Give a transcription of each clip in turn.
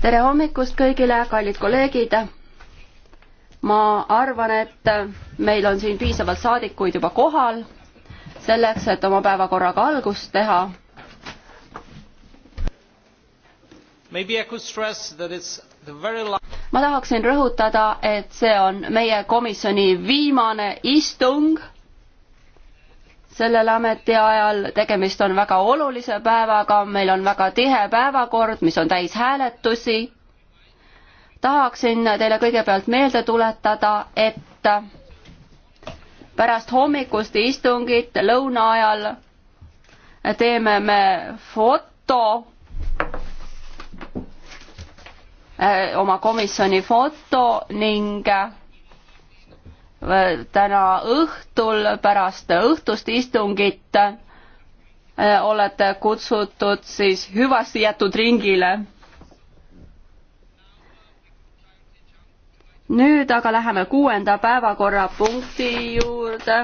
tere hommikust kõigile, kallid kolleegid. ma arvan, et meil on siin piisavalt saadikuid juba kohal selleks, et oma päevakorraga algust teha. ma tahaksin rõhutada, et see on meie komisjoni viimane istung sellel ametiajal, tegemist on väga olulise päevaga, meil on väga tihe päevakord, mis on täis hääletusi. tahaksin teile kõigepealt meelde tuletada, et pärast hommikust istungit lõuna ajal teeme me foto, eh, oma komisjoni foto ning täna õhtul pärast õhtust istungit äh, olete kutsutud siis hüvasti jätud ringile. nüüd aga läheme kuuenda päevakorrapunkti juurde.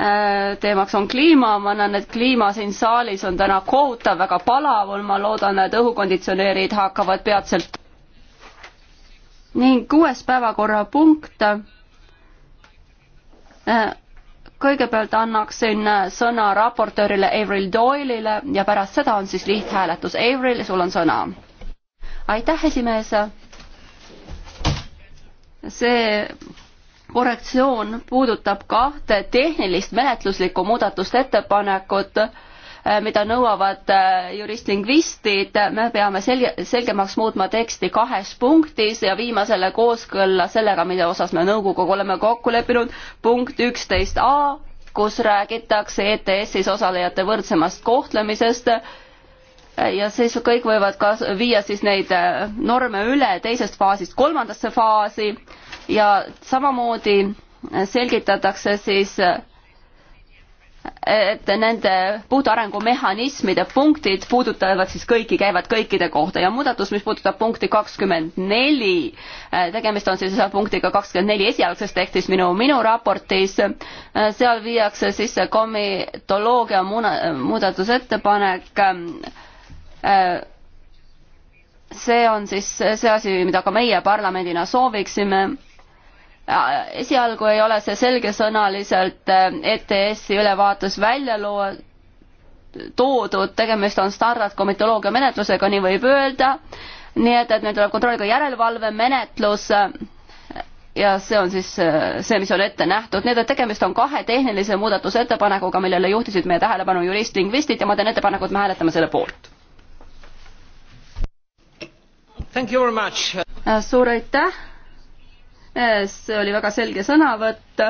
Äh, teemaks on kliima, ma annan, et kliima siin saalis on täna kohutav, väga palav on, ma loodan, et õhukonditsioneerid hakkavad peatselt. ning kuues päevakorrapunkt Äh, kõigepealt annaksin äh, sõna raportöörile Avril Doyle'ile ja pärast seda on siis lihthääletus. Avril, sul on sõna. aitäh, esimees. see korrektsioon puudutab kahte tehnilist menetluslikku muudatusettepanekut Äh, mida nõuavad äh, juristlingvistid, me peame selge, selgemaks muutma teksti kahes punktis ja viima selle kooskõlla sellega, mille osas me nõukoguga oleme kokku leppinud, punkt üksteist A, kus räägitakse ETS-is osalejate võrdsemast kohtlemisest ja siis kõik võivad ka viia siis neid äh, norme üle teisest faasist kolmandasse faasi ja samamoodi selgitatakse siis et nende puudarengumehhanismide punktid puudutavad siis kõiki, käivad kõikide kohta ja muudatus, mis puudutab punkti kakskümmend neli, äh, tegemist on siis punktiga kakskümmend neli esialgses tekstis minu, minu raportis, äh, seal viiakse sisse komitoloogia muudatusettepanek, äh, see on siis see asi, mida ka meie parlamendina sooviksime Äh, esialgu ei ole see selgesõnaliselt äh, ETS-i ülevaates välja loo-, toodud, tegemist on standard komitoloogia menetlusega, nii võib öelda, nii et, et meil tuleb kontrollida järelevalvemenetlus äh, ja see on siis see, mis on ette nähtud, nii et tegemist on kahe tehnilise muudatusettepanekuga, millele juhtisid meie tähelepanu jurist-lingvistid ja ma teen ettepaneku, et me hääletame selle poolt. suur aitäh see oli väga selge sõnavõtt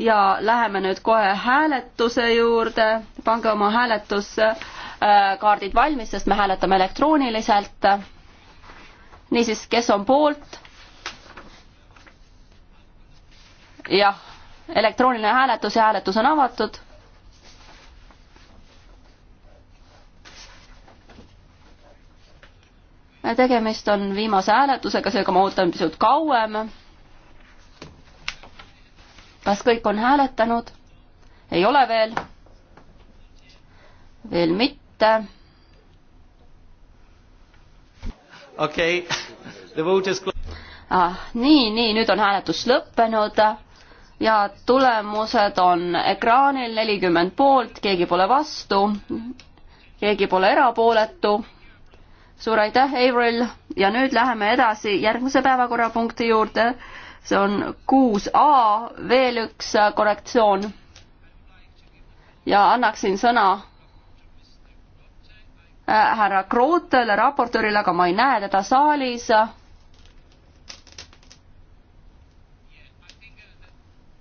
ja läheme nüüd kohe hääletuse juurde, pange oma hääletuskaardid valmis, sest me hääletame elektrooniliselt. niisiis, kes on poolt? jah, elektrooniline hääletus ja hääletus on avatud tegemist on viimase hääletusega, seega ma ootan pisut kauem kas kõik on hääletanud? ei ole veel. veel mitte. okei okay., the vote is ah,. nii, nii, nüüd on hääletus lõppenud ja tulemused on ekraanil nelikümmend poolt, keegi pole vastu, keegi pole erapooletu. suur aitäh, Avril ja nüüd läheme edasi järgmise päevakorrapunkti juurde see on kuus A, veel üks korrektsioon. ja annaksin sõna äh, härra Krootele, raportöörile, aga ma ei näe teda saalis.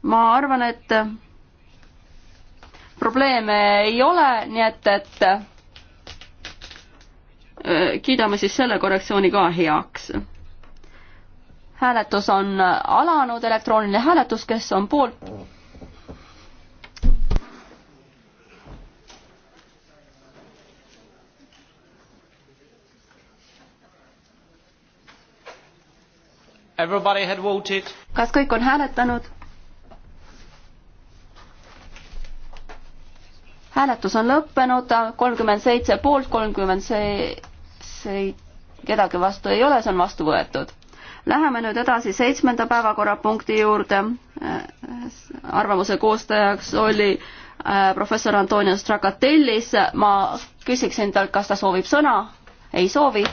ma arvan, et probleeme ei ole, nii et, et äh, kiidame siis selle korrektsiooni ka heaks hääletus on alanud, elektrooniline hääletus, kes on poolt? kas kõik on hääletanud? hääletus on lõppenud, kolmkümmend seitse poolt, kolmkümmend see, see, kedagi vastu ei ole, see on vastu võetud Läheme nüüd edasi seitsmenda päevakorrapunkti juurde. arvamuse koostajaks oli äh, professor Antonio Stragatellis. ma küsiksin talt, kas ta soovib sõna? ei soovi.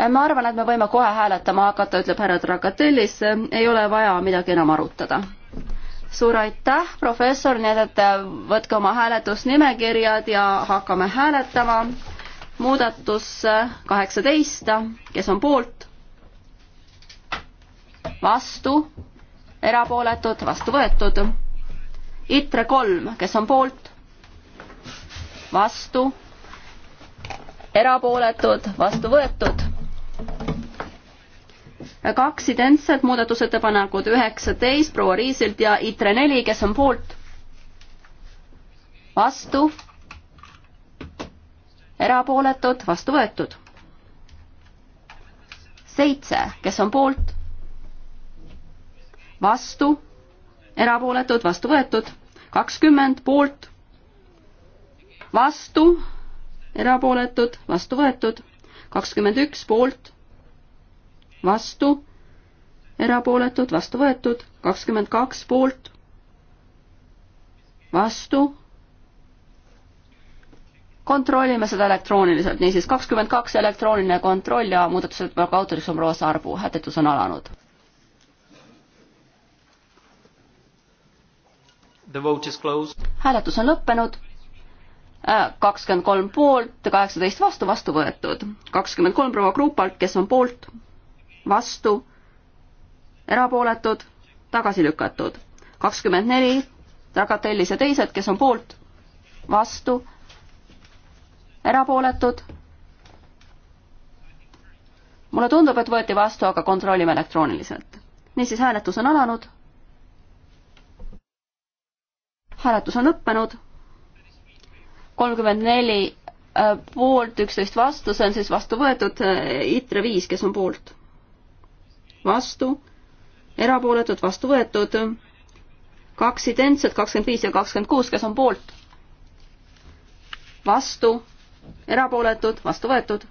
Äh, ma arvan, et me võime kohe hääletama hakata, ütleb härra Stragatellis. ei ole vaja midagi enam arutada suur aitäh, professor, nii et, et äh, võtke oma hääletusnimekirjad ja hakkame hääletama. muudatus äh, kaheksateist, kes on poolt? vastu? erapooletud, vastu võetud. ITRE kolm, kes on poolt? vastu? erapooletud, vastu võetud kaks identset muudatusettepanekut üheksateist proua Riisilt ja ITRE neli, kes on poolt? vastu? erapooletud, vastu võetud. seitse, kes on poolt? vastu? erapooletud, vastu võetud. kakskümmend poolt? vastu? erapooletud, vastu võetud. kakskümmend üks poolt vastu, erapooletud, vastu võetud, kakskümmend kaks poolt, vastu. kontrollime seda elektrooniliselt, niisiis kakskümmend kaks elektrooniline kontroll ja muudatusettepaneku autoriks on Roosa Arbu, hääletus on alanud. hääletus on lõppenud äh, kakskümmend kolm poolt, kaheksateist vastu, vastu võetud. kakskümmend kolm proua Kruupalt, kes on poolt, vastu, erapooletud, tagasi lükatud. kakskümmend neli, Tagatellis ja teised, kes on poolt, vastu, erapooletud. mulle tundub, et võeti vastu, aga kontrollime elektrooniliselt. niisiis, hääletus on alanud. hääletus on lõppenud. kolmkümmend neli äh, poolt, üksteist vastu, see on siis vastu võetud, äh, ITRE viis, kes on poolt vastu, erapooletud, vastu võetud, kaks identset, kakskümmend viis ja kakskümmend kuus, kes on poolt, vastu, erapooletud, vastu võetud,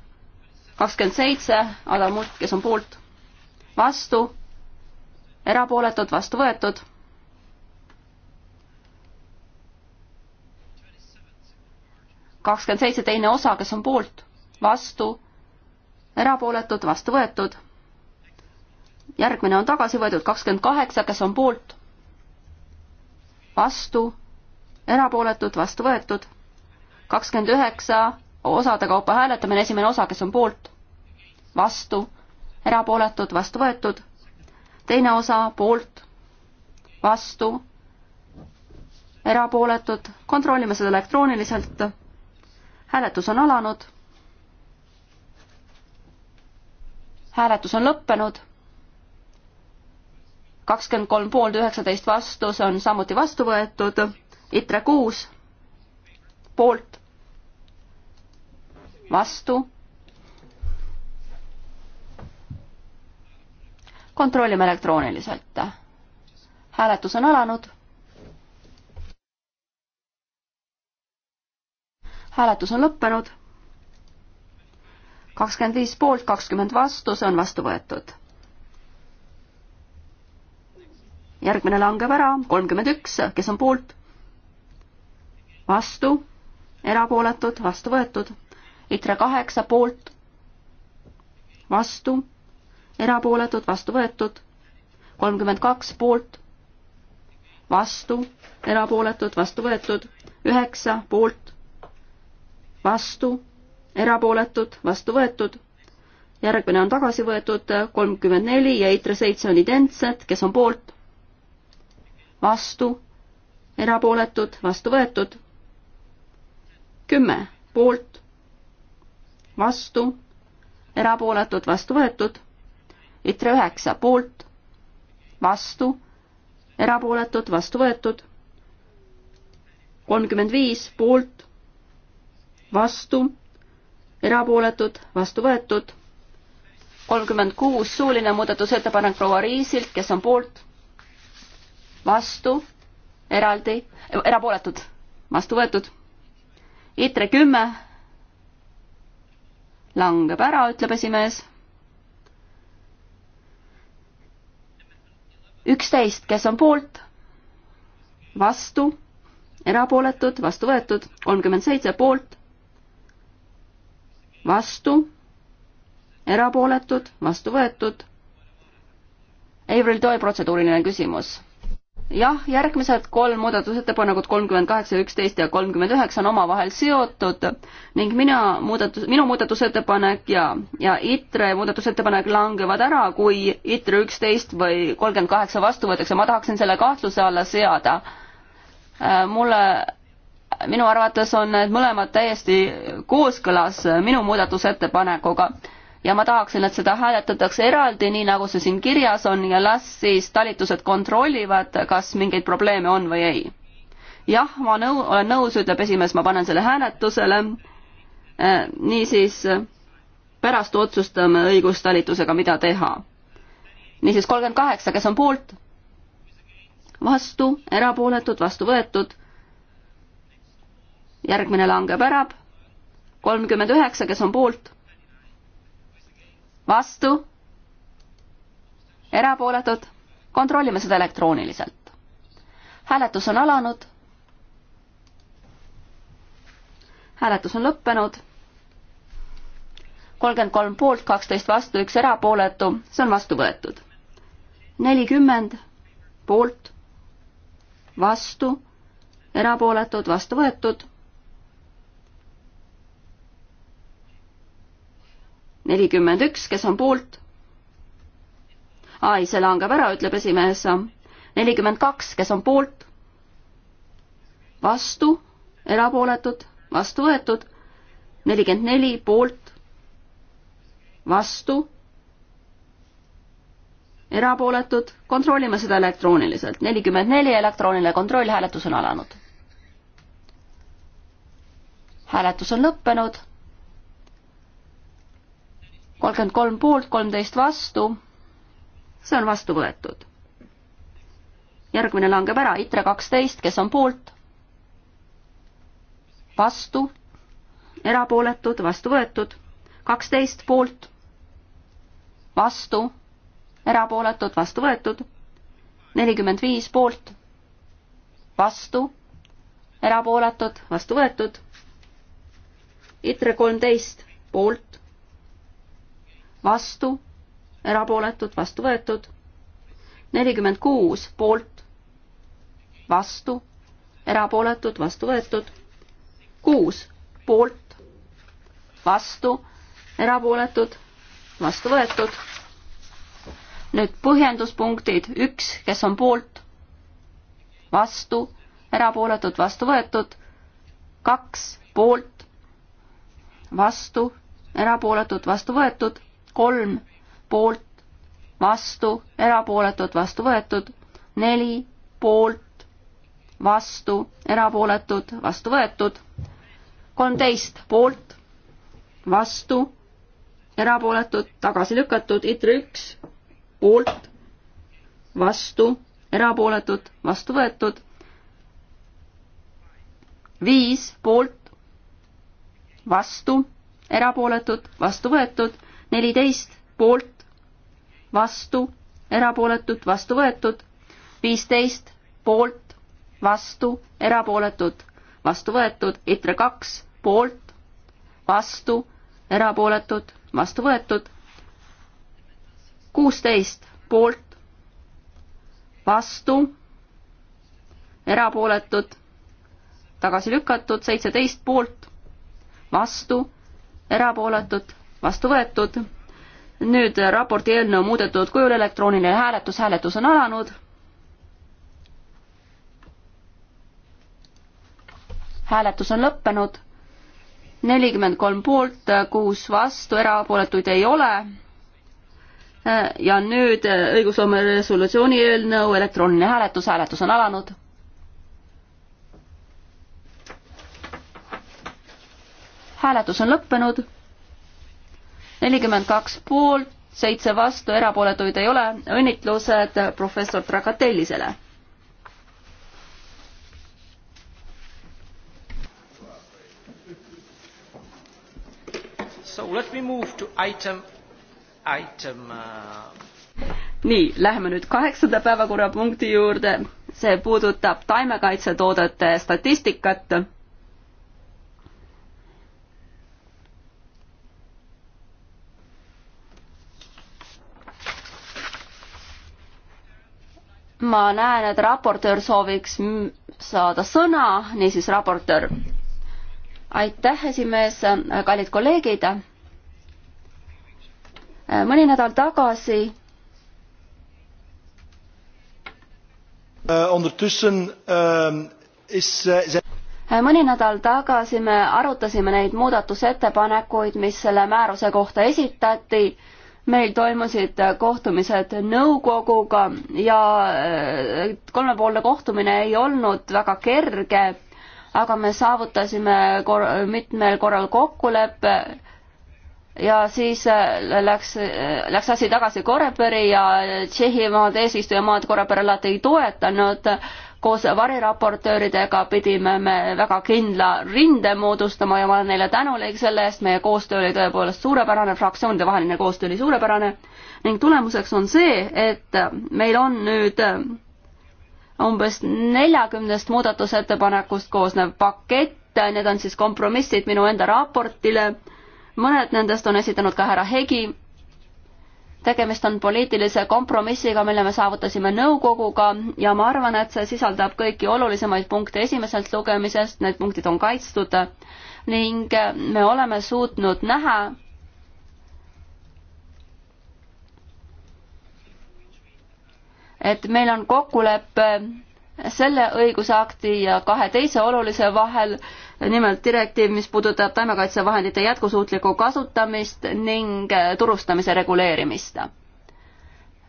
kakskümmend seitse, Adam Mult, kes on poolt, vastu, erapooletud, vastu võetud kakskümmend seitse teine osa, kes on poolt, vastu, erapooletud, vastu võetud järgmine on tagasi võetud, kakskümmend kaheksa, kes on poolt, vastu, erapooletud, vastu võetud, kakskümmend üheksa, osade kaupa hääletamine, esimene osa, kes on poolt, vastu, erapooletud, vastu võetud, teine osa poolt, vastu, erapooletud, kontrollime seda elektrooniliselt, hääletus on alanud hääletus on lõppenud kakskümmend kolm poolt, üheksateist vastu, see on samuti vastu võetud. ITRE kuus poolt, vastu. kontrollime elektrooniliselt. hääletus on alanud. hääletus on lõppenud kakskümmend viis poolt, kakskümmend vastu, see on vastu võetud. järgmine langeb ära, kolmkümmend üks, kes on poolt? vastu, erapooletud, vastu võetud. ITRE kaheksa poolt, vastu, erapooletud, vastu võetud. kolmkümmend kaks poolt, vastu, erapooletud, vastu võetud. üheksa poolt, vastu, erapooletud, vastu võetud järgmine on tagasi võetud, kolmkümmend neli ja ITRE seitse on identsed, kes on poolt? vastu, erapooletud, vastu võetud. kümme poolt, vastu, erapooletud, vastu võetud. ITRE üheksa poolt, vastu, erapooletud, vastu võetud. kolmkümmend viis poolt, vastu, erapooletud, vastu võetud. kolmkümmend kuus suuline muudatusettepanek proua Riisilt, kes on poolt vastu, eraldi, erapooletud, vastu võetud. ITRE kümme langeb ära, ütleb esimees. üksteist, kes on poolt, vastu, erapooletud, vastu võetud, kolmkümmend seitse poolt, vastu, erapooletud, vastu võetud. Avril Toe protseduuriline küsimus jah, järgmised kolm muudatusettepanekut, kolmkümmend kaheksa, üksteist ja kolmkümmend üheksa on omavahel seotud ning mina muudatus, minu muudatusettepanek ja, ja ITRE muudatusettepanek langevad ära, kui ITRE üksteist või kolmkümmend kaheksa vastu võetakse, ma tahaksin selle kahtluse alla seada. Äh, mulle, minu arvates on need mõlemad täiesti kooskõlas minu muudatusettepanekuga ja ma tahaksin, et seda hääletatakse eraldi, nii nagu see siin kirjas on ja las siis talitused kontrollivad, kas mingeid probleeme on või ei. jah, ma nõu-, olen nõus, ütleb esimees, ma panen selle hääletusele. Äh, niisiis pärast otsustame õigustalitusega, mida teha. niisiis kolmkümmend kaheksa, kes on poolt? vastu, erapooletud, vastu võetud. järgmine langeb ära. kolmkümmend üheksa, kes on poolt vastu, erapooletud, kontrollime seda elektrooniliselt. hääletus on alanud. hääletus on lõppenud. kolmkümmend kolm poolt, kaksteist vastu, üks erapooletu, see on vastu võetud. nelikümmend poolt, vastu, erapooletud, vastu võetud nelikümmend üks, kes on poolt? ai, see langeb ära, ütleb esimees. nelikümmend kaks, kes on poolt? vastu, erapooletud, vastu võetud. nelikümmend neli poolt, vastu, erapooletud, kontrollime seda elektrooniliselt. nelikümmend neli elektrooniline kontroll, hääletus on alanud. hääletus on lõppenud kolmkümmend kolm poolt, kolmteist vastu. see on vastu võetud. järgmine langeb ära, ITRE kaksteist, kes on poolt? vastu, erapooletud, vastu võetud, kaksteist poolt, vastu, erapooletud, vastu võetud, nelikümmend viis poolt, vastu, erapooletud, vastu võetud, ITRE kolmteist poolt vastu, erapooletud, vastu võetud, nelikümmend kuus poolt, vastu, erapooletud, vastu võetud, kuus poolt, vastu, erapooletud, vastu võetud. nüüd põhjenduspunktid, üks, kes on poolt, vastu, erapooletud, vastu võetud, kaks poolt, vastu, erapooletud, vastu võetud kolm poolt, vastu, erapooletud, vastu võetud, neli poolt, vastu, erapooletud, vastu võetud, kolmteist poolt, vastu, erapooletud, tagasi lükatud, ITRE üks poolt, vastu, erapooletud, vastu võetud, viis poolt, vastu, erapooletud, vastu võetud neliteist poolt, vastu, erapooletud, vastu võetud, viisteist poolt, vastu, erapooletud, vastu võetud, ITRE kaks poolt, vastu, erapooletud, vastu võetud, kuusteist poolt, vastu, erapooletud, tagasi lükatud, seitseteist poolt, vastu, erapooletud vastu võetud. nüüd raporti eelnõu muudetud kujul elektrooniline hääletus, hääletus on alanud. hääletus on lõppenud. nelikümmend kolm poolt, kuus vastu, erapooletuid ei ole. ja nüüd õigusloome resolutsiooni eelnõu elektrooniline hääletus, hääletus on alanud hääletus on lõppenud nelikümmend kaks poolt, seitse vastu, erapooletuid ei ole. õnnitlused professor Trakatellisele. So let me move to item, item uh... nii, läheme nüüd kaheksanda päevakorrapunkti juurde, see puudutab taimekaitsetoodete statistikat ma näen, et raportöör sooviks saada sõna, niisiis raportöör. aitäh, esimees, kallid kolleegid. mõni nädal tagasi eh, ehm, eh, mõni nädal tagasi me arutasime neid muudatusettepanekuid, mis selle määruse kohta esitati meil toimusid äh, kohtumised nõukoguga ja äh, kolmepoolne kohtumine ei olnud väga kerge, aga me saavutasime kor mitmel korral kokkuleppe ja siis äh, läks, läks asi tagasi Koreperi ja Tšehhimaad, eesistujamaad Koreper alati ei toetanud koos variraportööridega pidime me väga kindla rinde moodustama ja ma olen neile tänulik selle eest, meie koostöö oli tõepoolest suurepärane, fraktsioonide vaheline koostöö oli suurepärane ning tulemuseks on see, et meil on nüüd umbes neljakümnest muudatusettepanekust koosnev pakett, need on siis kompromissid minu enda raportile, mõned nendest on esitanud ka härra Hegi tegemist on poliitilise kompromissiga, mille me saavutasime nõukoguga ja ma arvan, et see sisaldab kõiki olulisemaid punkte esimesest lugemisest, need punktid on kaitstud ning me oleme suutnud näha, et meil on kokkulepe selle õigusakti ja kahe teise olulise vahel, nimelt direktiiv, mis puudutab taimekaitsevahendite jätkusuutlikku kasutamist ning äh, turustamise reguleerimist.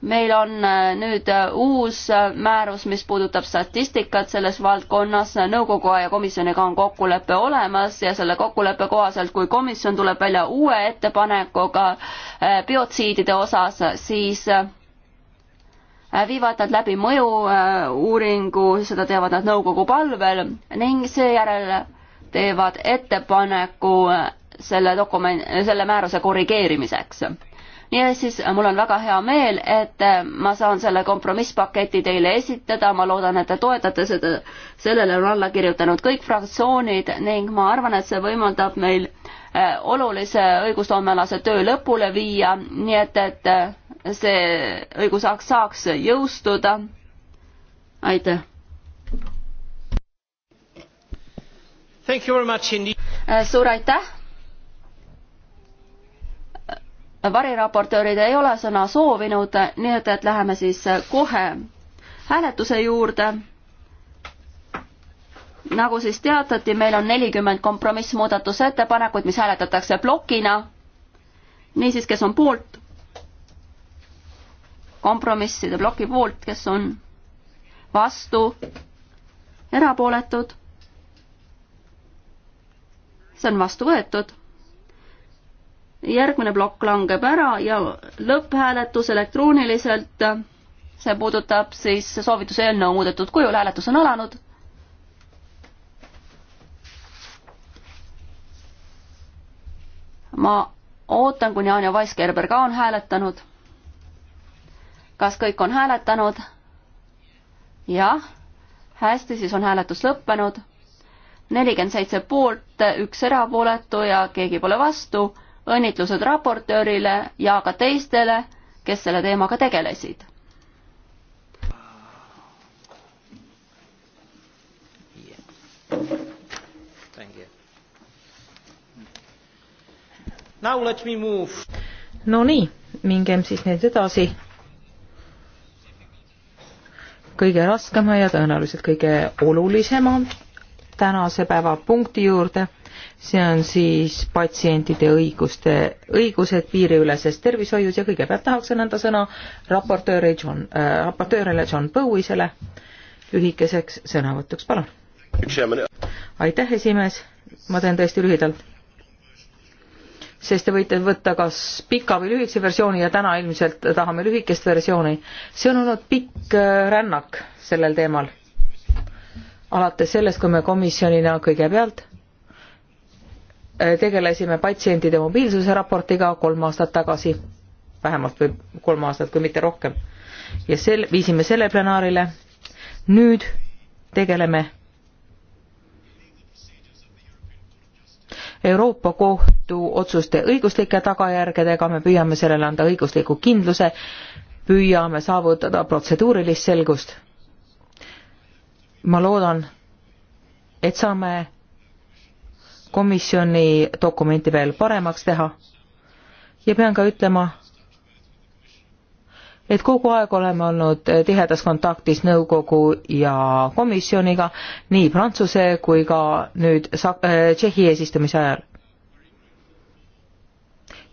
meil on äh, nüüd äh, uus määrus, mis puudutab statistikat selles valdkonnas, nõukogu ja komisjoniga on kokkulepe olemas ja selle kokkuleppe kohaselt, kui komisjon tuleb välja uue ettepanekuga biotsiidide osas, siis viivad nad läbi mõju-uuringu, seda teevad nad nõukogu palvel ning seejärel teevad ettepaneku selle dokument, selle määruse korrigeerimiseks. niisiis, mul on väga hea meel, et ma saan selle kompromisspaketi teile esitada, ma loodan, et te toetate seda, sellele on alla kirjutanud kõik fraktsioonid ning ma arvan, et see võimaldab meil eh, olulise õigusloomealase töö lõpule viia, nii et, et eh, see õigusakt saaks jõustuda. aitäh! Äh, suur aitäh. variraportöörid ei ole sõna soovinud, nii et, et läheme siis kohe hääletuse juurde. nagu siis teatati, meil on nelikümmend kompromissmuudatusettepanekut, mis hääletatakse plokina. niisiis, kes on poolt? kompromisside ploki poolt, kes on vastu? erapooletud see on vastu võetud. järgmine plokk langeb ära ja lõpphääletus elektrooniliselt, see puudutab siis soovituse eelnõu muudetud kujul, hääletus on alanud. ma ootan, kuni Anja Weisgerber ka on hääletanud. kas kõik on hääletanud? jah, hästi, siis on hääletus lõppenud nelikümmend seitse poolt, üks erapooletu ja keegi pole vastu. õnnitlused raportöörile ja ka teistele, kes selle teemaga tegelesid. no nii, mingem siis nüüd edasi kõige raskema ja tõenäoliselt kõige olulisema tänase päevapunkti juurde. see on siis patsientide õiguste, õigused piiriüleses tervishoius ja kõigepealt tahaksin anda sõna raportööri John äh,, raportöörile John Bowisele lühikeseks sõnavõtuks, palun. aitäh, esimees, ma teen tõesti lühidalt sest te võite võtta kas pika või lühikese versiooni ja täna ilmselt tahame lühikest versiooni. see on olnud pikk äh, rännak sellel teemal alates sellest, kui me komisjonina kõigepealt äh, tegelesime patsientide mobiilsuse raportiga kolm aastat tagasi, vähemalt või kolm aastat, kui mitte rohkem. ja sel-, viisime selle plenaarile, nüüd tegeleme Euroopa Kohtu otsuste õiguslike tagajärgedega, me püüame sellele anda õigusliku kindluse, püüame saavutada protseduurilist selgust ma loodan, et saame komisjoni dokumenti veel paremaks teha ja pean ka ütlema, et kogu aeg oleme olnud tihedas kontaktis nõukogu ja komisjoniga nii Prantsuse kui ka nüüd äh, Tšehhi eesistumise ajal.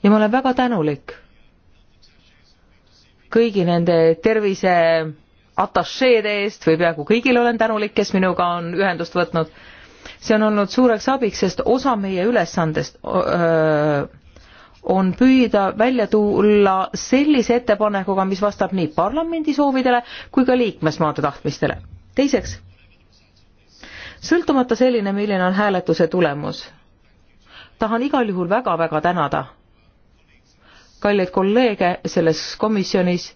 ja ma olen väga tänulik kõigi nende tervise atašeede eest või peaaegu kõigile olen tänulik, kes minuga on ühendust võtnud. see on olnud suureks abiks, sest osa meie ülesandest öö, on püüda välja tulla sellise ettepanekuga, mis vastab nii parlamendi soovidele kui ka liikmesmaade tahtmistele. teiseks, sõltumata selline, milline on hääletuse tulemus, tahan igal juhul väga-väga tänada kalleid kolleege selles komisjonis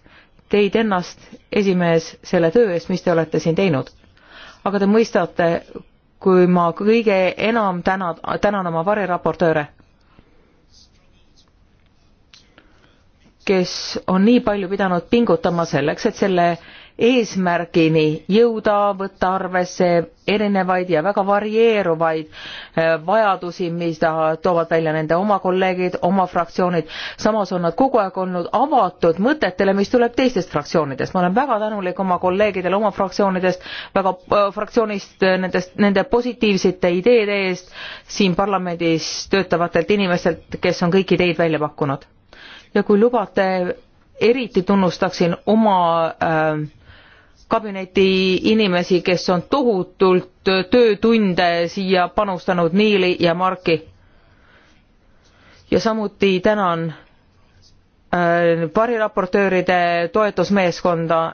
teid ennast, esimees, selle töö eest, mis te olete siin teinud. aga te mõistate, kui ma kõige enam täna, tänan oma variraportööre, kes on nii palju pidanud pingutama selleks, et selle eesmärgini jõuda, võtta arvesse erinevaid ja väga varieeruvaid äh, vajadusi, mida toovad välja nende oma kolleegid, oma fraktsioonid. samas on nad kogu aeg olnud avatud mõtetele, mis tuleb teistest fraktsioonidest. ma olen väga tänulik oma kolleegidele oma fraktsioonidest, väga äh, fraktsioonist äh, nendest, nende positiivsete ideede eest siin parlamendis töötavatelt inimestelt, kes on kõiki ideid välja pakkunud. ja kui lubate, eriti tunnustaksin oma äh, kabineti inimesi, kes on tohutult töötunde siia panustanud, Niili ja Marki. ja samuti tänan äh, variraportööride toetusmeeskonda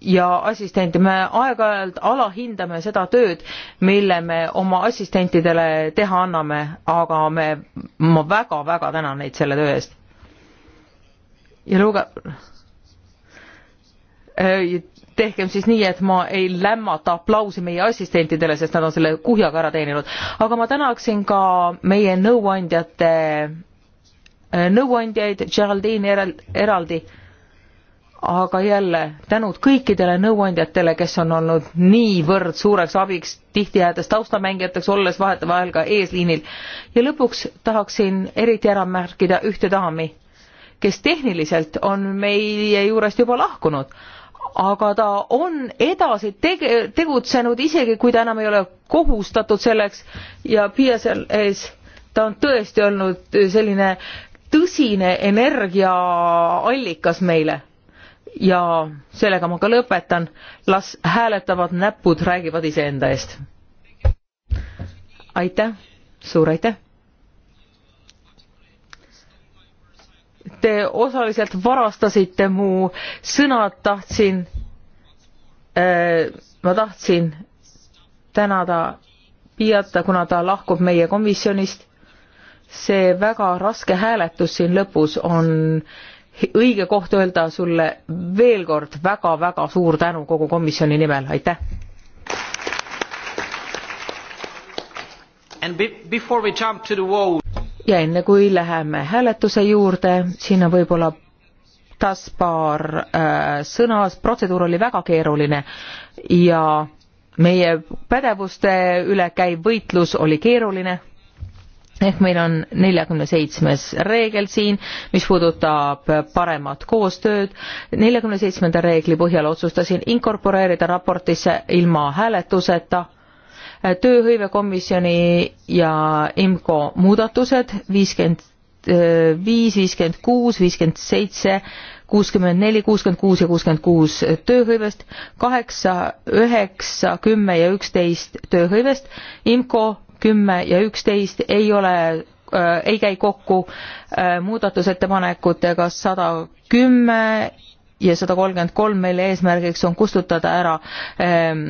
ja assistente, me aeg-ajalt alahindame seda tööd, mille me oma assistentidele teha anname, aga me, ma väga-väga tänan neid selle töö eest. ja luge-, Äh, tehkem siis nii, et ma ei lämmata aplausi meie assistentidele, sest nad on selle kuhjaga ära teeninud. aga ma tänaksin ka meie nõuandjate, äh, nõuandjaid, Geraldine eraldi, aga jälle tänud kõikidele nõuandjatele, kes on olnud niivõrd suureks abiks, tihti jäädes taustamängijateks, olles vahetevahel ka eesliinil. ja lõpuks tahaksin eriti ära märkida ühte daami, kes tehniliselt on meie juurest juba lahkunud aga ta on edasi tege-, tegutsenud, isegi kui ta enam ei ole kohustatud selleks ja PSLS ta on tõesti olnud selline tõsine energiaallikas meile. ja sellega ma ka lõpetan, las hääletavad näpud räägivad iseenda eest. aitäh, suur aitäh! te osaliselt varastasite mu sõnad, tahtsin äh,, ma tahtsin tänada Piata, kuna ta lahkub meie komisjonist. see väga raske hääletus siin lõpus on õige koht öelda sulle veel kord väga-väga suur tänu kogu komisjoni nimel, aitäh! and be before we jump to the wall ja enne kui läheme hääletuse juurde, siin on võib-olla taas paar äh, sõna, protseduur oli väga keeruline ja meie pädevuste üle käiv võitlus oli keeruline ehk meil on neljakümne seitsmes reegel siin, mis puudutab paremat koostööd. neljakümne seitsmenda reegli põhjal otsustasin inkorporeerida raportisse ilma hääletuseta äh, tööhõivekomisjoni ja IMCO muudatused viiskümmend viis, viiskümmend kuus, viiskümmend seitse, kuuskümmend neli, kuuskümmend kuus ja kuuskümmend kuus tööhõivest, kaheksa, üheksa, kümme ja üksteist tööhõivest, IMCO kümme ja üksteist ei ole äh, ei käi kokku äh, muudatusettepanekutega sada kümme ja sada kolmkümmend kolm meile eesmärgiks on kustutada ära ehm,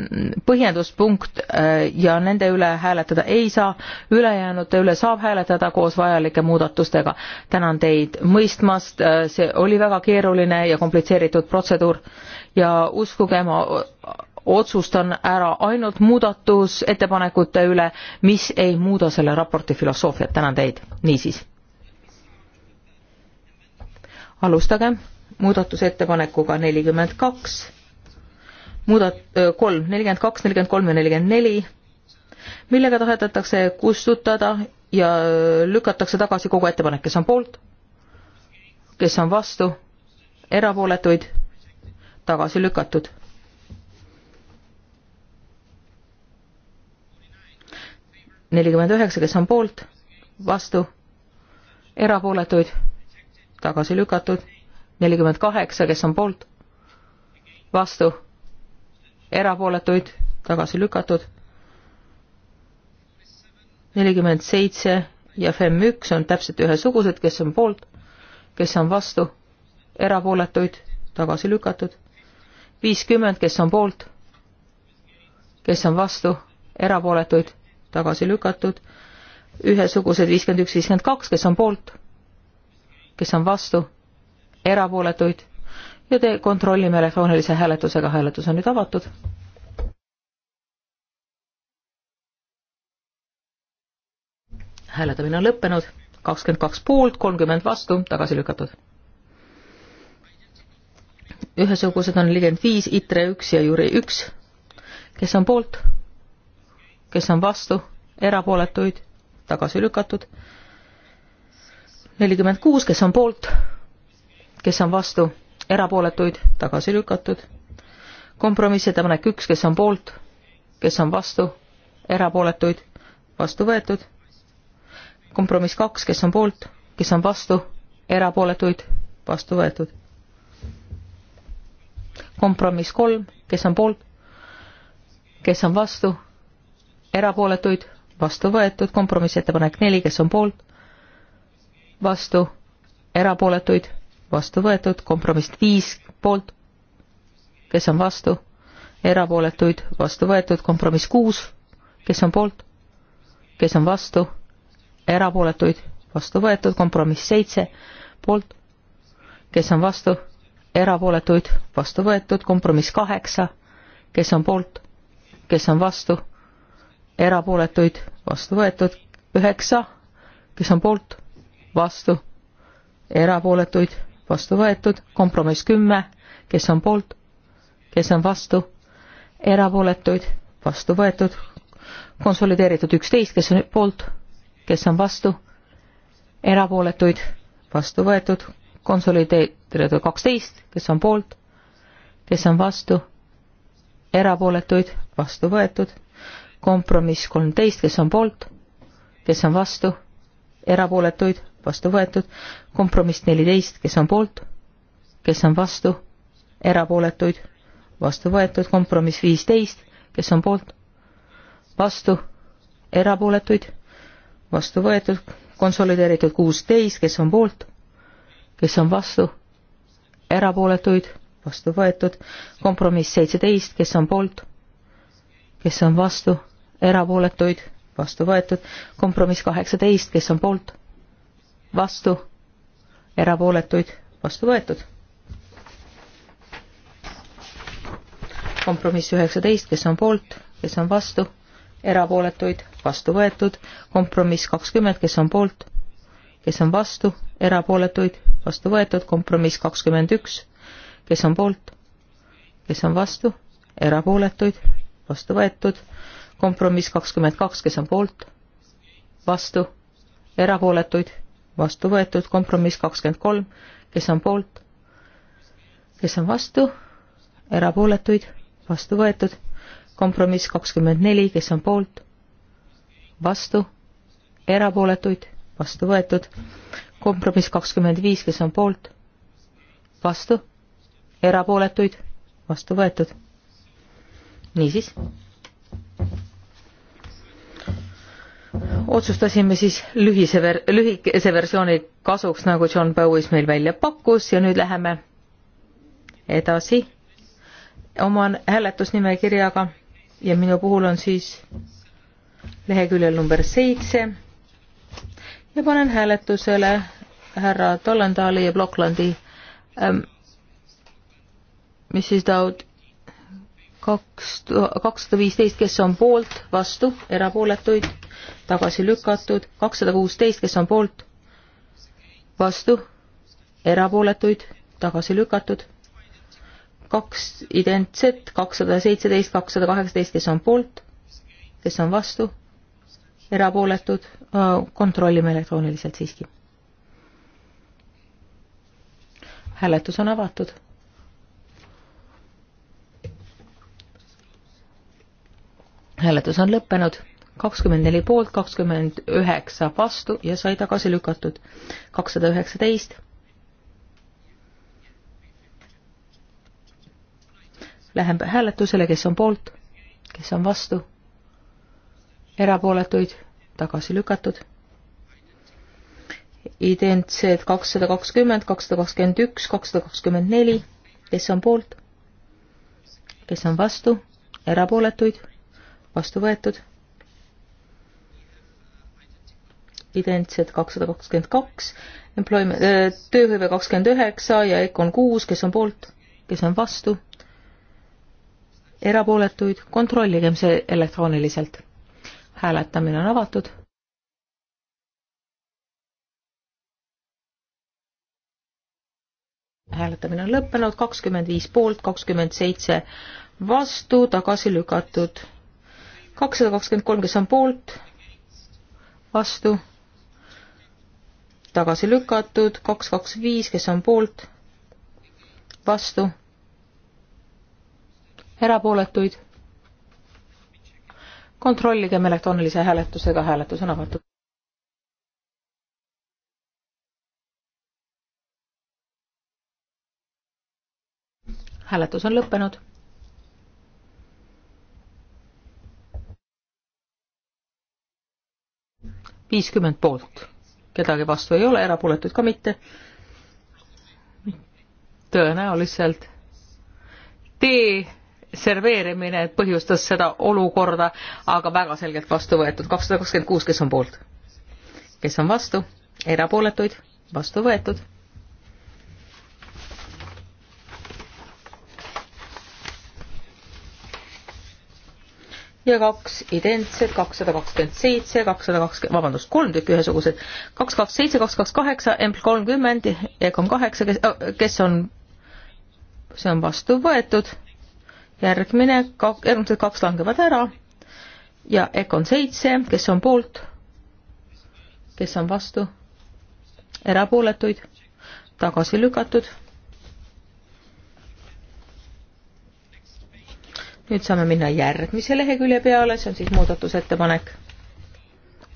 põhjenduspunkt eh, ja nende üle hääletada ei saa, ülejäänute üle saab hääletada koos vajalike muudatustega. tänan teid mõistmast, eh, see oli väga keeruline ja komplitseeritud protseduur ja uskuge, ma otsustan ära ainult muudatusettepanekute üle, mis ei muuda selle raporti filosoofiat. tänan teid, niisiis. alustage muudatusettepanekuga nelikümmend kaks, muudat-, kolm, nelikümmend kaks, nelikümmend kolm ja nelikümmend neli, millega tahetakse kustutada ja lükatakse tagasi kogu ettepanek, kes on poolt, kes on vastu, erapooletuid, tagasi lükatud. nelikümmend üheksa, kes on poolt, vastu, erapooletuid, tagasi lükatud nelikümmend kaheksa, kes on poolt, vastu, erapooletuid, tagasi lükatud. nelikümmend seitse ja FEM üks on täpselt ühesugused, kes on poolt, kes on vastu, erapooletuid, tagasi lükatud. viiskümmend, kes on poolt, kes on vastu, erapooletuid, tagasi lükatud. ühesugused viiskümmend üks, viiskümmend kaks, kes on poolt, kes on vastu erapooletuid ja te kontrollime elektroonilise hääletusega, hääletus on nüüd avatud. hääletamine on lõppenud, kakskümmend kaks poolt, kolmkümmend vastu, tagasi lükatud. ühesugused on nelikümmend viis, ITRE üks ja Jüri üks. kes on poolt? kes on vastu? erapooletuid? tagasi lükatud. nelikümmend kuus, kes on poolt? kes on vastu, erapooletuid, tagasi lükatud. kompromissettepanek üks, kes on poolt, kes on vastu, erapooletuid, vastu võetud. kompromiss kaks, kes on poolt, kes on vastu, erapooletuid, vastu võetud. kompromiss kolm, kes on poolt, kes on vastu, erapooletuid, vastu võetud. kompromissettepanek neli, kes on poolt, vastu, erapooletuid vastu võetud, kompromiss viis poolt, kes on vastu, erapooletuid vastu võetud, kompromiss kuus, kes on poolt, kes on vastu, erapooletuid vastu võetud, kompromiss seitse poolt, kes on vastu, erapooletuid vastu võetud, kompromiss kaheksa, kes on poolt, kes on vastu, erapooletuid vastu võetud, üheksa, kes on poolt, vastu, erapooletuid vastu võetud, kompromiss kümme, kes on poolt, kes on vastu, erapooletuid, vastu võetud, konsolideeritud üksteist, kes on poolt, kes on vastu, erapooletuid, vastu võetud, konsolideeritud kaksteist, kes on poolt, kes on vastu, erapooletuid, vastu võetud, kompromiss kolmteist, kes on poolt, kes on vastu, erapooletuid, vastu võetud, kompromiss neliteist, kes on poolt, kes on vastu, erapooletuid, vastu võetud, kompromiss viisteist, kes on poolt, vastu, erapooletuid, vastu võetud, konsolideeritud kuusteist, kes on poolt, kes on vastu, erapooletuid, vastu võetud, kompromiss seitseteist, kes on poolt, kes on vastu, erapooletuid, vastu võetud, kompromiss kaheksateist, kes on poolt vastu, erapooletuid vastu võetud. kompromiss üheksateist, kes on poolt, kes on vastu, erapooletuid vastu võetud, kompromiss kakskümmend, kes on poolt, kes on vastu, erapooletuid vastu võetud, kompromiss kakskümmend üks, kes on poolt, kes on vastu, erapooletuid vastu võetud, kompromiss kakskümmend kaks, kes on poolt, vastu, erapooletuid vastu võetud, kompromiss kakskümmend kolm, kes on poolt, kes on vastu, erapooletuid, vastu võetud, kompromiss kakskümmend neli, kes on poolt, vastu, erapooletuid, vastu võetud, kompromiss kakskümmend viis, kes on poolt, vastu, erapooletuid, vastu võetud. niisiis otsustasime siis lühise ver-, lühikese versiooni kasuks, nagu John Bowis meil välja pakkus ja nüüd läheme edasi oma hääletusnimekirjaga ja minu puhul on siis leheküljel number seitse ja panen hääletusele härra Tollendali ja Blocklandi ähm, Mrs Dowd kaks, kakssada viisteist, kes on poolt, vastu, erapooletuid, tagasi lükatud, kakssada kuusteist, kes on poolt, vastu, erapooletuid, tagasi lükatud, kaks identset, kakssada seitseteist, kakssada kaheksateist, kes on poolt, kes on vastu, erapooletud, kontrollime elektrooniliselt siiski. hääletus on avatud hääletus on lõppenud, kakskümmend neli poolt, kakskümmend üheksa vastu ja sai tagasi lükatud. kakssada üheksateist. Läheb hääletusele, kes on poolt, kes on vastu, erapooletuid, tagasi lükatud identsed kakssada kakskümmend, kakssada kakskümmend üks, kakssada kakskümmend neli, kes on poolt, kes on vastu, erapooletuid, vastu võetud. identsed kakssada kakskümmend kaks, employment, äh, tööhõive kakskümmend üheksa ja EKOn kuus, kes on poolt, kes on vastu, erapooletuid, kontrolligem see elektrooniliselt. hääletamine on avatud hääletamine on lõppenud, kakskümmend viis poolt, kakskümmend seitse vastu, tagasi lükatud kakssada kakskümmend kolm, kes on poolt, vastu, tagasi lükatud, kaks, kaks, viis, kes on poolt, vastu, erapooletuid. kontrolligem elektroonilise hääletusega, hääletus on avatud. hääletus on lõppenud viiskümmend poolt, kedagi vastu ei ole, erapooletuid ka mitte. tõenäoliselt tee serveerimine põhjustas seda olukorda, aga väga selgelt vastu võetud, kakssada kakskümmend kuus, kes on poolt, kes on vastu, erapooletuid, vastu võetud ja kaks identset, kakssada kakskümmend seitse, kakssada kakskümmend, vabandust, kolm tükki ühesugused, kaks, kaks, seitse, kaks, kaks, kaheksa, M kolmkümmend, Econ kaheksa, kes, oh, kes on, see on vastu võetud, järgmine, järgmised kaks langevad ära ja Econ seitse, kes on poolt, kes on vastu, erapooletuid, tagasi lükatud nüüd saame minna järgmise lehekülje peale, see on siis muudatusettepanek.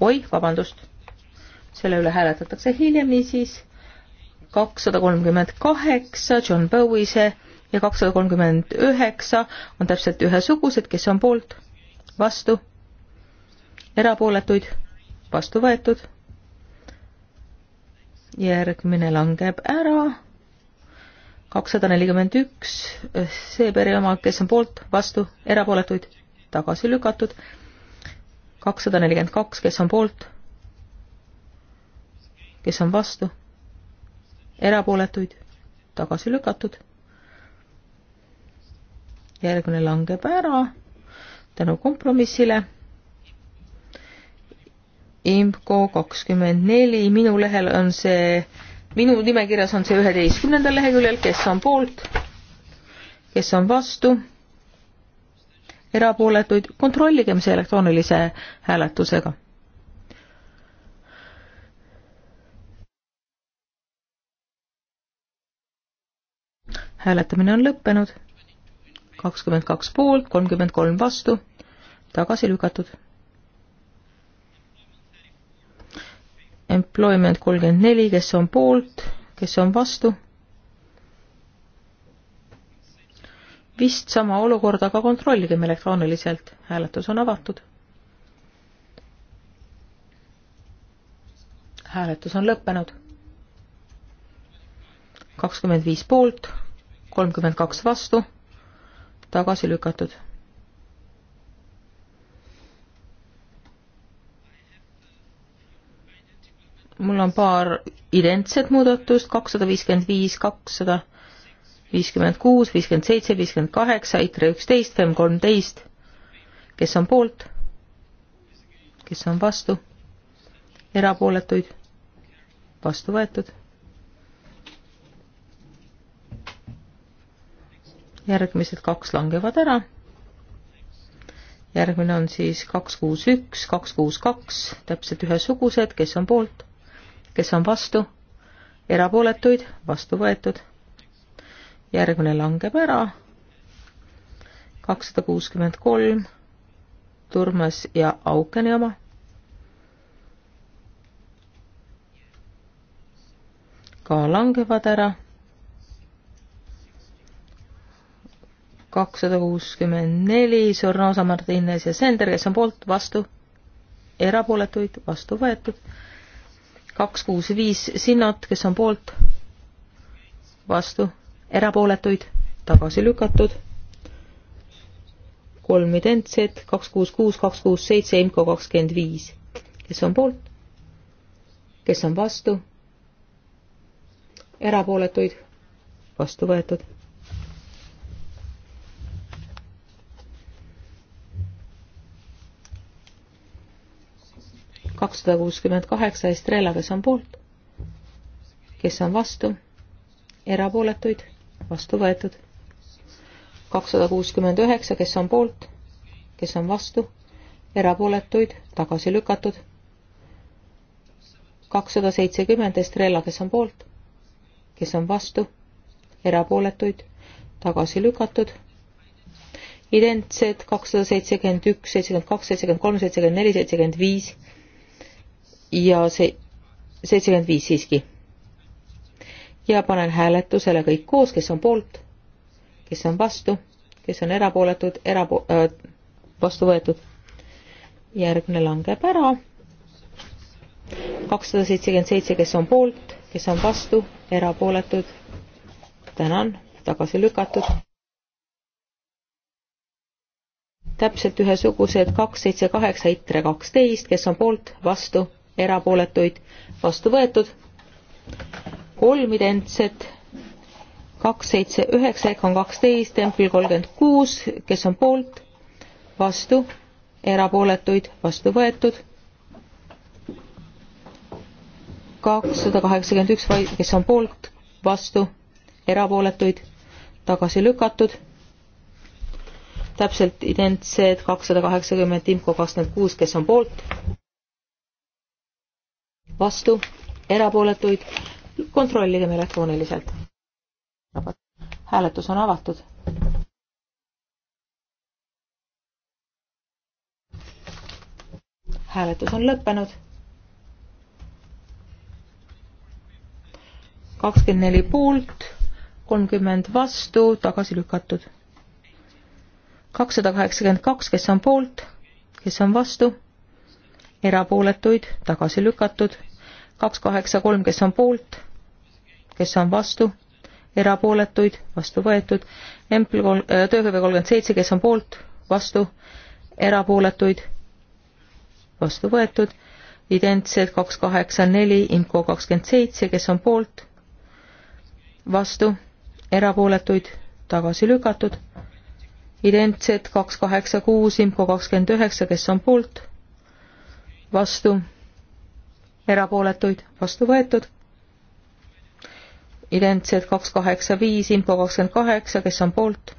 oi, vabandust, selle üle hääletatakse hiljem, niisiis kakssada kolmkümmend kaheksa John Bowise ja kakssada kolmkümmend üheksa on täpselt ühesugused, kes on poolt, vastu, erapooletuid, vastu võetud. järgmine langeb ära kakssada nelikümmend üks, see pere oma, kes on poolt, vastu, erapooletuid, tagasi lükatud. kakssada nelikümmend kaks, kes on poolt, kes on vastu, erapooletuid, tagasi lükatud. järgmine langeb ära tänu kompromissile. IMCO kakskümmend neli, minu lehel on see minu nimekirjas on see üheteistkümnendal leheküljel, kes on poolt, kes on vastu, erapooletuid, kontrolligem see elektroonilise hääletusega. hääletamine on lõppenud, kakskümmend kaks poolt, kolmkümmend kolm vastu, tagasi lükatud employment kolmkümmend neli, kes on poolt, kes on vastu. vist sama olukord, aga kontrolligem elektrooniliselt, hääletus on avatud. hääletus on lõppenud. kakskümmend viis poolt, kolmkümmend kaks vastu, tagasi lükatud mul on paar identset muudatust, kakssada viiskümmend viis, kakssada viiskümmend kuus, viiskümmend seitse, viiskümmend kaheksa, ITRE üksteist, FEM kolmteist. kes on poolt? kes on vastu? erapooletuid? vastu võetud. järgmised kaks langevad ära. järgmine on siis kaks, kuus, üks, kaks, kuus, kaks, täpselt ühesugused, kes on poolt? kes on vastu, erapooletuid, vastu võetud. järgmine langeb ära. kakssada kuuskümmend kolm, Turmas ja Aukeni oma. ka langevad ära. kakssada kuuskümmend neli, Sornosa, Martines ja Sender, kes on poolt, vastu, erapooletuid, vastu võetud kaks, kuus, viis sinnat, kes on poolt, vastu, erapooletuid, tagasi lükatud. kolm identset, kaks, kuus, kuus, kaks, kuus, seitse, IMCO kakskümmend viis, kes on poolt, kes on vastu, erapooletuid, vastu võetud kakssada kuuskümmend kaheksa Estrela, kes on poolt, kes on vastu, erapooletuid, vastu võetud. kakssada kuuskümmend üheksa, kes on poolt, kes on vastu, erapooletuid, tagasi lükatud. kakssada seitsekümmend Estrela, kes on poolt, kes on vastu, erapooletuid, tagasi lükatud identsed kakssada seitsekümmend üks, seitsekümmend kaks, seitsekümmend kolm, seitsekümmend neli, seitsekümmend viis ja see seitsekümmend viis siiski. ja panen hääletusele kõik koos, kes on poolt, kes on vastu, kes on erapooletud, erapo- äh,, vastu võetud. järgmine langeb ära. kakssada seitsekümmend seitse, kes on poolt, kes on vastu, erapooletud. tänan, tagasi lükatud. täpselt ühesugused kaks, seitse, kaheksa, ITRE kaksteist, kes on poolt, vastu erapooletuid, vastu võetud. kolm identset, kaks, seitse, üheksa, EKA on kaksteist, Tempel kolmkümmend kuus, kes on poolt, vastu, erapooletuid, vastu võetud. kakssada kaheksakümmend üks, kes on poolt, vastu, erapooletuid, tagasi lükatud täpselt identsed kakssada kaheksakümmend, IMCO kakskümmend kuus, kes on poolt, vastu, erapooletuid, kontrolligem elektrooniliselt. hääletus on avatud. hääletus on lõppenud. kakskümmend neli poolt, kolmkümmend vastu, tagasi lükatud. kakssada kaheksakümmend kaks, kes on poolt, kes on vastu erapooletuid, tagasi lükatud, kaks kaheksa kolm, kes on poolt, kes on vastu, erapooletuid, vastu võetud, Empl kolm, äh, tööhõive kolmkümmend seitse, kes on poolt, vastu, erapooletuid, vastu võetud, identsed kaks kaheksa neli, IMCO kakskümmend seitse, kes on poolt, vastu, erapooletuid, tagasi lükatud, identsed kaks kaheksa kuus, IMCO kakskümmend üheksa, kes on poolt vastu, erapooletuid, vastu võetud. identsed kaks kaheksa viis, info kakskümmend kaheksa, kes on poolt,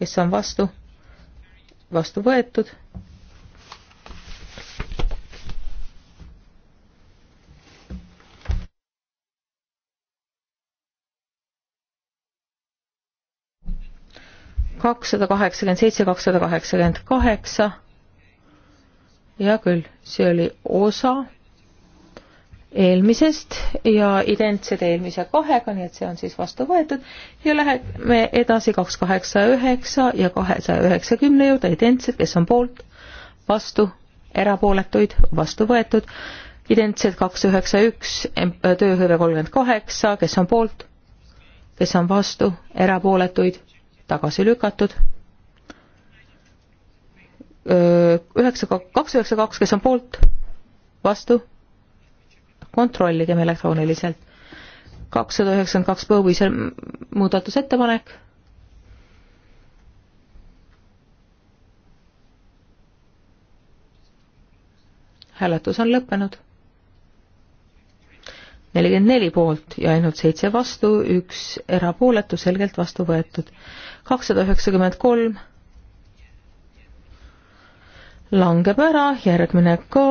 kes on vastu, vastu võetud. kakssada kaheksakümmend seitse, kakssada kaheksakümmend kaheksa hea küll, see oli osa eelmisest ja identsed eelmise kahega, nii et see on siis vastu võetud ja läheme edasi kaks kaheksa üheksa ja kahesaja üheksakümne juurde, identsed, kes on poolt, vastu, erapooletuid, vastu võetud, identsed kaks üheksa üks, tööhõive kolmkümmend kaheksa, kes on poolt, kes on vastu, erapooletuid, tagasi lükatud üheksa, kaks üheksa kaks, kes on poolt, vastu, kontrolligem elektrooniliselt. kakssada üheksakümmend kaks põõmise muudatusettepanek. hääletus on lõppenud. nelikümmend neli poolt ja ainult seitse vastu, üks erapooletu, selgelt vastu võetud. kakssada üheksakümmend kolm langeb ära, järgmine ka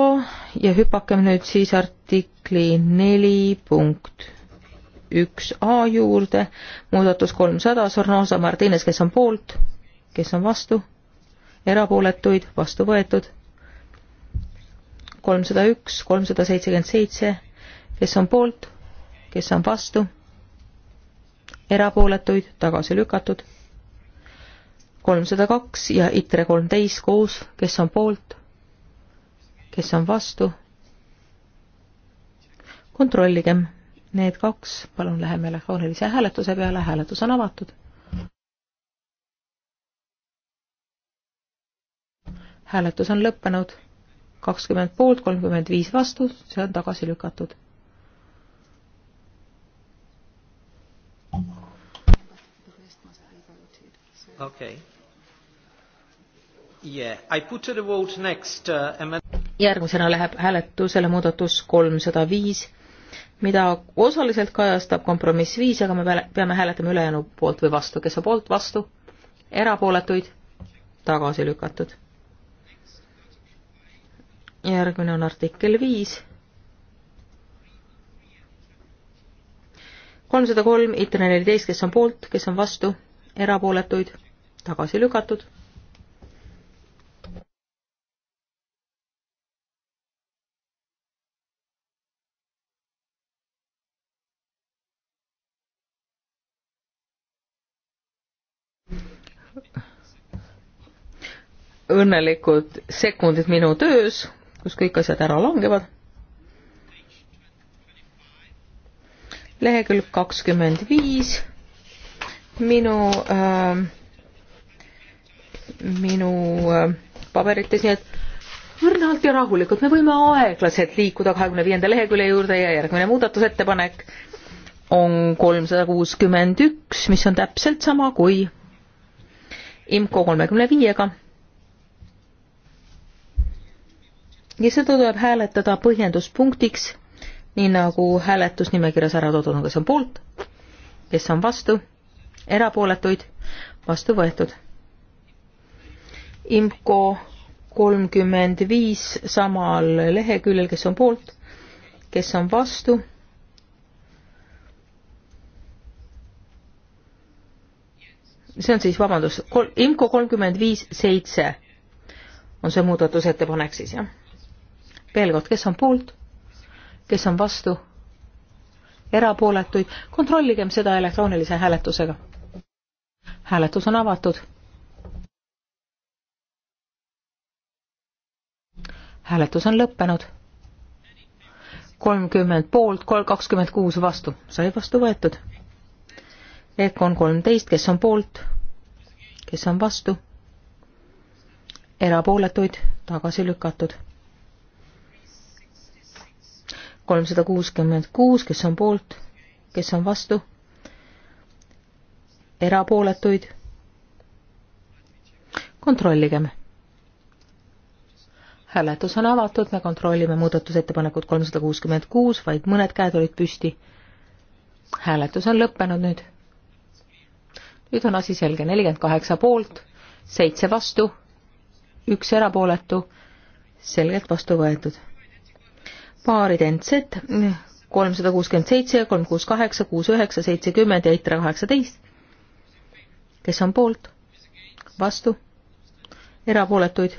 ja hüpakem nüüd siis artikli neli punkt üks A juurde, muudatus kolmsada, Sornosa Martines, kes on poolt, kes on vastu, erapooletuid, vastu võetud, kolmsada üks, kolmsada seitsekümmend seitse, kes on poolt, kes on vastu, erapooletuid, tagasi lükatud kolmsada kaks ja ITRE kolmteist koos, kes on poolt, kes on vastu. kontrolligem need kaks, palun läheme elektroonilise hääletuse peale, hääletus on avatud. hääletus on lõppenud, kakskümmend poolt, kolmkümmend viis vastu, see on tagasi lükatud Okay. Uh, järgmisena läheb hääletusele muudatus kolmsada viis, mida osaliselt kajastab kompromiss viis, aga me peame hääletama ülejäänu poolt või vastu, kes on poolt, vastu, erapooletuid, tagasi lükatud järgmine on artikkel viis. kolmsada kolm, ITRE neliteist, kes on poolt, kes on vastu, erapooletuid, tagasi lükatud. õnnelikud sekundid minu töös, kus kõik asjad ära langevad. lehekülg kakskümmend viis, minu äh,, minu äh, paberites, nii et õrnalt ja rahulikult, me võime aeglaselt liikuda kahekümne viienda lehekülje juurde ja järgmine muudatusettepanek on kolmsada kuuskümmend üks, mis on täpselt sama kui IMCO kolmekümne viiega ja seda tuleb hääletada põhjenduspunktiks, nii nagu hääletusnimekirjas ära toodud on, kes on poolt, kes on vastu, erapooletuid, vastu võetud. IMCO kolmkümmend viis samal leheküljel, kes on poolt, kes on vastu. see on siis, vabandust, IMCO kolmkümmend viis seitse on see muudatusettepanek siis, jah veel kord, kes on poolt, kes on vastu, erapooletuid, kontrolligem seda elektroonilise hääletusega. hääletus on avatud. hääletus on lõppenud. kolmkümmend poolt, kakskümmend kuus vastu, sai vastu võetud. EKOn kolmteist, kes on poolt, kes on vastu, erapooletuid tagasi lükatud kolmsada kuuskümmend kuus, kes on poolt, kes on vastu, erapooletuid. kontrolligem. hääletus on avatud, me kontrollime muudatusettepanekut kolmsada kuuskümmend kuus, vaid mõned käed olid püsti. hääletus on lõppenud nüüd. nüüd on asi selge, nelikümmend kaheksa poolt, seitse vastu, üks erapooletu, selgelt vastu võetud paarid NZ kolmsada kuuskümmend seitse, kolm kuus kaheksa, kuus üheksa, seitsekümmend ja ITRE kaheksateist. kes on poolt? vastu? erapooletuid?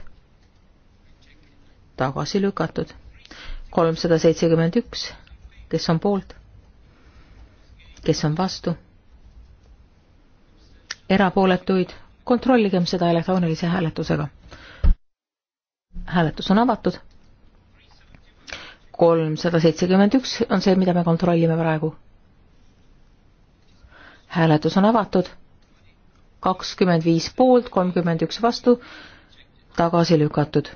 tagasi lükatud. kolmsada seitsekümmend üks. kes on poolt? kes on vastu? erapooletuid? kontrolligem seda elektroonilise hääletusega. hääletus on avatud kolmsada seitsekümmend üks on see, mida me kontrollime praegu. hääletus on avatud. kakskümmend viis poolt, kolmkümmend üks vastu, tagasi lükatud.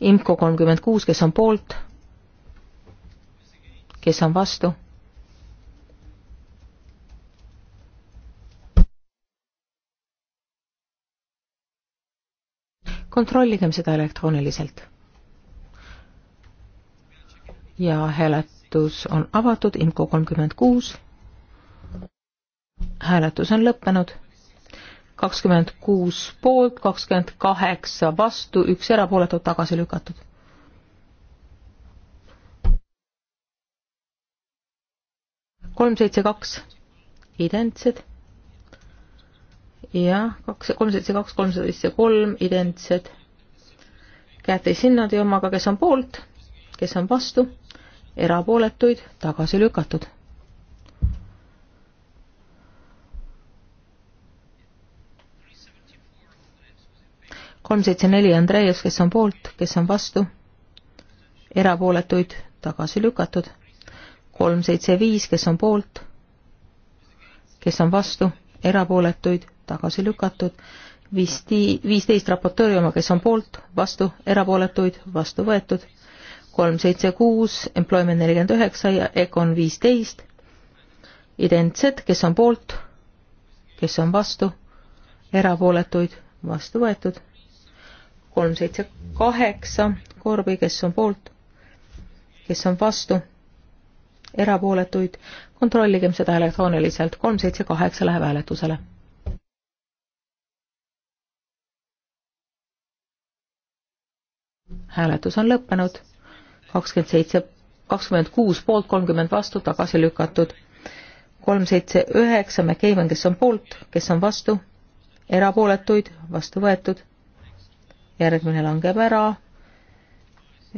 IMCO kolmkümmend kuus, kes on poolt, kes on vastu kontrolligem seda elektrooniliselt ja hääletus on avatud, IMCO kolmkümmend kuus. hääletus on lõppenud. kakskümmend kuus poolt, kakskümmend kaheksa vastu, üks erapooletult tagasi lükatud. kolm, seitse, kaks, identsed. jah, kaks, kolm, seitse, kaks, kolmsada seitse, kolm, identsed. Käte Sinnadi omaga, kes on poolt, kes on vastu erapooletuid tagasi lükatud. kolm seitse neli Andreas, kes on poolt, kes on vastu, erapooletuid tagasi lükatud. kolm seitse viis, kes on poolt, kes on vastu, erapooletuid tagasi lükatud viisteist raportööri oma, kes on poolt, vastu, erapooletuid, vastu võetud, kolm seitse kuus, Employment nelikümmend üheksa ja Econ viisteist, identsed, kes on poolt, kes on vastu, erapooletuid, vastu võetud, kolm seitse kaheksa, Korbi, kes on poolt, kes on vastu, erapooletuid, kontrolligem seda elektrooniliselt, kolm seitse kaheksa läheb hääletusele. hääletus on lõppenud kakskümmend seitse, kakskümmend kuus poolt, kolmkümmend vastu, tagasi lükatud. kolm, seitse, üheksa, McCaven, kes on poolt, kes on vastu, erapooletuid, vastu võetud. järgmine langeb ära,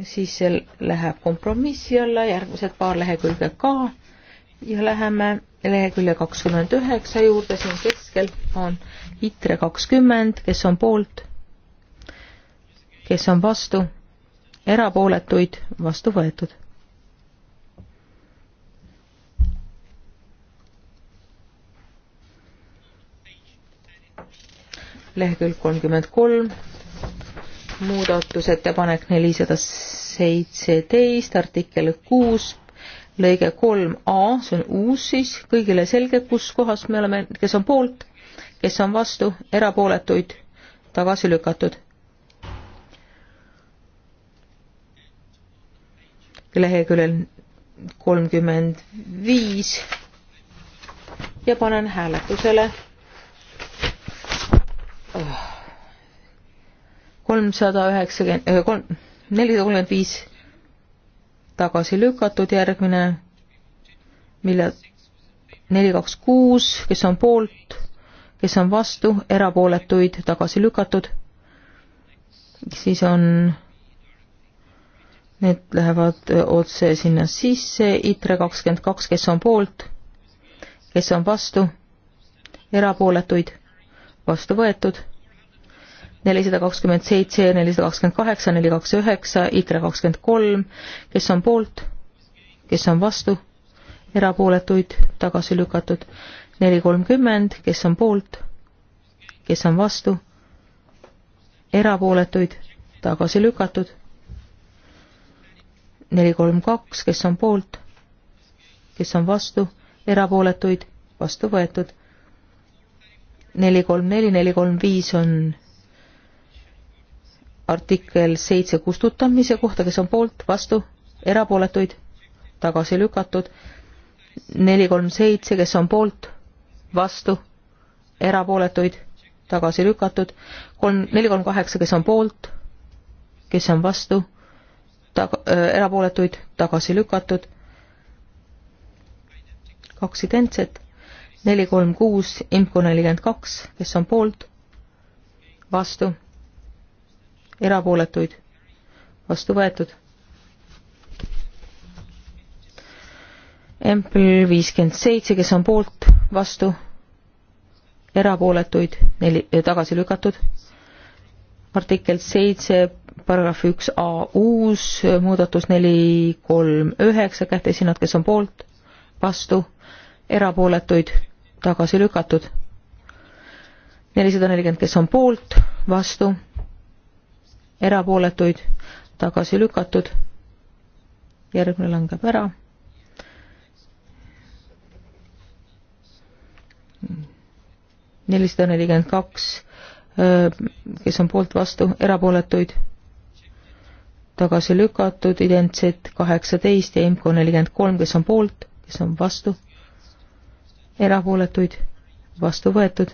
siis see läheb kompromissi alla, järgmised paar lehekülge ka ja läheme lehekülje kakskümmend üheksa juurde, siin keskel on ITRE kakskümmend, kes on poolt, kes on vastu erapooletuid, vastu võetud. lehekülg kolmkümmend kolm, muudatusettepanek nelisada seitseteist, artikkel kuus, lõige kolm A, see on uus siis, kõigile selge, kus kohas me oleme, kes on poolt, kes on vastu, erapooletuid, tagasi lükatud leheküljel kolmkümmend viis ja panen hääletusele kolmsada üheksakümmend, äh, kolm, nelisada kolmkümmend viis tagasi lükatud, järgmine, mille neli, kaks, kuus, kes on poolt, kes on vastu, erapooletuid tagasi lükatud, siis on Need lähevad äh, otse sinna sisse, ITRE kakskümmend kaks, kes on poolt, kes on vastu, erapooletuid, vastu võetud, nelisada kakskümmend seitse, nelisada kakskümmend kaheksa, neli kaks üheksa, ITRE kakskümmend kolm, kes on poolt, kes on vastu, erapooletuid, tagasi lükatud, neli kolmkümmend, kes on poolt, kes on vastu, erapooletuid, tagasi lükatud neli, kolm, kaks, kes on poolt, kes on vastu, erapooletuid, vastu võetud. neli, kolm, neli, neli, kolm, viis on artikkel seitse kustutamise kohta, kes on poolt, vastu, erapooletuid, tagasi lükatud. neli, kolm, seitse, kes on poolt, vastu, erapooletuid, tagasi lükatud. kolm, neli, kolm, kaheksa, kes on poolt, kes on vastu taga, äh, erapooletuid tagasi lükatud, kaks identset, neli, kolm, kuus, IMCO nelikümmend kaks, kes on poolt, vastu, erapooletuid, vastu võetud. Empl viiskümmend seitse, kes on poolt, vastu, erapooletuid, neli, tagasi lükatud. artikkel seitse paragrahv üks A uus muudatus neli kolm üheksa kätesinnad, kes on poolt, vastu, erapooletuid, tagasi lükatud. nelisada nelikümmend, kes on poolt, vastu, erapooletuid, tagasi lükatud. järgmine langeb ära. nelisada nelikümmend kaks, kes on poolt, vastu, erapooletuid tagasi lükatud, identsed kaheksateist ja IMCO nelikümmend kolm, kes on poolt, kes on vastu, erapooletuid, vastu võetud.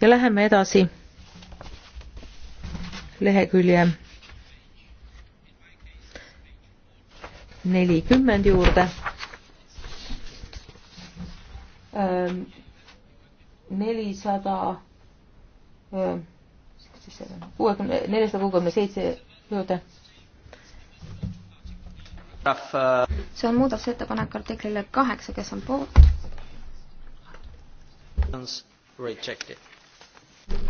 ja läheme edasi lehekülje nelikümmend juurde. Ähm, nelisada 400 ähm, nelisada kuuekümne, neljasada kuuekümne seitse juurde. see on muudatusettepanek artiklile kaheksa, kes on poolt?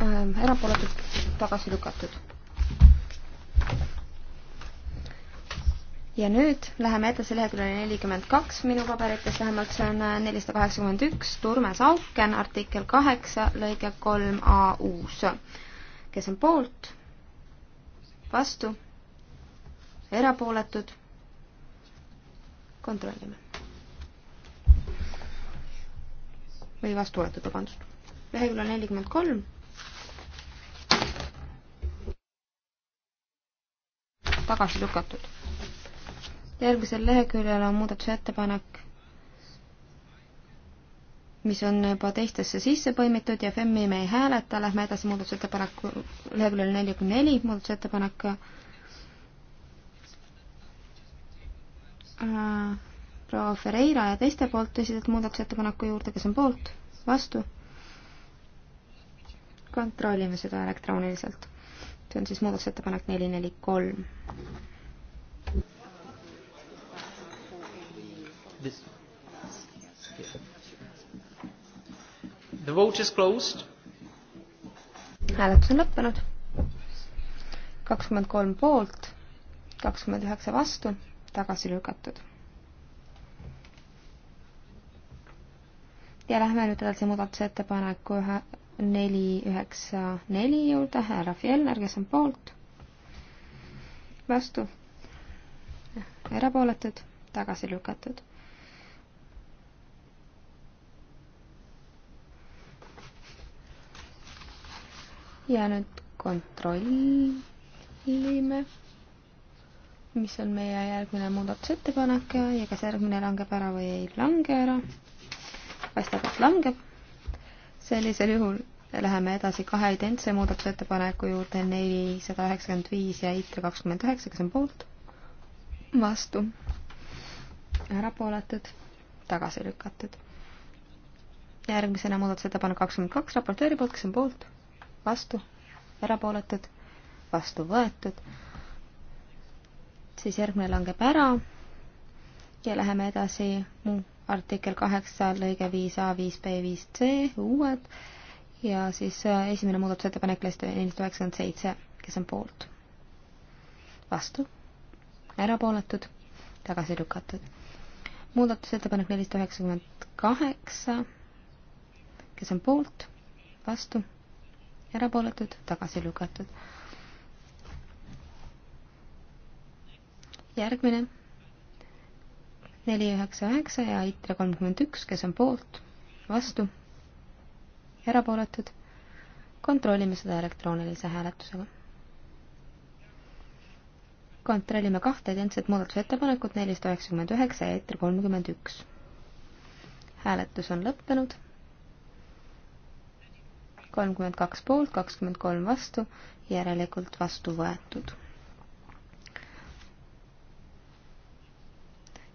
Ähm, erapooletud tagasi lükatud. ja nüüd läheme edasi leheküljele nelikümmend kaks minu paberites, vähemalt see on äh, nelisada kaheksakümmend üks, Turmes Auken, artikkel kaheksa, lõige kolm A uus kes on poolt, vastu, erapooletud, kontrollime. või vastu võetud, vabandust. leheküljel nelikümmend kolm tagasi lükatud. järgmisel leheküljel on muudatusettepanek mis on juba teistesse sisse põimitud ja FEM-i me ei hääleta, lähme edasi muudatusettepaneku leheküljel nelikümmend neli, muudatusettepanek äh, proua Ferreira ja teiste poolt esitatud muudatusettepaneku juurde, kes on poolt, vastu. kontrollime seda elektrooniliselt. see on siis muudatusettepanek neli, neli, kolm. This. Yeah. The vote is closed. hääletus on lõppenud. kakskümmend kolm poolt, kakskümmend üheksa vastu, tagasi lükatud. ja lähme nüüd edasi muudatusettepaneku ühe, neli, üheksa, neli juurde, härra Fjellner, kes on poolt, vastu, erapooletud, tagasi lükatud ja nüüd kontrollime, mis on meie järgmine muudatusettepanek ja kas järgmine langeb ära või ei lange ära. paistab, et langeb. sellisel juhul läheme edasi kahe identse muudatusettepaneku juurde, nelisada üheksakümmend viis ja ITRE kakskümmend üheksa, kes on poolt? vastu. erapooletud, tagasi lükatud. järgmisena muudatusettepanek kakskümmend kaks raportööri poolt, kes on poolt? vastu, erapooletud, vastu võetud. siis järgmine langeb ära ja läheme edasi artikkel kaheksa lõige viis A, viis B, viis C, uued ja siis äh, esimene muudatusettepanek lehest nelisada üheksakümmend seitse, kes on poolt, vastu, erapooletud, tagasi lükatud muudatusettepanek nelisada üheksakümmend kaheksa, kes on poolt, vastu, erapooletud, tagasi lükatud. järgmine neli üheksa üheksa ja ITRE kolmkümmend üks, kes on poolt, vastu, erapooletud. kontrollime seda elektroonilise hääletusega. kontrollime kahte identset muudatusettepanekut, nelisada üheksakümmend üheksa ja ITRE kolmkümmend üks. hääletus on lõppenud kolmkümmend kaks poolt, kakskümmend kolm vastu, järelikult vastu võetud.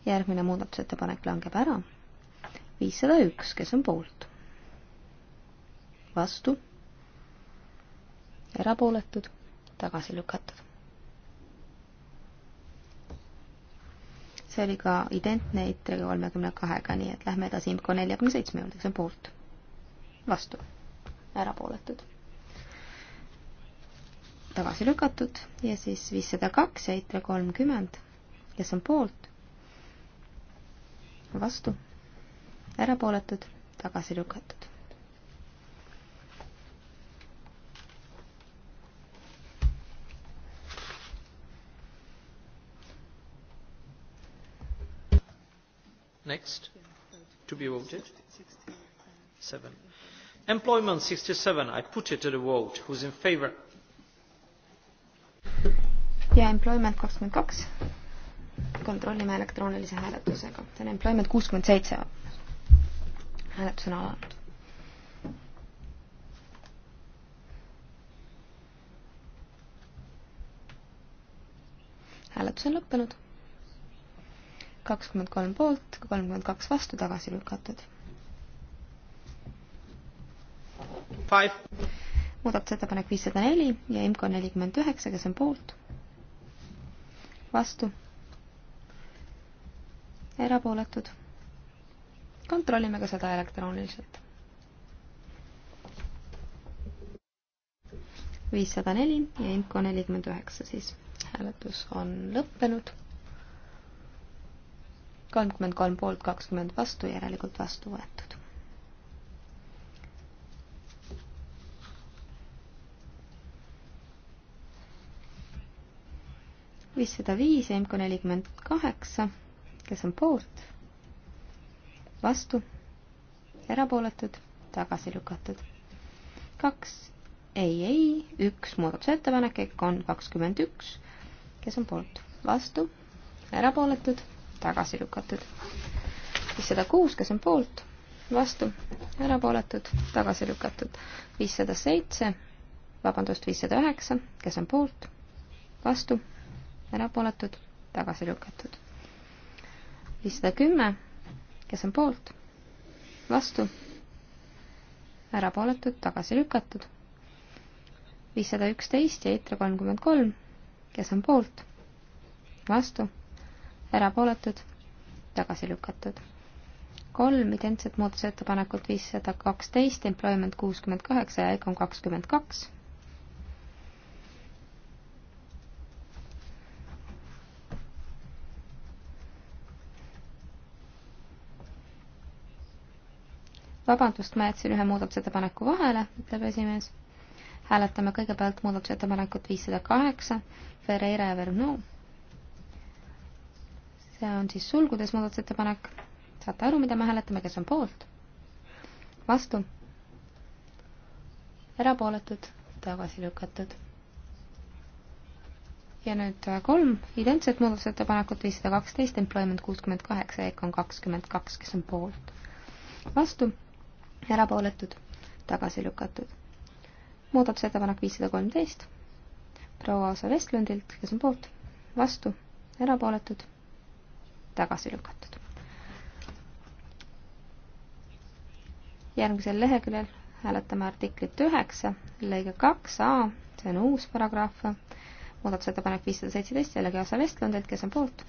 järgmine muudatusettepanek langeb ära. viissada üks, kes on poolt? vastu? erapooletud? tagasi lükatud? see oli ka identne ITRE kolmekümne kahega, nii et lähme edasi IMCO neljakümne seitsme juurde, kes on poolt? vastu erapooletud. tagasi lükatud ja siis viissada kaks ja ITRE kolmkümmend, kes on poolt, vastu, erapooletud, tagasi lükatud. Next to be voted seven employment sixty seven i put it to the vote who is in favour ja employment kakskümmend kaks kontrollime elektroonilise hääletusega see on employment kuuskümmend seitse hääletus on alanud hääletus on lõppenud kakskümmend kolm poolt kolmkümmend kaks vastu tagasi lükatud muudatusettepanek viissada neli ja IMCO nelikümmend üheksa, kes on poolt? vastu? erapooletud? kontrollime ka seda elektrooniliselt. viissada neli ja IMCO nelikümmend üheksa siis. hääletus on lõppenud. kolmkümmend kolm poolt, kakskümmend vastu, järelikult vastu võetud viissada viis ja IMCO nelikümmend kaheksa, kes on poolt, vastu, erapooletud, tagasi lükatud. kaks, ei, ei, üks muudatusettepanek, IMCO on kakskümmend üks, kes on poolt, vastu, erapooletud, tagasi lükatud. viissada kuus, kes on poolt, vastu, erapooletud, tagasi lükatud. viissada seitse, vabandust, viissada üheksa, kes on poolt, vastu erapooletud, tagasi lükatud. viissada kümme, kes on poolt, vastu, erapooletud, tagasi lükatud. viissada üksteist ja ITRE kolmkümmend kolm, kes on poolt, vastu, erapooletud, tagasi lükatud. kolm identset muudatusettepanekut, viissada kaksteist, employment kuuskümmend kaheksa ja EKOM kakskümmend kaks vabandust, ma jätsin ühe muudatusettepaneku vahele, ütleb esimees. hääletame kõigepealt muudatusettepanekut viissada kaheksa, Ferreira ja Vernu. see on siis sulgudes muudatusettepanek. saate aru, mida me hääletame, kes on poolt? vastu? erapooletud? tagasi lükatud? ja nüüd äh, kolm identset muudatusettepanekut, viissada kaksteist, employment kuuskümmend kaheksa, EKA on kakskümmend kaks, kes on poolt. vastu, erapooletud, tagasi lükatud. muudatusettepanek viissada kolmteist proua Aasa Vestlundilt, kes on poolt, vastu, erapooletud, tagasi lükatud. järgmisel leheküljel hääletame artiklit üheksa, lõige kaks A, see on uus paragrahv, muudatusettepanek viissada seitseteist, jällegi Aasa Vestlundilt, kes on poolt,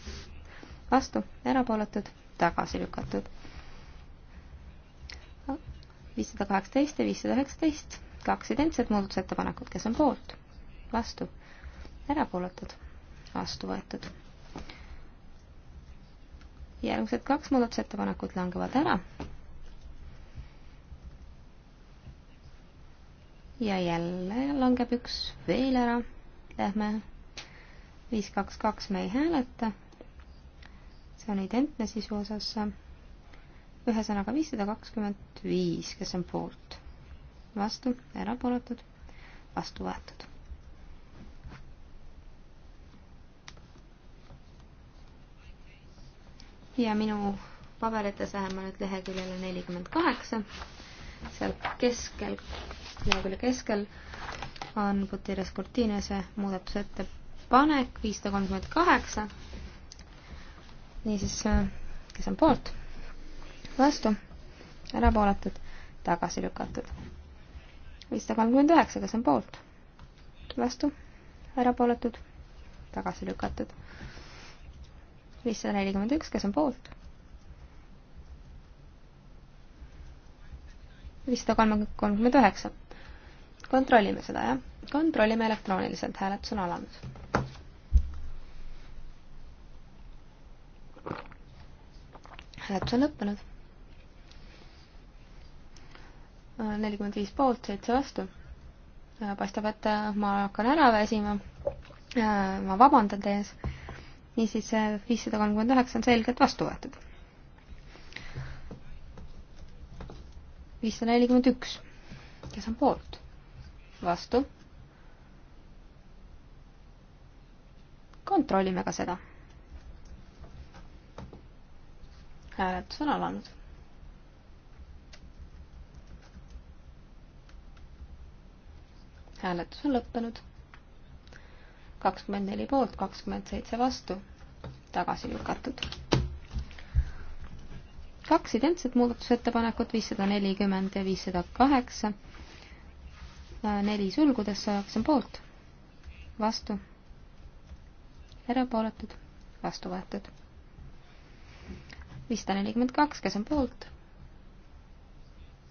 vastu, erapooletud, tagasi lükatud viissada kaheksateist ja viissada üheksateist, kaks identset muudatusettepanekut, kes on poolt, vastu, erapooletud, vastu võetud. järgmised kaks muudatusettepanekut langevad ära. ja jälle langeb üks veel ära, lähme viis, kaks, kaks me ei hääleta. see on identne sisu osas ühesõnaga viissada kakskümmend viis, kes on poolt, vastu, erapooletud, vastu võetud. ja minu paberites läheme nüüd leheküljele nelikümmend kaheksa, seal keskel, lehekülje keskel on Butires Cortinese muudatusettepanek viissada kolmkümmend kaheksa. niisiis, kes on poolt? vastu, erapooletud, tagasi lükatud. viissada kolmkümmend üheksa, kes on poolt, vastu, erapooletud, tagasi lükatud. viissada nelikümmend üks, kes on poolt, viissada kolmkümmend üheksa. kontrollime seda, jah. kontrollime elektrooniliselt, hääletus on alanud. hääletus on lõppenud nelikümmend viis poolt, seitse vastu. paistab, et äh, ma hakkan ära väsima. Äh, ma vabandan teie ees. niisiis, äh, viissada kolmkümmend üheksa on selgelt vastu võetud. viissada nelikümmend üks, kes on poolt? vastu. kontrollime ka seda. hääletus on alanud hääletus on lõppenud. kakskümmend neli poolt, kakskümmend seitse vastu, tagasi lükatud. kaks identset muudatusettepanekut, viissada nelikümmend ja viissada kaheksa. Äh, neli sulgudes, see on poolt, vastu, erapooletud, vastu võetud. viissada nelikümmend kaks, kes on poolt,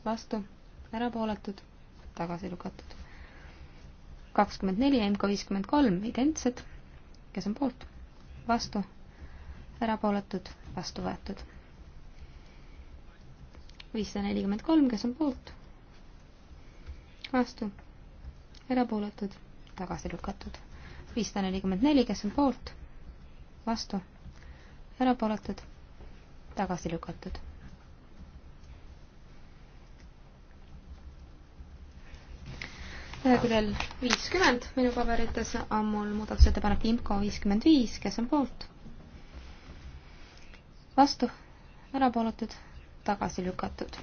vastu, erapooletud, tagasi lükatud kakskümmend neli, MK viiskümmend kolm, identsed, kes on poolt, vastu, erapooletud, vastu võetud. viissada nelikümmend kolm, kes on poolt, vastu, erapooletud, tagasi lükatud. viissada nelikümmend neli, kes on poolt, vastu, erapooletud, tagasi lükatud leheküljel viiskümmend minu paberites on mul muudatusettepanek IMCO viiskümmend viis, kes on poolt? vastu, erapooletud, tagasi lükatud.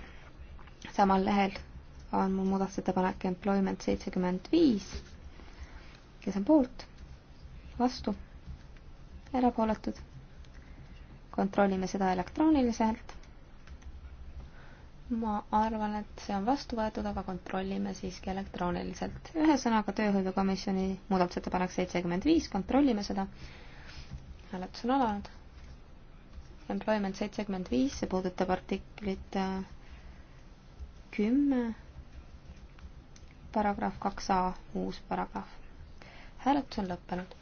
samal lehel on mul muudatusettepanek Employment seitsekümmend viis, kes on poolt? vastu, erapooletud. kontrollime seda elektrooniliselt ma arvan, et see on vastu võetud, aga kontrollime siiski elektrooniliselt. ühesõnaga, tööhõivekomisjoni muudatusettepanek seitsekümmend viis, kontrollime seda. hääletus on alanud. Employment seitsekümmend viis, see puudutab artiklit äh, kümme, paragrahv kaks A, uus paragrahv. hääletus on lõppenud.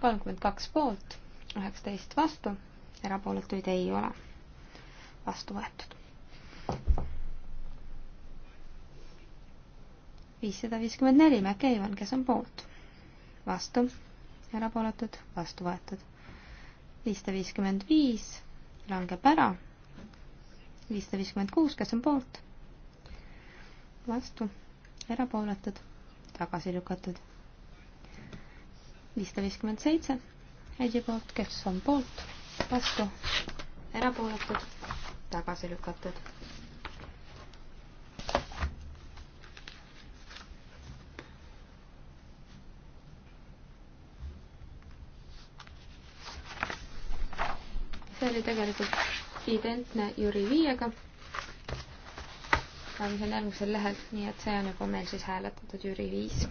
kolmkümmend kaks poolt, üheksateist vastu, erapooletuid ei ole vastu võetud. viissada viiskümmend neli MacEvan, kes on poolt, vastu, erapooletud, vastu võetud. viissada viiskümmend viis langeb ära, viissada viiskümmend kuus, kes on poolt, vastu, erapooletud, tagasi lükatud. viissada viiskümmend seitse Heidi poolt, kes on poolt, vastu, erapooletud, tagasi lükatud oli tegelikult identne Jüri viiega. aga see on järgmisel lehel, nii et see on juba meil siis hääletatud Jüri viis.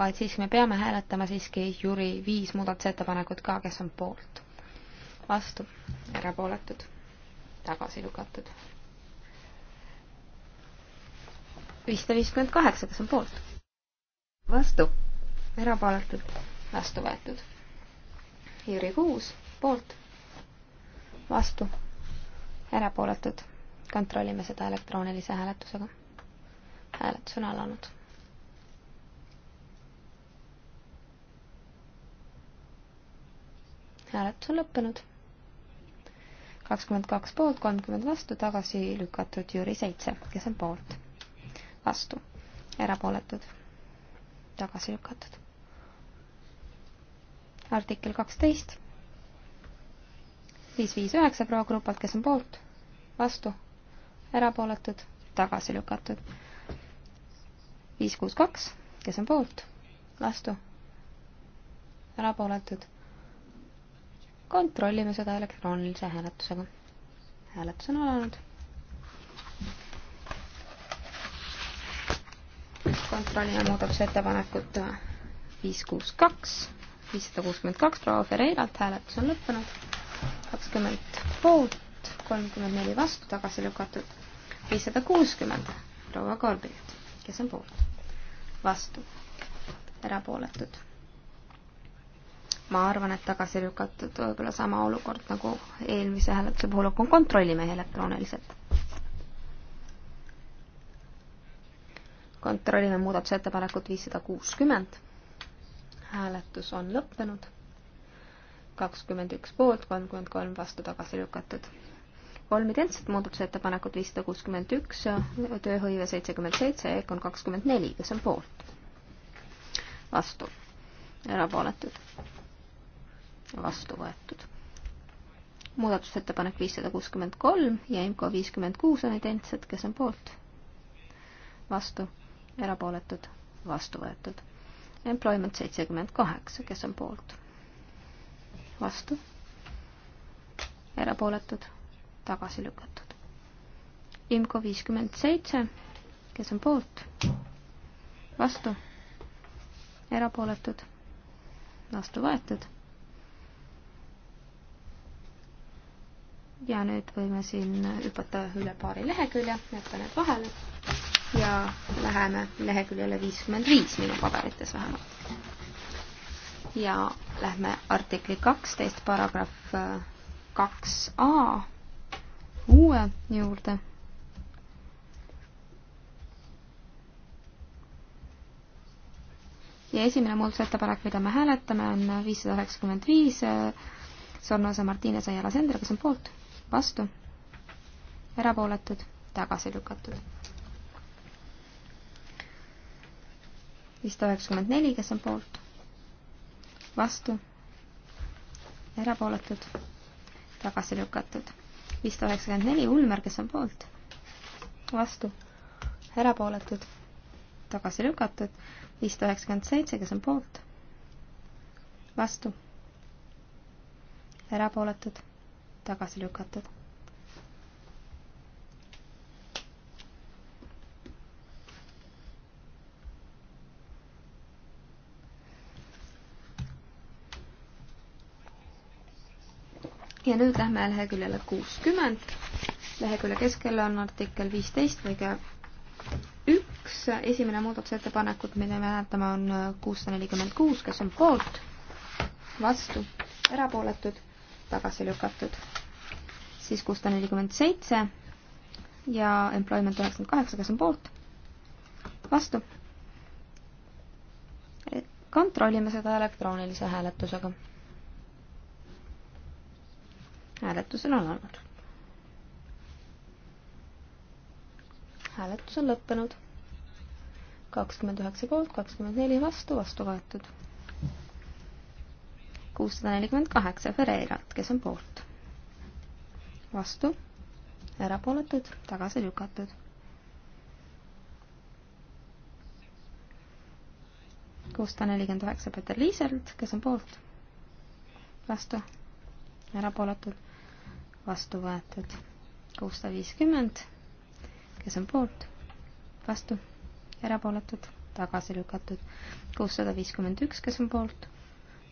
vaid siis me peame hääletama siiski Jüri viis muudatusettepanekut ka, kes on poolt, vastu, erapooletud, tagasi lükatud viissada viiskümmend kaheksa, kes on poolt? vastu. erapooletud. vastu võetud. Jüri Kuus, poolt. vastu. erapooletud. kontrollime seda elektroonilise hääletusega. hääletus on alanud. hääletus on lõppenud. kakskümmend kaks poolt, kolmkümmend vastu, tagasi lükatud Jüri Seitse, kes on poolt vastu, erapooletud, tagasi lükatud. artikkel kaksteist, viis viis üheksa proua grupalt, kes on poolt, vastu, erapooletud, tagasi lükatud. viis kuus kaks, kes on poolt, vastu, erapooletud. kontrollime seda elektroonilise hääletusega. hääletus on alanud kontrollime muudatusettepanekut viis, kuus, kaks, viissada kuuskümmend kaks proua Ferreiralt, hääletus on lõppenud, kakskümmend poolt, kolmkümmend neli vastu, tagasi lükatud, viissada kuuskümmend proua Korbilt, kes on poolt, vastu, erapooletud. ma arvan, et tagasi lükatud võib-olla sama olukord nagu eelmise hääletuse puhul, aga kontrollime elektrooniliselt kontrollime muudatusettepanekut viissada kuuskümmend. hääletus on lõppenud. kakskümmend üks poolt, kolmkümmend kolm vastu tagasi lükatud. kolm identset muudatusettepanekut, viissada kuuskümmend üks, tööhõive seitsekümmend seitse, EKOn kakskümmend neli, kes on poolt? vastu. erapooletud? vastu võetud. muudatusettepanek viissada kuuskümmend kolm ja IMCO viiskümmend kuus on identsed, kes on poolt? vastu, erapooletud, vastu võetud. Employment seitsekümmend kaheksa, kes on poolt? vastu, erapooletud, tagasi lükatud. IMCO viiskümmend seitse, kes on poolt? vastu, erapooletud, vastu võetud ja nüüd võime siin hüpata üle paari lehekülje, jätta need vahele ja läheme leheküljele viiskümmend viis minu paberites vähemalt. ja lähme artikli kaksteist paragrahv äh, kaks A uue juurde ja esimene muudatusettepanek, mida me hääletame, on viissada üheksakümmend viis äh, sarnase Martiine Saiala Sender, kes on poolt, vastu, erapooletud, tagasi lükatud. viissada üheksakümmend neli, kes on poolt, vastu, erapooletud, tagasi lükatud. viissada üheksakümmend neli, Ulmer, kes on poolt, vastu, erapooletud, tagasi lükatud. viissada üheksakümmend seitse, kes on poolt, vastu, erapooletud, tagasi lükatud ja nüüd lähme leheküljele kuuskümmend. lehekülje keskel on artikkel viisteist lõige üks, esimene muudatusettepanekut, mida me hääletame, on kuussada nelikümmend kuus, kes on poolt, vastu, erapooletud, tagasi lükatud. siis kuussada nelikümmend seitse ja employment üheksakümmend kaheksa, kes on poolt, vastu. kontrollime seda elektroonilise hääletusega hääletus on alanud. hääletus on lõppenud. kakskümmend üheksa poolt, kakskümmend neli vastu, vastu võetud. kuussada nelikümmend kaheksa Ferreiralt, kes on poolt. vastu, erapooletud, tagasi lükatud. kuussada nelikümmend üheksa Peeter Liiselt, kes on poolt, vastu, erapooletud vastu võetud kuussada viiskümmend, kes on poolt, vastu, erapooletud, tagasi lükatud, kuussada viiskümmend üks, kes on poolt,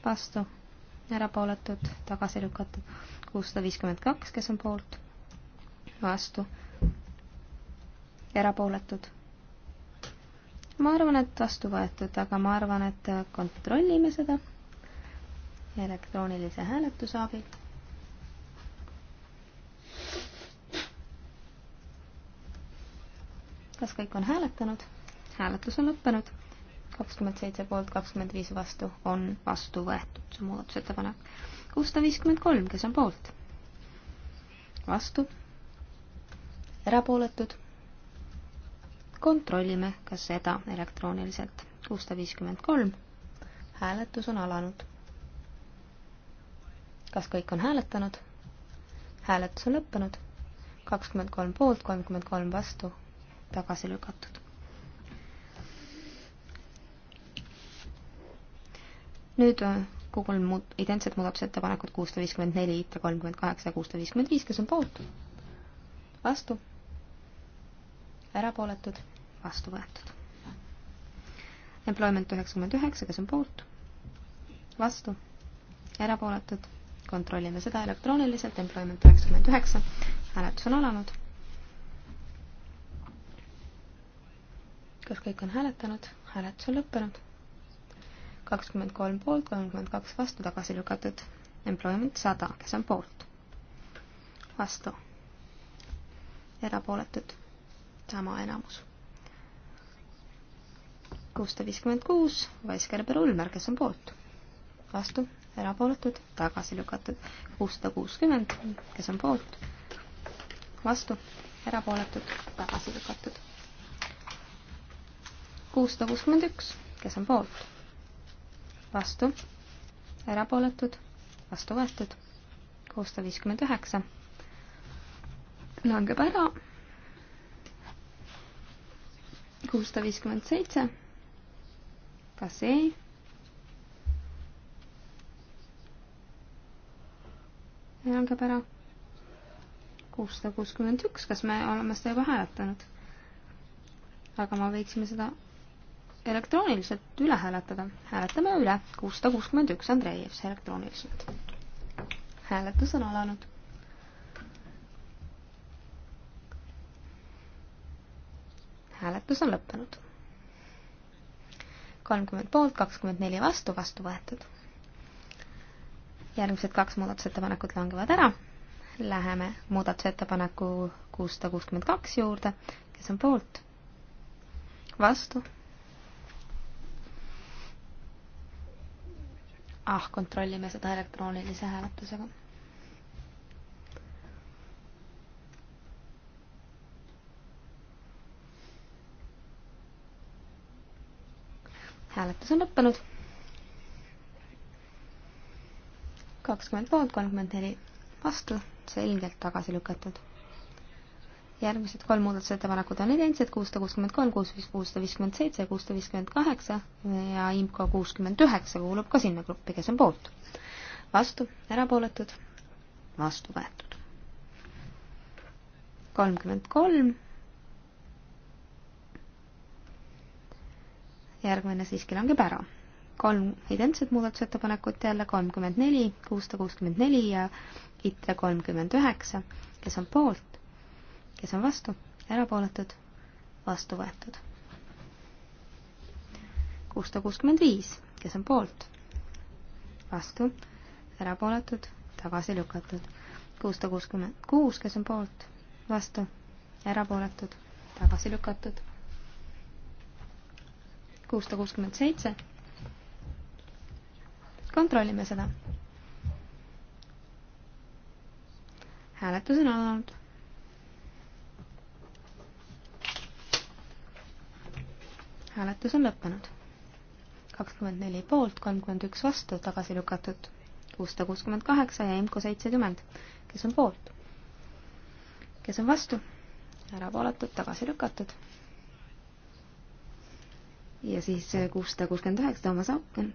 vastu, erapooletud, tagasi lükatud, kuussada viiskümmend kaks, kes on poolt, vastu, erapooletud. ma arvan, et vastu võetud, aga ma arvan, et kontrollime seda elektroonilise hääletuse abil kas kõik on hääletanud? hääletus on lõppenud. kakskümmend seitse poolt, kakskümmend viis vastu on vastu võetud see muudatusettepanek. kuussada viiskümmend kolm, kes on poolt? vastu? erapooletud? kontrollime ka seda elektrooniliselt. kuussada viiskümmend kolm. hääletus on alanud. kas kõik on hääletanud? hääletus on lõppenud. kakskümmend kolm poolt, kolmkümmend kolm vastu tagasi lükatud. nüüd kokku äh, kolm muud, identset muudatusettepanekut, kuussada viiskümmend neli, ITRE kolmkümmend kaheksa ja kuussada viiskümmend viis, kes on poolt? vastu? erapooletud? vastu võetud. Employment üheksakümmend üheksa, kes on poolt? vastu? erapooletud? kontrollime seda elektrooniliselt, Employment üheksakümmend üheksa, hääletus on alanud. kas kõik on hääletanud? hääletus on lõppenud. kakskümmend kolm poolt, kolmkümmend kaks vastu, tagasi lükatud. Employment sada, kes on poolt? vastu. erapooletud? sama enamus. kuussada viiskümmend kuus, Vaiskerber Ulmer, kes on poolt? vastu, erapooletud, tagasi lükatud. kuussada kuuskümmend, kes on poolt? vastu, erapooletud, tagasi lükatud kuussada kuuskümmend üks, kes on poolt? vastu, erapooletud, vastu võetud, kuussada viiskümmend üheksa, langeb ära, kuussada viiskümmend seitse, ka see langeb ära. kuussada kuuskümmend üks, kas me oleme seda juba hääletanud? aga me võiksime seda elektrooniliselt üle hääletada. hääletame üle kuussada kuuskümmend üks Andreevs elektrooniliselt. hääletus on alanud. hääletus on lõppenud. kolmkümmend poolt, kakskümmend neli vastu, vastu võetud. järgmised kaks muudatusettepanekut langevad ära. Läheme muudatusettepaneku kuussada kuuskümmend kaks juurde, kes on poolt? vastu ah, kontrollime seda elektroonilise hääletusega. hääletus on lõppenud. kakskümmend poolt, kolmkümmend neli vastu, selgelt tagasi lükatud järgmised kolm muudatusettepanekut on identsed, kuussada kuuskümmend kolm, kuussada viiskümmend seitse ja kuussada viiskümmend kaheksa ja IMCO kuuskümmend üheksa kuulub ka sinna gruppi, kes on poolt. vastu, erapooletud, vastu võetud. kolmkümmend kolm. järgmine siiski langeb ära. kolm identset muudatusettepanekut jälle, kolmkümmend neli, kuussada kuuskümmend neli ja ITRE kolmkümmend üheksa, kes on poolt, kes on vastu, erapooletud, vastu võetud. kuussada kuuskümmend viis, kes on poolt, vastu, erapooletud, tagasi lükatud. kuussada kuuskümmend kuus, kes on poolt, vastu, erapooletud, tagasi lükatud. kuussada kuuskümmend seitse. kontrollime seda. hääletus on alanud hääletus on lõppenud. kakskümmend neli poolt, kolmkümmend üks vastu, tagasi lükatud kuussada kuuskümmend kaheksa ja IMCO seitsekümmend. kes on poolt? kes on vastu? erapooletud, tagasi lükatud. ja siis kuussada kuuskümmend üheksa, Toomas Auken,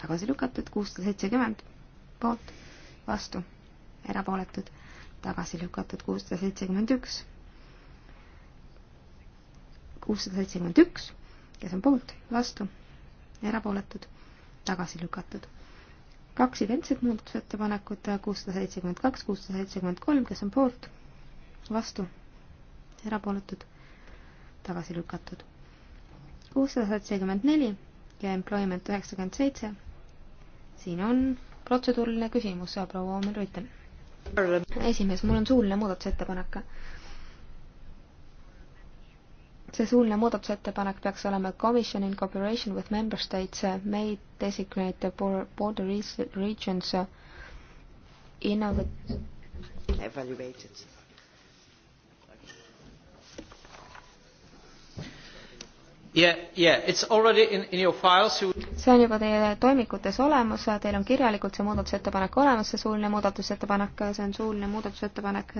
tagasi lükatud, kuussada seitsekümmend poolt, vastu, erapooletud, tagasi lükatud, kuussada seitsekümmend üks kuussada seitsekümmend üks, kes on poolt, vastu, erapooletud, tagasi lükatud. kaks identset muudatusettepanekut, kuussada seitsekümmend kaks, kuussada seitsekümmend kolm, kes on poolt, vastu, erapooletud, tagasi lükatud. kuussada seitsekümmend neli ja employment üheksakümmend seitse. siin on protseduuriline küsimus, proua Omen Ruiten. esimees, mul on suuline muudatusettepanek see suuline muudatusettepanek peaks olema Commission in cooperation with member states eh, may designate the border regions eh, innovat- evaluated. Yeah, yeah, it's already in, in your files. You... see on juba teie toimikutes olemas, eh, teil on kirjalikult see muudatusettepanek olemas, see suuline muudatusettepanek, see on suuline muudatusettepanek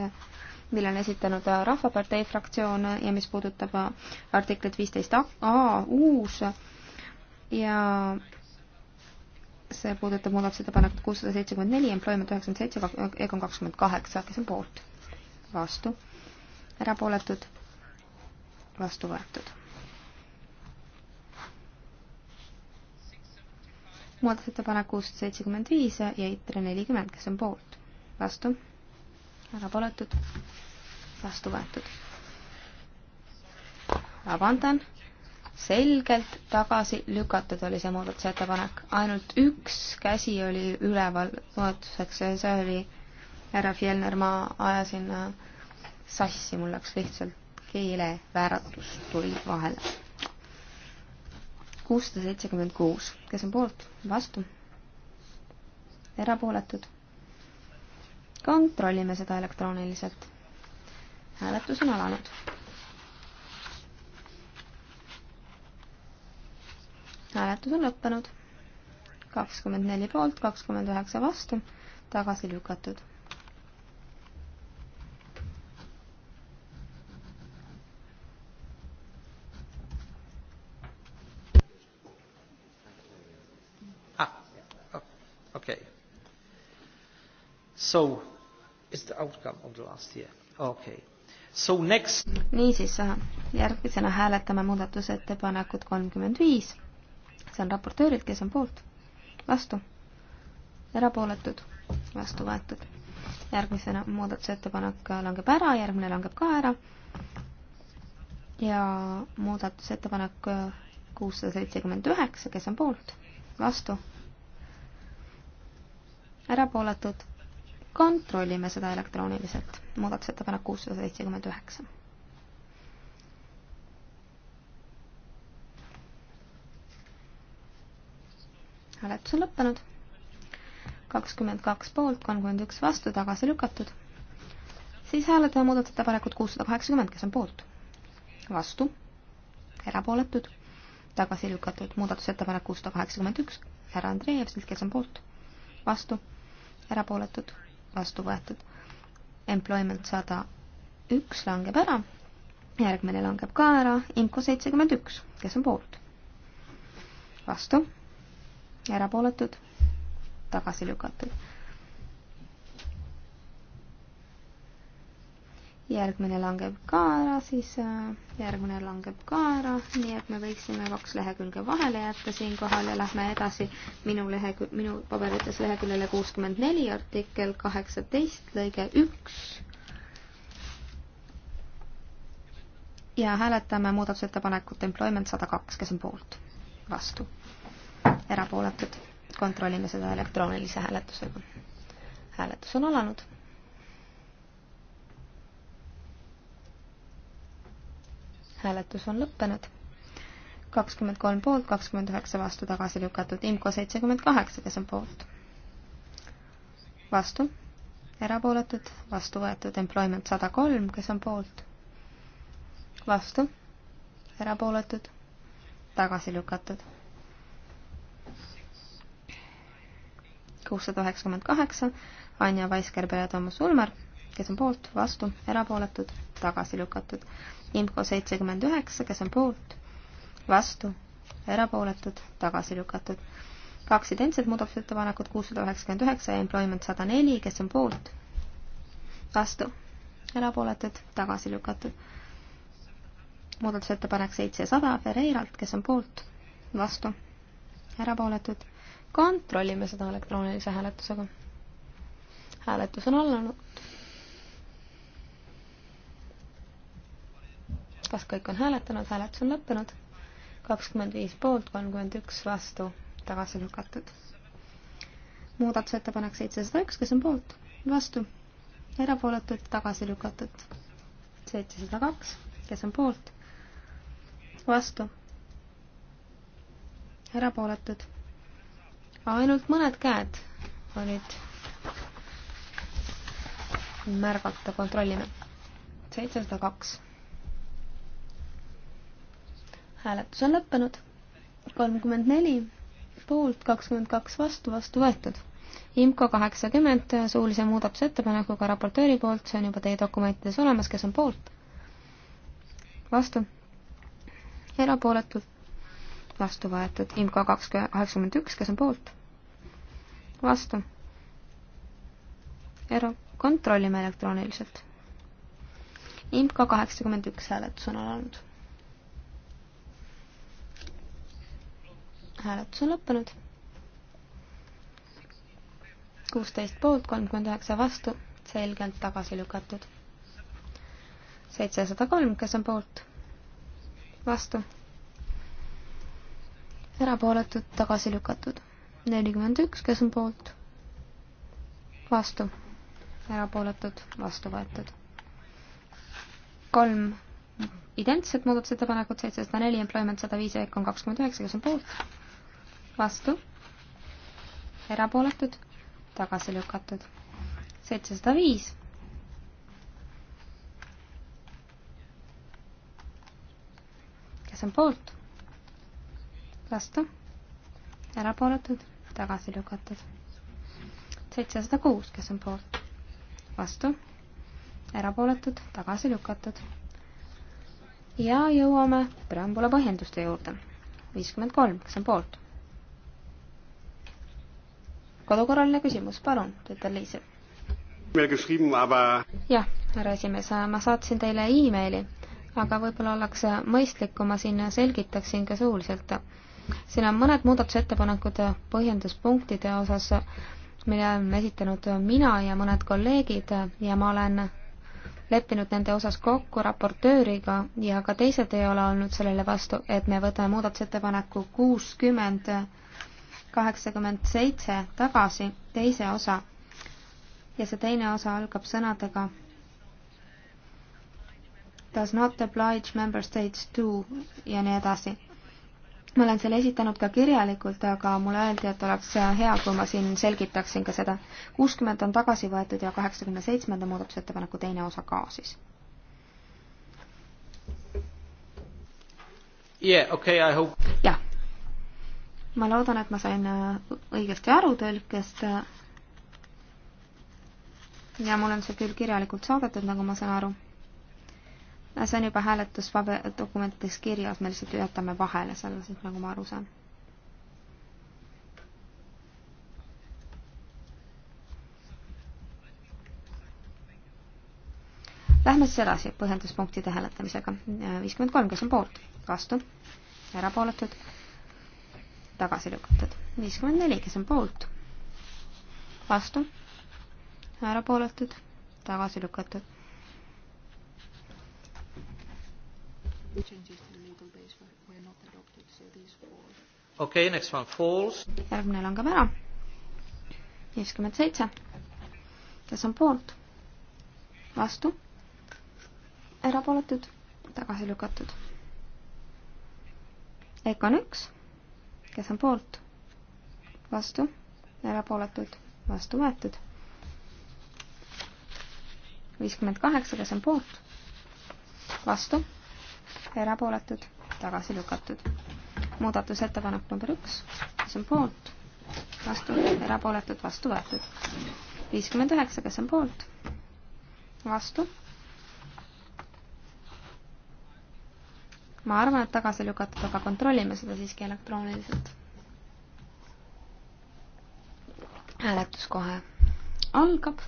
mille on esitanud äh, Rahvapartei fraktsioon ja mis puudutab äh, artiklit viisteist A uus ja see puudutab muudatusettepanekut kuussada seitsekümmend neli, employment üheksakümmend seitse, Egon kakskümmend kaheksa, kes on poolt? vastu. erapooletud? vastu võetud. muudatusettepanek kuussada seitsekümmend viis ja ITRE nelikümmend, kes on poolt? vastu erapooletud, vastu võetud. vabandan, selgelt tagasi lükatud oli see muudatusettepanek, ainult üks käsi oli üleval toetuseks ja see oli härra Fjellner, ma ajasin äh, sassi, mul läks lihtsalt keelevääratus tuli vahele. kuussada seitsekümmend kuus, kes on poolt, vastu? erapooletud kontrollime seda elektrooniliselt. hääletus on alanud. hääletus on lõppenud. kakskümmend neli poolt, kakskümmend üheksa vastu, tagasi lükatud So is the outcome of the last year. Okay. So next. niisiis, äh, järgmisena hääletame muudatusettepanekut kolmkümmend viis. see on raportöörid, kes on poolt, vastu, erapooletud, vastu võetud. järgmisena muudatusettepanek langeb ära, järgmine langeb ka ära. ja muudatusettepanek kuussada seitsekümmend üheksa, kes on poolt, vastu, erapooletud kontrollime seda elektrooniliselt. muudatusettepanek kuussada seitsekümmend üheksa. hääletus on lõppenud. kakskümmend kaks poolt, kolmkümmend üks vastu, tagasi lükatud. siis hääletame muudatusettepanekut kuussada kaheksakümmend, kes on poolt? vastu, erapooletud, tagasi lükatud muudatusettepanek kuussada kaheksakümmend üks, härra Andreev, siis kes on poolt? vastu erapooletud, vastu võetud. Employment sada üks langeb ära, järgmine langeb ka ära, Imco seitsekümmend üks, kes on poolt? vastu, erapooletud, tagasi lükatud järgmine langeb ka ära, siis äh, järgmine langeb ka ära, nii et me võiksime kaks lehekülge vahele jätta siinkohal ja lähme edasi minu lehe, minu paberites leheküljele kuuskümmend neli, artikkel kaheksateist, lõige üks. ja hääletame muudatusettepanekut employment sada kaks, kes on poolt, vastu, erapooletud, kontrollime seda elektroonilise hääletusega. hääletus on alanud hääletus on lõppenud. kakskümmend kolm poolt, kakskümmend üheksa vastu tagasi lükatud, IMCO seitsekümmend kaheksa, kes on poolt? vastu, erapooletud, vastu võetud, employment sada kolm, kes on poolt? vastu, erapooletud, tagasi lükatud. kuussada üheksakümmend kaheksa, Anja Vaisker-Pea ja Toomas Ulmer, kes on poolt, vastu, erapooletud, tagasi lükatud IMCO seitsekümmend üheksa, kes on poolt, vastu, erapooletud, tagasi lükatud. kaks identset muudatusettepanekut, kuussada üheksakümmend üheksa ja employment sada neli, kes on poolt, vastu, erapooletud, tagasi lükatud. muudatusettepanek seitsesada Ferreiralt, kes on poolt, vastu, erapooletud. kontrollime seda elektroonilise hääletusega. hääletus on alanud kas kõik on hääletanud, hääletus on lõppenud, kakskümmend viis poolt, kolmkümmend üks vastu, tagasi lükatud. muudatusettepanek seitsesada üks, kes on poolt, vastu, erapooletud, tagasi lükatud. seitsesada kaks, kes on poolt, vastu, erapooletud. ainult mõned käed olid märgata, kontrollime. seitsesada kaks hääletus on lõppenud. kolmkümmend neli poolt, kakskümmend kaks vastu, vastu võetud. IMCO kaheksakümmend suulise muudatusettepanekuga raportööri poolt, see on juba teie dokumentides olemas, kes on poolt? vastu? erapooletult? vastu võetud. IMCO kaks kaheksakümmend üks, kes on poolt? vastu? era-, kontrollime elektrooniliselt. IMCO kaheksakümmend üks hääletus on alanud hääletus on lõppenud. kuusteist poolt, kolmkümmend üheksa vastu, selgelt tagasi lükatud. seitsesada kolm, kes on poolt? vastu. erapooletud, tagasi lükatud. nelikümmend üks, kes on poolt? vastu. erapooletud, vastu võetud. kolm identset muudatusettepanekut, seitsesada neli, employment sada viis ja EKA on kakskümmend üheksa, kes on poolt? vastu, erapooletud, tagasi lükatud. seitsesada viis. kes on poolt? vastu, erapooletud, tagasi lükatud. seitsesada kuus, kes on poolt? vastu, erapooletud, tagasi lükatud. ja jõuame preambula põhjenduste juurde. viiskümmend kolm, kes on poolt? kodukorraline küsimus, palun, Peeter Liise. jah, härra esimees, ma saatsin teile emaili, aga võib-olla oleks mõistlik, kui ma siin selgitaksin ka suuliselt. siin on mõned muudatusettepanekud põhjenduspunktide osas, mille olen esitanud mina ja mõned kolleegid ja ma olen leppinud nende osas kokku raportööriga ja ka teised ei ole olnud sellele vastu, et me võtame muudatusettepaneku kuuskümmend 60 kaheksakümmend seitse tagasi teise osa ja see teine osa algab sõnadega does not oblige member states to ja nii edasi. ma olen selle esitanud ka kirjalikult, aga mulle öeldi, et oleks hea, kui ma siin selgitaksin ka seda. kuuskümmend on tagasi võetud ja kaheksakümne seitsmenda muudatusettepaneku teine osa ka siis. jah, okei, I hope. jah ma loodan, et ma sain äh, õigesti aru tõlkest. ja mul on see küll kirjalikult saadetud, nagu ma saan aru. see on juba hääletusdokumentides kirjas, me lihtsalt jätame vahele selle siis, nagu ma aru saan. Lähme siis edasi põhjenduspunktide hääletamisega. Äh, viiskümmend kolm, kes on poolt, vastu, erapooletud tagasi lükatud. viiskümmend neli, kes on poolt? vastu? erapooletud? tagasi lükatud. okei okay,, next one falls. järgmine langeb ära. viiskümmend seitse. kes on poolt? vastu? erapooletud? tagasi lükatud. EK on üks kes on poolt, vastu, erapooletud, vastu võetud. viiskümmend kaheksa, kes on poolt, vastu, erapooletud, tagasi lükatud. muudatusettepanek number üks, kes on poolt, vastu, erapooletud, vastu võetud. viiskümmend üheksa, kes on poolt, vastu ma arvan, et tagasi lükatud, aga kontrollime seda siiski elektrooniliselt. hääletus kohe algab.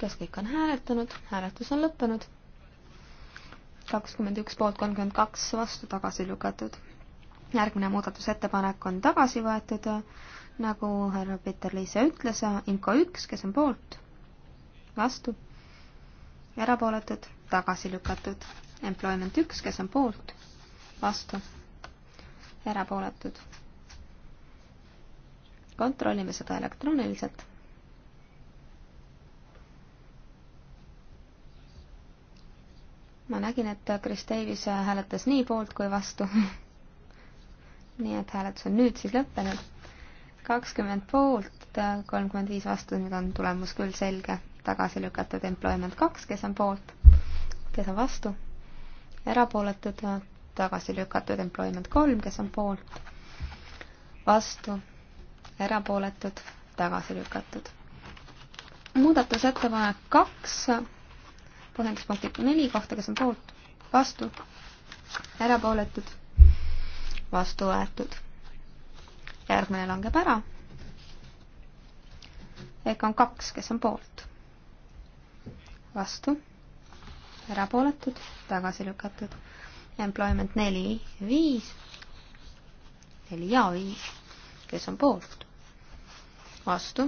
kas kõik on hääletanud? hääletus on lõppenud. kakskümmend üks poolt kolmkümmend kaks vastu tagasi lükatud. järgmine muudatusettepanek on tagasi võetud, nagu härra Peeter-Liise ütles, IMCO üks, kes on poolt, vastu, erapooletud, tagasi lükatud employment üks, kes on poolt, vastu, erapooletud. kontrollime seda elektrooniliselt. ma nägin, et Chris Davis hääletas nii poolt kui vastu nii et hääletus on nüüd siis lõppenud. kakskümmend poolt, kolmkümmend viis vastu, nüüd on tulemus küll selge. tagasi lükatud employment kaks, kes on poolt, kes on vastu erapooletud, tagasi lükatud employment kolm, kes on poolt, vastu, erapooletud, tagasi lükatud. muudatusettepanek kaks, põhjenduspunkti neli kohta, kes on poolt, vastu, erapooletud, vastu võetud. järgmine langeb ära. ehk on kaks, kes on poolt, vastu erapooletud, tagasi lükatud. Employment neli, viis, neli ja viis, kes on poolt, vastu,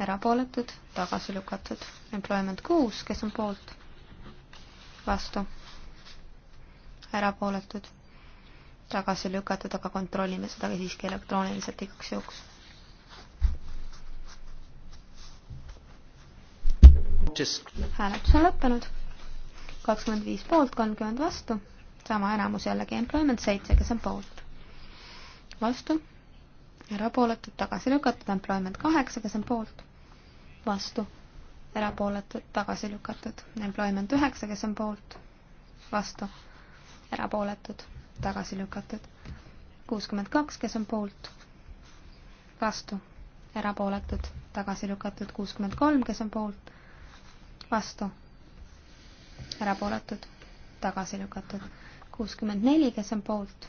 erapooletud, tagasi lükatud. Employment kuus, kes on poolt, vastu, erapooletud, tagasi lükatud, aga kontrollime seda siiski elektrooniliselt igaks juhuks hääletus on lõppenud kakskümmend viis poolt, kolmkümmend vastu, sama enamus jällegi employment seitse, kes on poolt. vastu, erapooletud, tagasi lükatud, employment kaheksa, kes on poolt, vastu, erapooletud, tagasi lükatud, employment üheksa, kes on poolt, vastu, erapooletud, tagasi lükatud, kuuskümmend kaks, kes on poolt, vastu, erapooletud, tagasi lükatud, kuuskümmend kolm, kes on poolt, vastu erapooletud, tagasi lükatud. kuuskümmend neli, kes on poolt,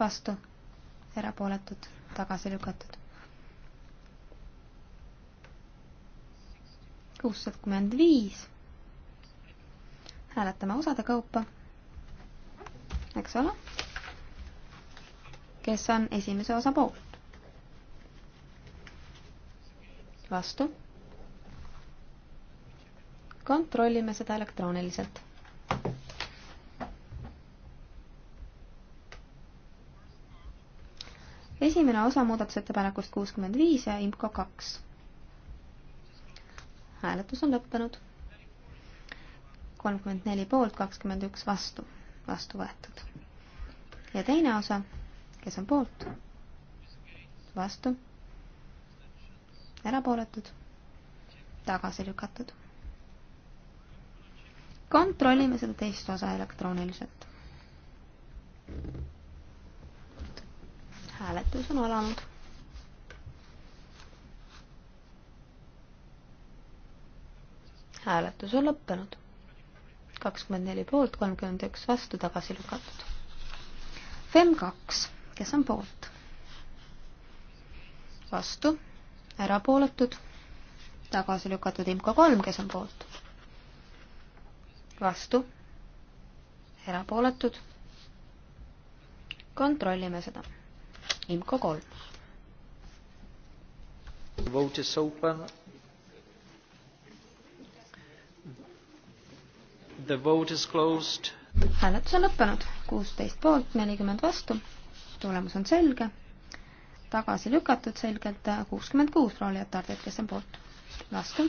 vastu, erapooletud, tagasi lükatud. kuuskümmend viis, hääletame osade kaupa, eks ole, kes on esimese osa poolt, vastu kontrollime seda elektrooniliselt. esimene osa muudatusettepanekust kuuskümmend viis ja IMCO kaks. hääletus on lõppenud. kolmkümmend neli poolt, kakskümmend üks vastu, vastu võetud. ja teine osa, kes on poolt, vastu, erapooletud, tagasi lükatud kontrollime seda teist osa elektrooniliselt. hääletus on alanud. hääletus on lõppenud. kakskümmend neli poolt, kolmkümmend üks vastu, tagasi lükatud. FEM kaks, kes on poolt? vastu, erapooletud, tagasi lükatud IMCO kolm, kes on poolt vastu, erapooletud. kontrollime seda. IMCO kolm. Vote is open. The vote is closed. hääletus on lõppenud, kuusteist poolt, nelikümmend vastu. tulemus on selge, tagasi lükatud selgelt kuuskümmend kuus proletardit, kes on poolt, vastu,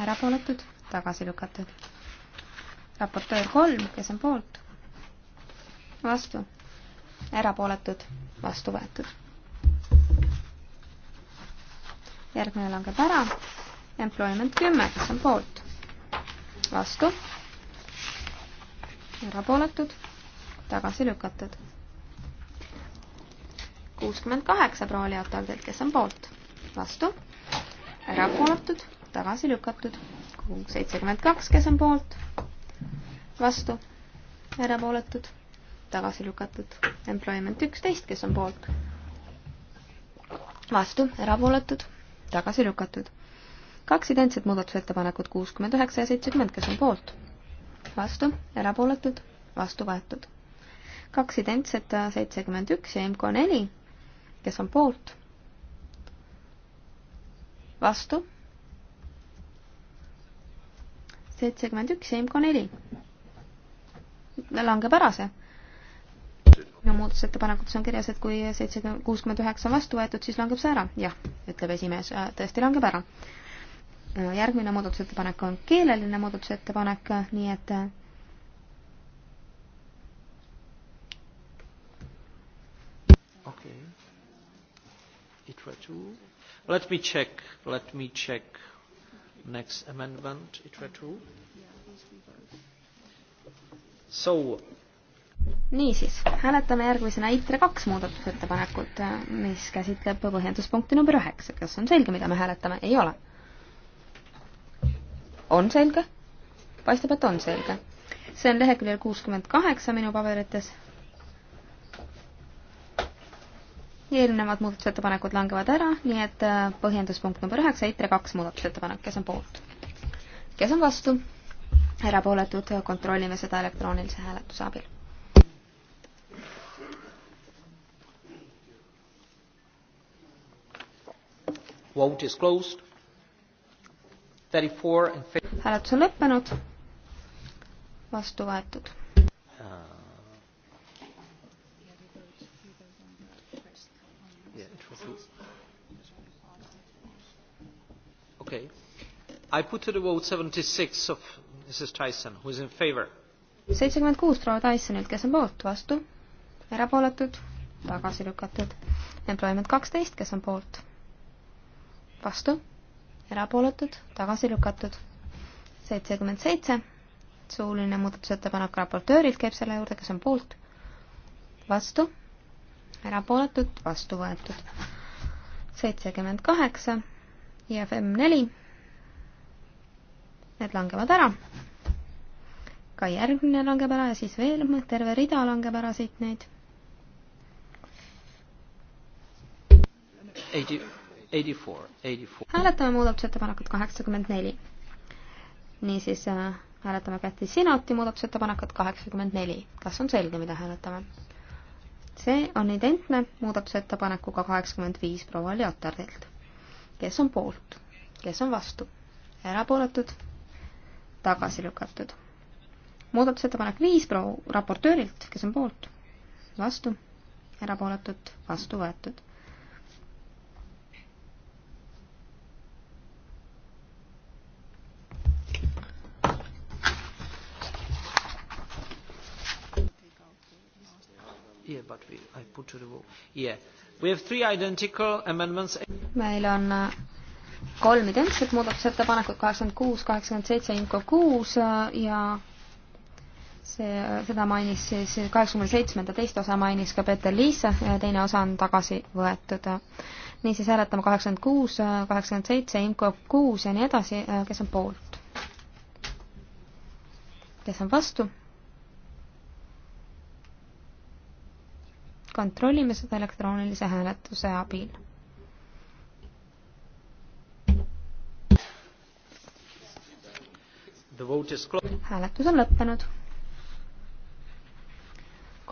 erapooletud, tagasi lükatud raportöör kolm, kes on poolt, vastu, erapooletud, vastu võetud. järgmine langeb ära, employment kümme, kes on poolt, vastu, erapooletud, tagasi lükatud. kuuskümmend kaheksa proua Leotoldelt, kes on poolt, vastu, erapooletud, tagasi lükatud. seitsekümmend kaks, kes on poolt, vastu, erapooletud, tagasi lükatud. Employment üksteist, kes on poolt, vastu, erapooletud, tagasi lükatud. kaks identset muudatusettepanekut, kuuskümmend üheksa ja seitsekümmend, kes on poolt, vastu, erapooletud, vastu võetud. kaks identset, seitsekümmend üks ja MK neli, kes on poolt, vastu seitsekümmend üks ja IMCO neli langeb ära see. minu muudatusettepanekutes on kirjas, et kui seitsekümmend, kuuskümmend üheksa on vastu võetud, siis langeb see ära. jah, ütleb esimees, äh, tõesti langeb ära. Äh, järgmine muudatusettepanek on keeleline muudatusettepanek, äh, nii et okay. It were two. Let me check. Let me check. Next amendment. It were two. Yeah. So. niisiis, hääletame järgmisena ITRE kaks muudatusettepanekut, mis käsitleb põhjenduspunkti number üheksa. kas on selge, mida me hääletame? ei ole. on selge? paistab, et on selge. see on leheküljel kuuskümmend kaheksa minu paberites. eelnevad muudatusettepanekud langevad ära, nii et põhjenduspunkt number üheksa, ITRE kaks muudatusettepanek, kes on poolt? kes on vastu? erapooletud, kontrollime seda elektroonilise hääletuse abil. hääletus on lõppenud, vastu võetud ah. okay. i put to the vote seventy six of Mrs Tyson, who is in favor? seitsekümmend kuus proua Tysonilt, kes on poolt, vastu, erapooletud, tagasi lükatud. Employment kaksteist, kes on poolt, vastu, erapooletud, tagasi lükatud. seitsekümmend seitse, suuline muudatusettepanek raportöörilt käib selle juurde, kes on poolt, vastu, erapooletud, vastu võetud. seitsekümmend kaheksa, IFM neli, need langevad ära ka järgmine langeb ära ja siis veel terve rida langeb ära siit neid. hääletame muudatusettepanekut kaheksakümmend neli. niisiis äh, hääletame Käti Sinoti muudatusettepanekut kaheksakümmend neli. kas on selge, mida hääletame? see on identne muudatusettepanekuga kaheksakümmend viis proua Leotardilt. kes on poolt, kes on vastu, erapooletud, tagasi lükatud muudatusettepanek viis proua raportöörilt, kes on poolt, vastu, erapooletud, vastu võetud. Yeah, but we, I put to the vote. Yeah. We have three identical amendments. meil on äh, kolm identset muudatusettepanekut, kaheksakümmend kuus, kaheksakümmend seitse, info kuus äh, ja see, seda mainis siis kaheksakümne seitsmenda teist osa mainis ka Peeter Liisa, teine osa on tagasi võetud. niisiis hääletame kaheksakümmend kuus, kaheksakümmend seitse, IMCO kuus ja nii edasi, kes on poolt? kes on vastu? kontrollime seda elektroonilise hääletuse abil. hääletus on lõppenud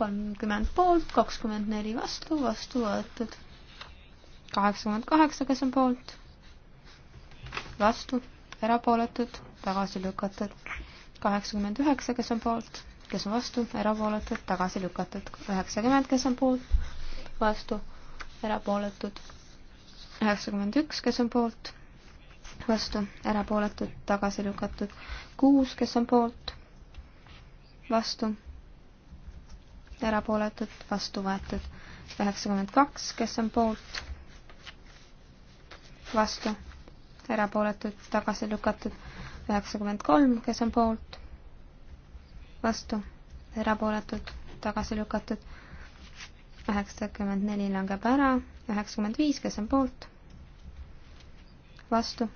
kolmkümmend poolt, kakskümmend neli vastu, vastu võetud. kaheksakümmend kaheksa, kes on poolt, vastu, erapooletud, tagasi lükatud. kaheksakümmend üheksa, kes on poolt, kes on vastu, erapooletud, tagasi lükatud. üheksakümmend, kes on poolt, vastu, erapooletud. üheksakümmend üks, kes on poolt vastu, erapooletud, tagasi lükatud. kuus, kes on poolt, vastu, poolt, erapooletud, vastu võetud. üheksakümmend kaks, kes on poolt, vastu, erapooletud, tagasi lükatud. üheksakümmend kolm, kes on poolt, vastu, erapooletud, tagasi lükatud. üheksakümmend neli langeb ära, üheksakümmend viis, kes on poolt, vastu,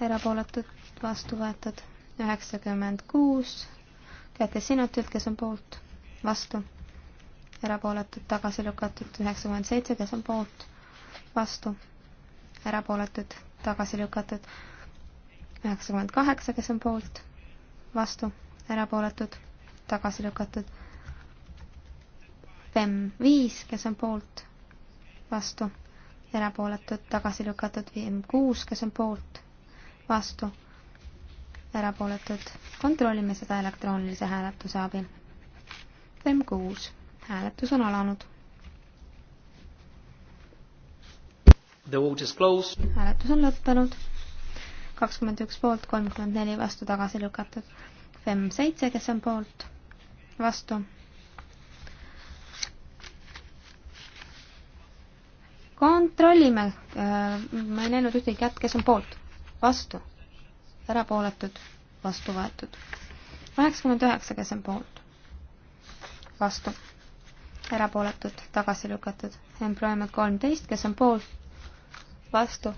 erapooletud, vastu võetud. üheksakümmend kuus, käte sinutilt, kes on poolt, vastu erapooletud, tagasi lükatud, üheksakümmend seitse, kes on poolt, vastu, erapooletud, tagasi lükatud, üheksakümmend kaheksa, kes on poolt, vastu, erapooletud, tagasi lükatud, FEM viis, kes on poolt, vastu, erapooletud, tagasi lükatud, FEM kuus, kes on poolt, vastu, erapooletud, kontrollime seda elektroonilise hääletuse abil. FEM kuus hääletus on alanud. hääletus on lõppenud. kakskümmend üks poolt, kolmkümmend neli vastu tagasi lükatud. FEM seitse, kes on poolt, vastu. kontrollime, äh, ma ei näinud ühtegi kätt, kes on poolt, vastu, erapooletud, vastu võetud. kaheksakümmend üheksa, kes on poolt, vastu erapooletud, tagasi lükatud. Employment kolmteist, kes on poolt, vastu,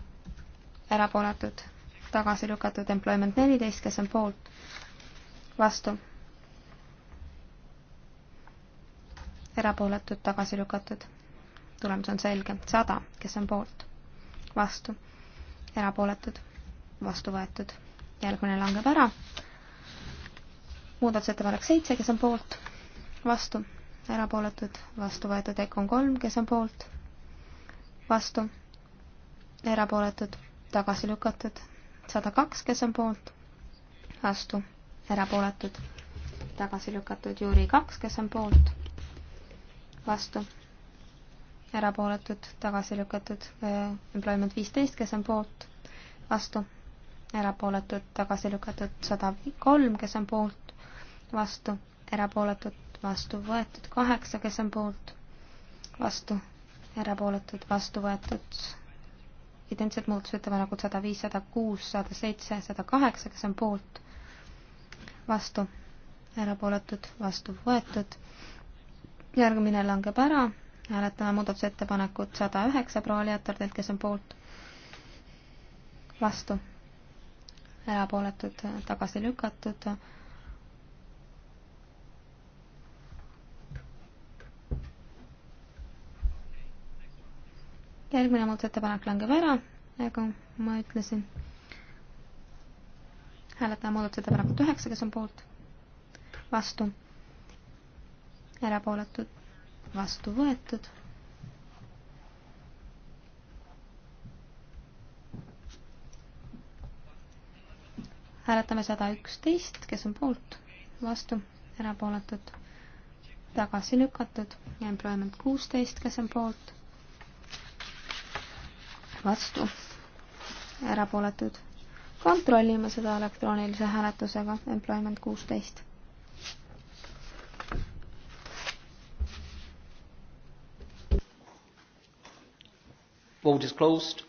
erapooletud, tagasi lükatud. Employment neliteist, kes on poolt, vastu, erapooletud, tagasi lükatud. tulemus on selge. sada, kes on poolt, vastu, erapooletud, vastu võetud. järgmine langeb ära. muudatusettepanek seitse, kes on poolt, vastu erapooletud, vastu võetud EKOn kolm, kes on poolt, vastu, erapooletud, tagasi lükatud, sada kaks, kes on poolt, vastu, erapooletud, tagasi lükatud, Jüri kaks, kes on poolt, vastu, erapooletud, tagasi lükatud, äh, employment viisteist, kes on poolt, vastu, erapooletud, tagasi lükatud, sada kolm, kes on poolt, vastu, erapooletud, vastu võetud, kaheksa, kes on poolt, vastu, erapooletud, vastu võetud, identsed muudatusettepanekud sada viis, sada kuus, sada seitse, sada kaheksa, kes on poolt, vastu, erapooletud, vastu võetud, järgmine langeb ära, hääletame muudatusettepanekut sada üheksa proua Leotardelt, kes on poolt, vastu, erapooletud, tagasi lükatud, järgmine muudatusettepanek langeb ära, nagu ma ütlesin. hääletame muudatusettepanekut üheksa, kes on poolt, vastu, erapooletud, vastu võetud. hääletame sada üksteist, kes on poolt, vastu, erapooletud, tagasi lükatud, employment kuusteist, kes on poolt vastu, erapooletud. kontrollime seda elektroonilise hääletusega, employment kuusteist. Vote is closed.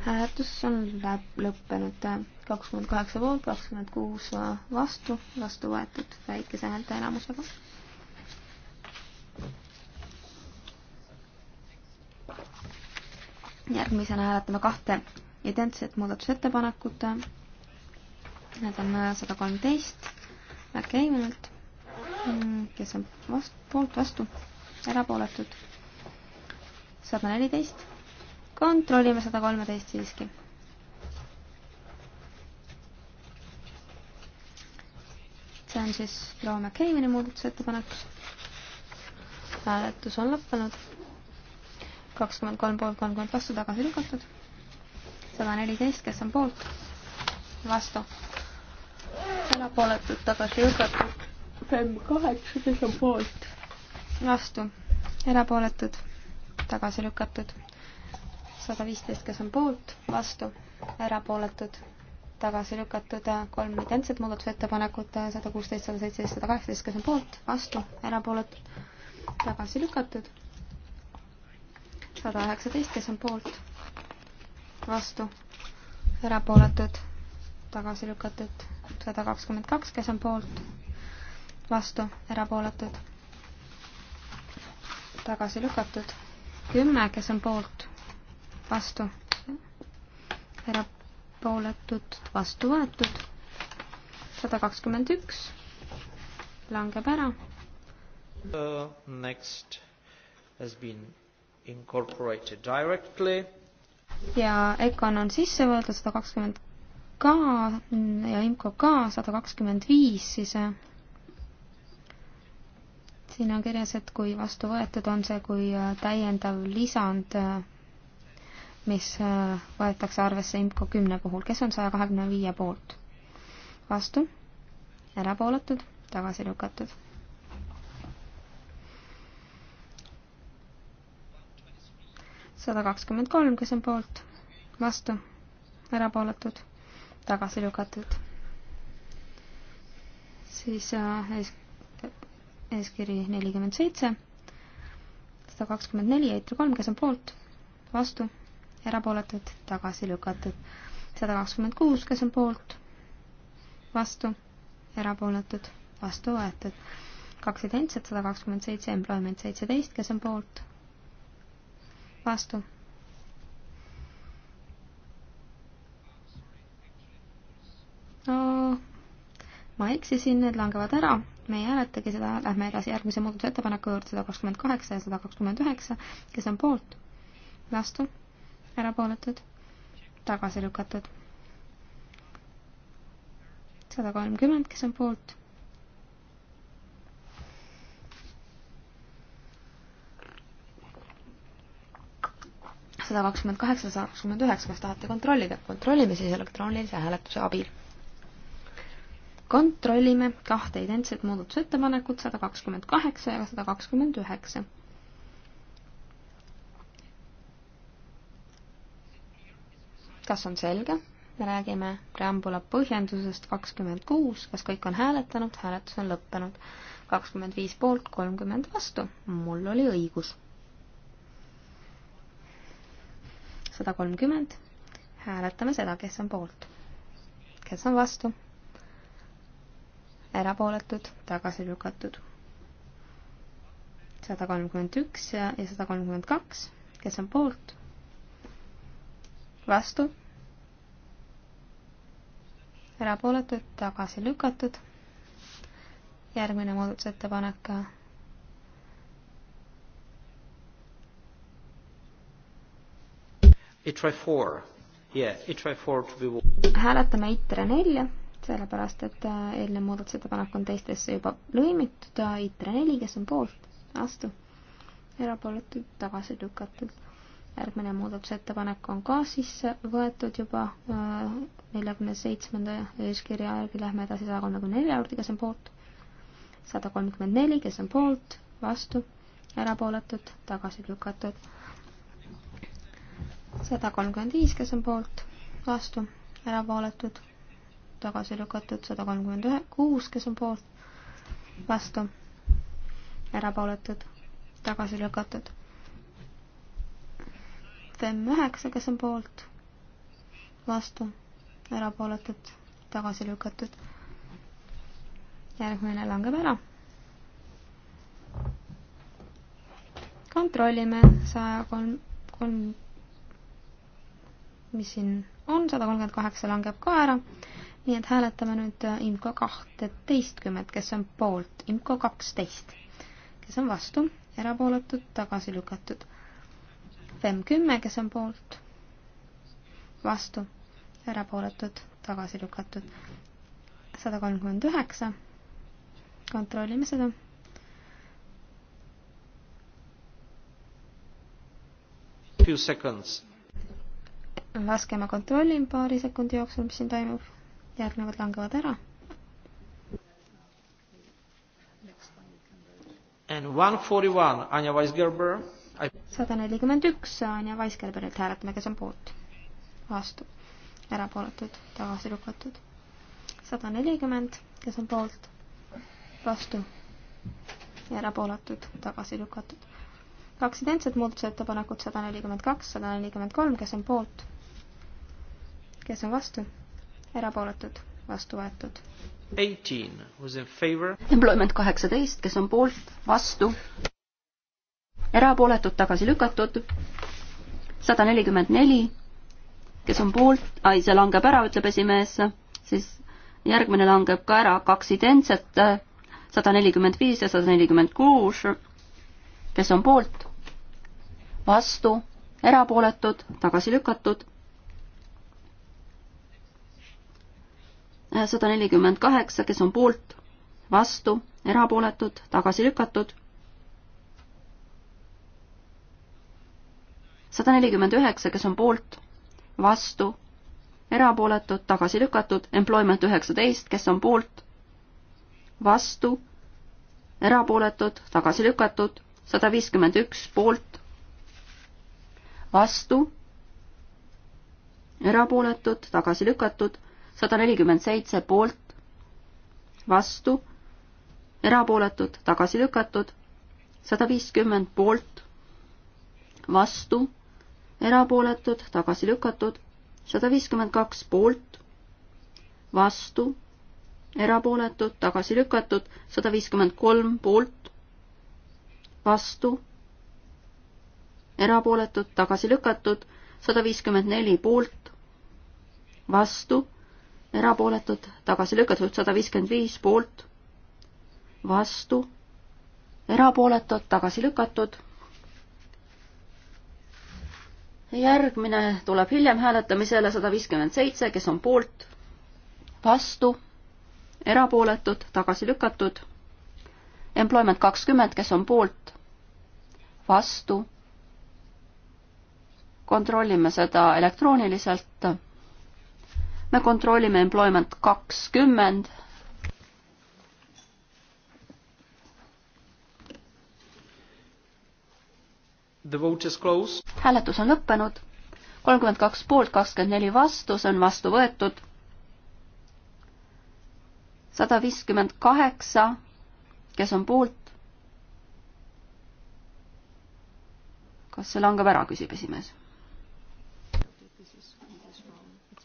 hääletus on läb-, lõppenud kakskümmend kaheksa poolt, kakskümmend kuus vastu, vastu võetud väikese häälteenamusega järgmisena hääletame kahte identset muudatusettepanekut. Need on äh, sada kolmteist MacAvenilt, mm, kes on vastu, poolt vastu, erapooletud. sada neliteist. kontrollime sada kolmeteist siiski. see on siis proua MacAveni muudatusettepanek. hääletus on lõppenud kakskümmend kolm poolt, kolmkümmend vastu, tagasi lükatud. sada neliteist, kes on poolt, vastu, erapooletud, tagasi lükatud. FEM kaheksa, kes on poolt, vastu, erapooletud, tagasi lükatud. sada viisteist, kes on poolt, vastu, erapooletud, tagasi lükatud. kolm identset muudatusettepanekut, sada kuusteist, sada seitseteist, sada kaheksateist, kes on poolt, vastu, erapooletud, tagasi lükatud sada üheksateist, kes on poolt, vastu, erapooletud, tagasi lükatud, sada kakskümmend kaks, kes on poolt, vastu, erapooletud, tagasi lükatud, kümme, kes on poolt, vastu, erapooletud, vastu võetud, sada kakskümmend üks, langeb ära uh,. Next has been incorporated directly. ja Econ on sisse võetud sada kakskümmend ka ja IMCO ka sada kakskümmend viis, siis äh, siin on kirjas, et kui vastu võetud, on see kui äh, täiendav lisand, äh, mis võetakse arvesse IMCO kümne puhul. kes on saja kahekümne viie poolt? vastu, erapooletud, tagasi lükatud sada kakskümmend kolm, kes on poolt, vastu, erapooletud, tagasi lükatud. siis äh, ees, eeskiri nelikümmend seitse, sada kakskümmend neli, eitri kolm, kes on poolt, vastu, erapooletud, tagasi lükatud. sada kakskümmend kuus, kes on poolt, vastu, erapooletud, vastu võetud. kaks identset, sada kakskümmend seitse, employment seitseteist, kes on poolt vastu. no ma eksisin, need langevad ära, me ei hääletagi seda, lähme edasi järgmise muudatusettepaneku juurde, sada kakskümmend kaheksa ja sada kakskümmend üheksa, kes on poolt, vastu, erapooletud, tagasi lükatud. sada kolmkümmend, kes on poolt sada kakskümmend kaheksa, sada kakskümmend üheksa, kas tahate kontrollida? kontrollime siis elektroonilise hääletuse abil. kontrollime kahte identset muudatusettepanekut, sada kakskümmend kaheksa ja sada kakskümmend üheksa. kas on selge? me räägime preambula põhjendusest kakskümmend kuus, kas kõik on hääletanud, hääletus on lõppenud. kakskümmend viis poolt, kolmkümmend vastu, mul oli õigus sada kolmkümmend, hääletame seda, kes on poolt. kes on vastu? erapooletud, tagasi lükatud. sada kolmkümmend üks ja, ja sada kolmkümmend kaks, kes on poolt? vastu? erapooletud, tagasi lükatud. järgmine muudatusettepanek ITRE four, yeah, ITRE four to be. hääletame ITRE nelja, sellepärast et äh, eelnev muudatusettepanek on teistesse juba lõimitud, ITRE neli, kes on poolt, vastu, erapooletud, tagasi lükatud. järgmine muudatusettepanek on ka sisse võetud juba äh, neljakümne seitsmenda eeskirja järgi, lähme edasi saja kolmekümne nelja juurde, kes on poolt, sada kolmkümmend neli, kes on poolt, vastu, erapooletud, tagasi lükatud sada kolmkümmend viis, kes on poolt, vastu, erapooletud, tagasi lükatud, sada kolmkümmend ühe, kuus, kes on poolt, vastu, erapooletud, tagasi lükatud. FEM üheksa, kes on poolt, vastu, erapooletud, tagasi lükatud. järgmine langeb ära kontrollime saja kolm, kolm mis siin on, sada kolmkümmend kaheksa langeb ka ära, nii et hääletame nüüd äh, IMCO kahteteistkümmet, kes on poolt, IMCO kaksteist, kes on vastu, erapooletud, tagasi lükatud. FEM kümme, kes on poolt, vastu, erapooletud, tagasi lükatud. sada kolmkümmend üheksa, kontrollime seda few seconds laske ma kontrollin paari sekundi jooksul, mis siin toimub. järgnevad langevad ära. sada nelikümmend üks Anja Weisgerberilt hääletame, kes on poolt, vastu, erapooletud, tagasi lükatud. sada nelikümmend, kes on poolt, vastu, erapooletud, tagasi lükatud kaks identset muudatusettepanekut, sada nelikümmend kaks, sada nelikümmend kolm, kes on poolt, kes on vastu? erapooletud, vastu võetud. Employment kaheksateist, kes on poolt, vastu, erapooletud, tagasi lükatud, sada nelikümmend neli, kes on poolt, ai, see langeb ära, ütleb esimees, siis järgmine langeb ka ära, kaks identset, sada nelikümmend viis ja sada nelikümmend kuus, kes on poolt, vastu, erapooletud, tagasi lükatud sada nelikümmend kaheksa, kes on poolt, vastu, erapooletud, tagasi lükatud. sada nelikümmend üheksa, kes on poolt, vastu, erapooletud, tagasi lükatud, employment üheksateist, kes on poolt, vastu, erapooletud, tagasi lükatud, sada viiskümmend üks poolt, vastu, erapooletud, tagasi lükatud, sada nelikümmend seitse poolt, vastu, erapooletud, tagasi lükatud, sada viiskümmend poolt, vastu, erapooletud, tagasi lükatud, sada viiskümmend kaks poolt, vastu, erapooletud, tagasi lükatud, sada viiskümmend kolm poolt, vastu, erapooletud, tagasi lükatud, sada viiskümmend neli poolt, vastu erapooletud, tagasi lükatud, sada viiskümmend viis poolt, vastu, erapooletud, tagasi lükatud. järgmine tuleb hiljem hääletamisele, sada viiskümmend seitse, kes on poolt, vastu, erapooletud, tagasi lükatud. Employment kakskümmend, kes on poolt, vastu kontrollime seda elektrooniliselt me kontrollime employment kakskümmend. hääletus on lõppenud, kolmkümmend kaks poolt, kakskümmend neli vastu, see on vastu võetud. sada viiskümmend kaheksa, kes on poolt? kas see langeb ära, küsib esimees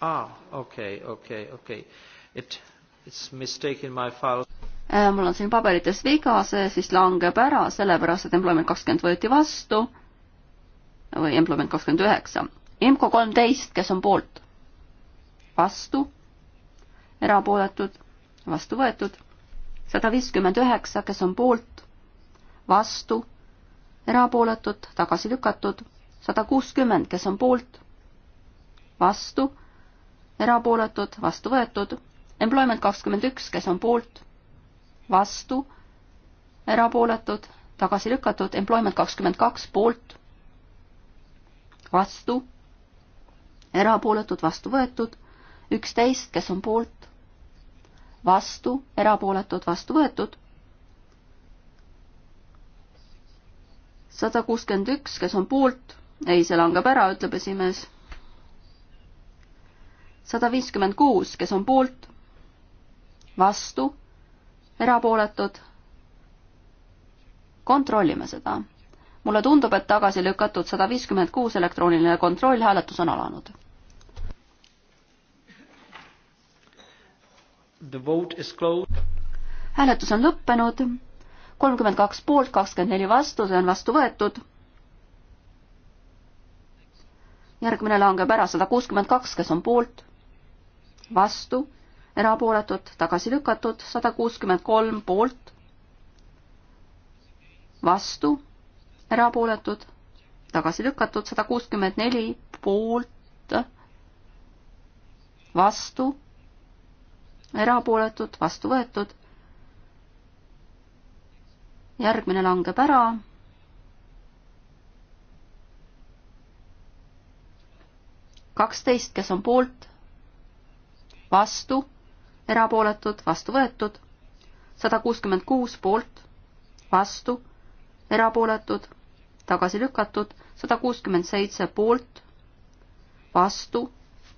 Ah, okei okay,, okei okay,, okei okay.. It, it's mistake in my file. Äh, mul on siin paberites viga, see siis langeb ära, sellepärast et employment kakskümmend võeti vastu või employment kakskümmend üheksa. IMCO kolmteist, kes on poolt? vastu, erapooletud, vastu võetud. sada viiskümmend üheksa, kes on poolt, vastu, erapooletud, tagasi lükatud. sada kuuskümmend, kes on poolt, vastu erapooletud, vastu võetud. Employment kakskümmend üks, kes on poolt, vastu, erapooletud, tagasi lükatud. Employment kakskümmend kaks, poolt, vastu, erapooletud, vastu võetud. üksteist, kes on poolt, vastu, erapooletud, vastu võetud. sada kuuskümmend üks, kes on poolt, ei, see langeb ära, ütleb esimees sada viiskümmend kuus, kes on poolt, vastu, erapooletud. kontrollime seda. mulle tundub, et tagasi lükatud sada viiskümmend kuus elektrooniline kontroll, hääletus on alanud. hääletus on lõppenud, kolmkümmend kaks poolt, kakskümmend neli vastu, see on vastu võetud järgmine langeb ära sada kuuskümmend kaks, kes on poolt, vastu, erapooletud, tagasi lükatud, sada kuuskümmend kolm poolt, vastu, erapooletud, tagasi lükatud, sada kuuskümmend neli poolt, vastu, erapooletud, vastu võetud. järgmine langeb ära kaksteist, kes on poolt, vastu, erapooletud, vastu võetud, sada kuuskümmend kuus poolt, vastu, erapooletud, tagasi lükatud, sada kuuskümmend seitse poolt, vastu,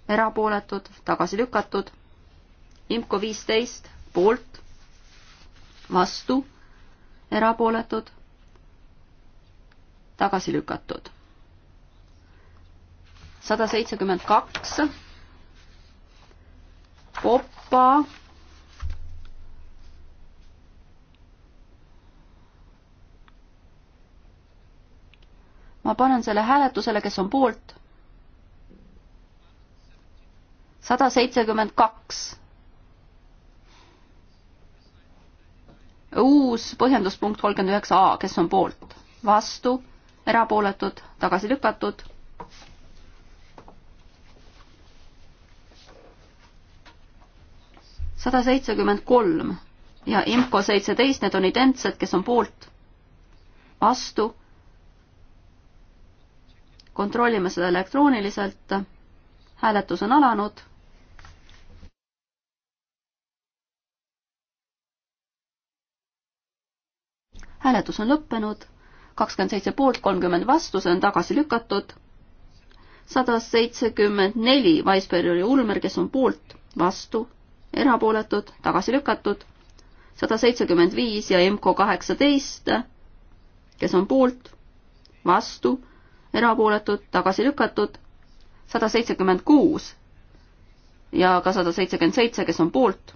erapooletud, tagasi lükatud, IMCO viisteist poolt, vastu, erapooletud, tagasi lükatud. sada seitsekümmend kaks Koppa. ma panen selle hääletusele, kes on poolt. sada seitsekümmend kaks. uus põhjenduspunkt kolmkümmend üheksa A, kes on poolt, vastu, erapooletud, tagasi lükatud sada seitsekümmend kolm ja IMCO seitseteist, need on identsed, kes on poolt, vastu. kontrollime seda elektrooniliselt. hääletus on alanud. hääletus on lõppenud, kakskümmend seitse poolt, kolmkümmend vastu, see on tagasi lükatud. sada seitsekümmend neli, Weisberg oli Ulmer, kes on poolt, vastu erapooletud, tagasi lükatud, sada seitsekümmend viis ja MK kaheksateist, kes on poolt, vastu, erapooletud, tagasi lükatud, sada seitsekümmend kuus ja ka sada seitsekümmend seitse, kes on poolt,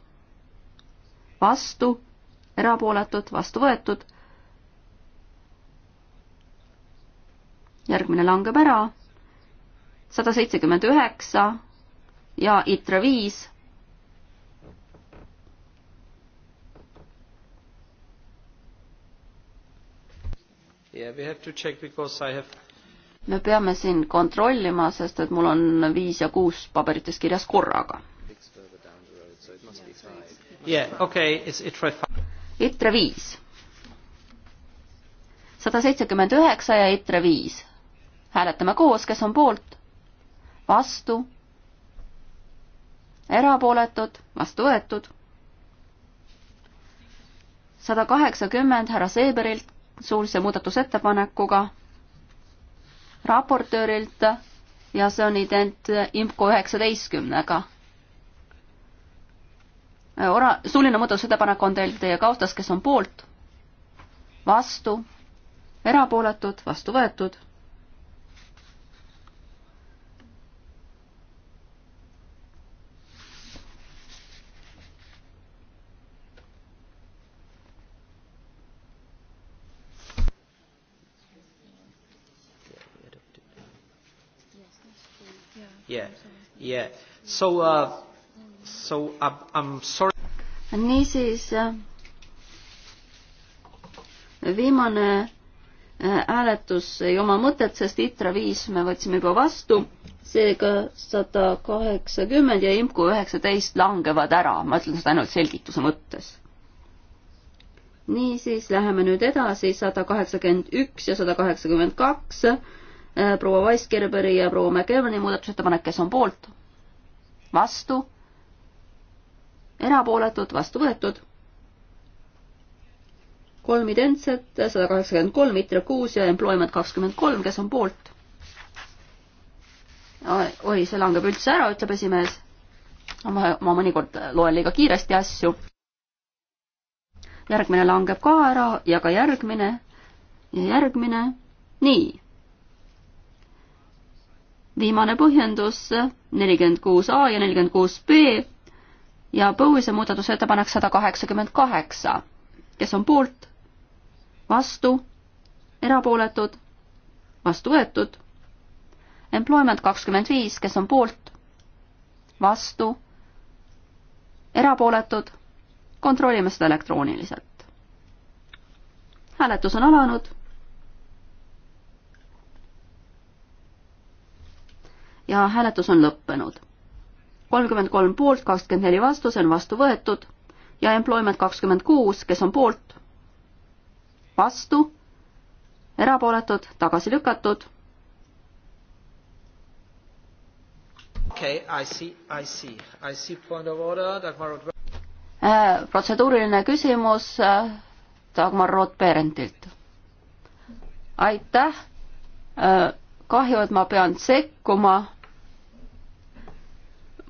vastu, erapooletud, vastu võetud, järgmine langeb ära, sada seitsekümmend üheksa ja ITRE viis Yeah, we have to check because I have me peame siin kontrollima, sest et mul on viis ja kuus paberites kirjas korraga. ITRE viis. sada seitsekümmend üheksa ja ITRE viis. hääletame koos, kes on poolt, vastu, erapooletud, vastu võetud. sada kaheksakümmend härra Seeberilt, suulise muudatusettepanekuga raportöörilt ja see on ident IMCO üheksateistkümnega. Ora-, suuline muudatusettepanek on teil teie kaustas, kes on poolt, vastu, erapooletud, vastu võetud yeah, yeah. So uh,, so I uh, am sorry. niisiis äh, viimane äh, hääletus ei oma mõtet, sest ITRA viis me võtsime juba vastu, seega sada kaheksakümmend ja IMCO üheksateist langevad ära, ma ütlen seda ainult selgituse mõttes. niisiis, läheme nüüd edasi, sada kaheksakümmend üks ja sada kaheksakümmend kaks Äh, proua Weisgerberi ja proua McEvani muudatusettepanek, kes on poolt, vastu, erapooletud, vastu võetud. kolm identset, sada kaheksakümmend kolm, ITRE kuus ja Employment kakskümmend kolm, kes on poolt? oi, see langeb üldse ära, ütleb esimees. ma, ma mõnikord loen liiga kiiresti asju. järgmine langeb ka ära ja ka järgmine ja järgmine. nii viimane põhjendus nelikümmend kuus A ja nelikümmend kuus B ja Põuise muudatusettepanek sada kaheksakümmend kaheksa, kes on poolt, vastu, erapooletud, vastu võetud. Employment kakskümmend viis, kes on poolt, vastu, erapooletud, kontrollime seda elektrooniliselt. hääletus on alanud ja hääletus on lõppenud. kolmkümmend kolm poolt, kakskümmend neli vastu, see on vastu võetud ja employment kakskümmend kuus, kes on poolt, vastu, erapooletud, tagasi lükatud. okei okay,, I see, I see, I see point of order, Dagmar Rod- äh,. protseduuriline küsimus äh, Dagmar Rod-Berentilt. aitäh äh,, kahju, et ma pean sekkuma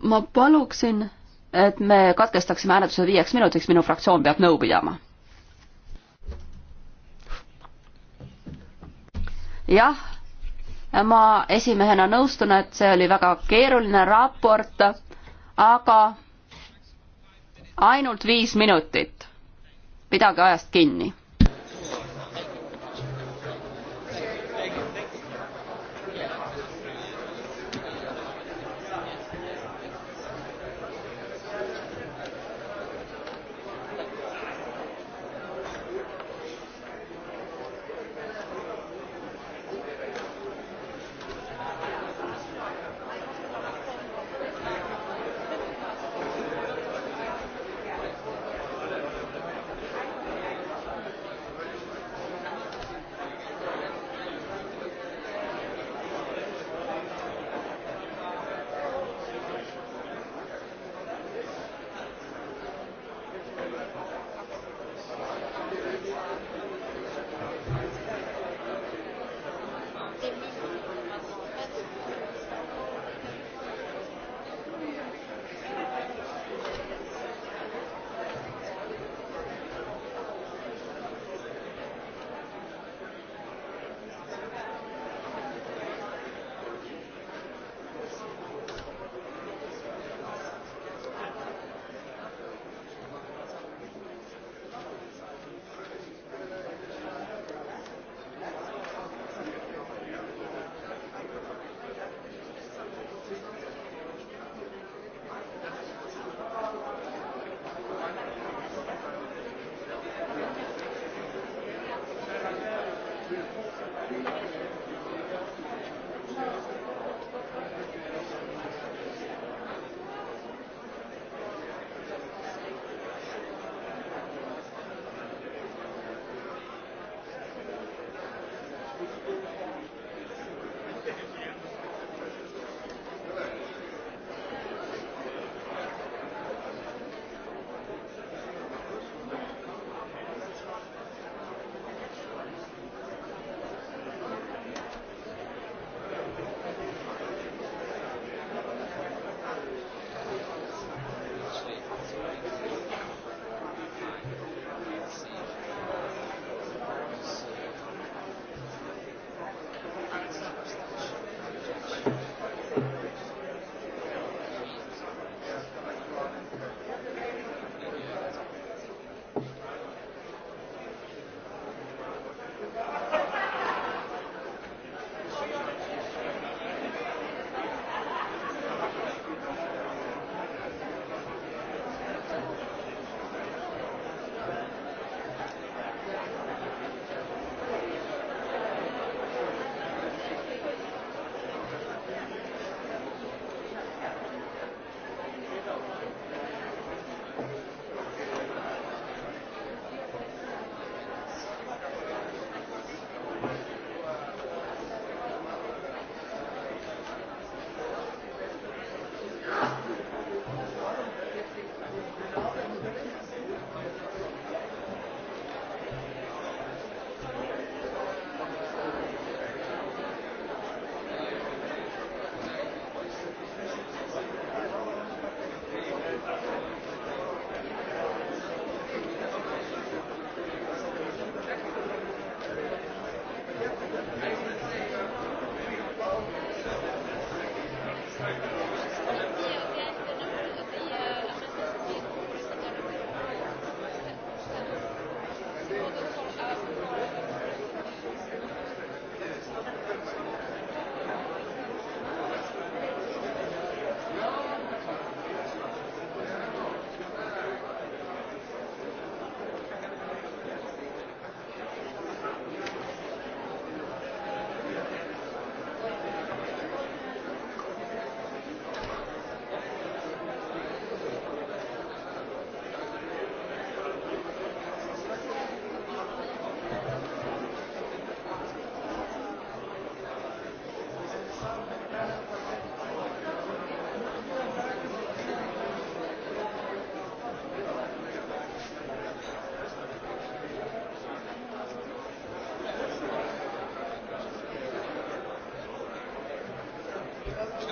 ma paluksin, et me katkestaksime hääletuse viieks minutiks, minu fraktsioon peab nõu pidama. jah, ma esimehena nõustun, et see oli väga keeruline raport, aga ainult viis minutit. pidage ajast kinni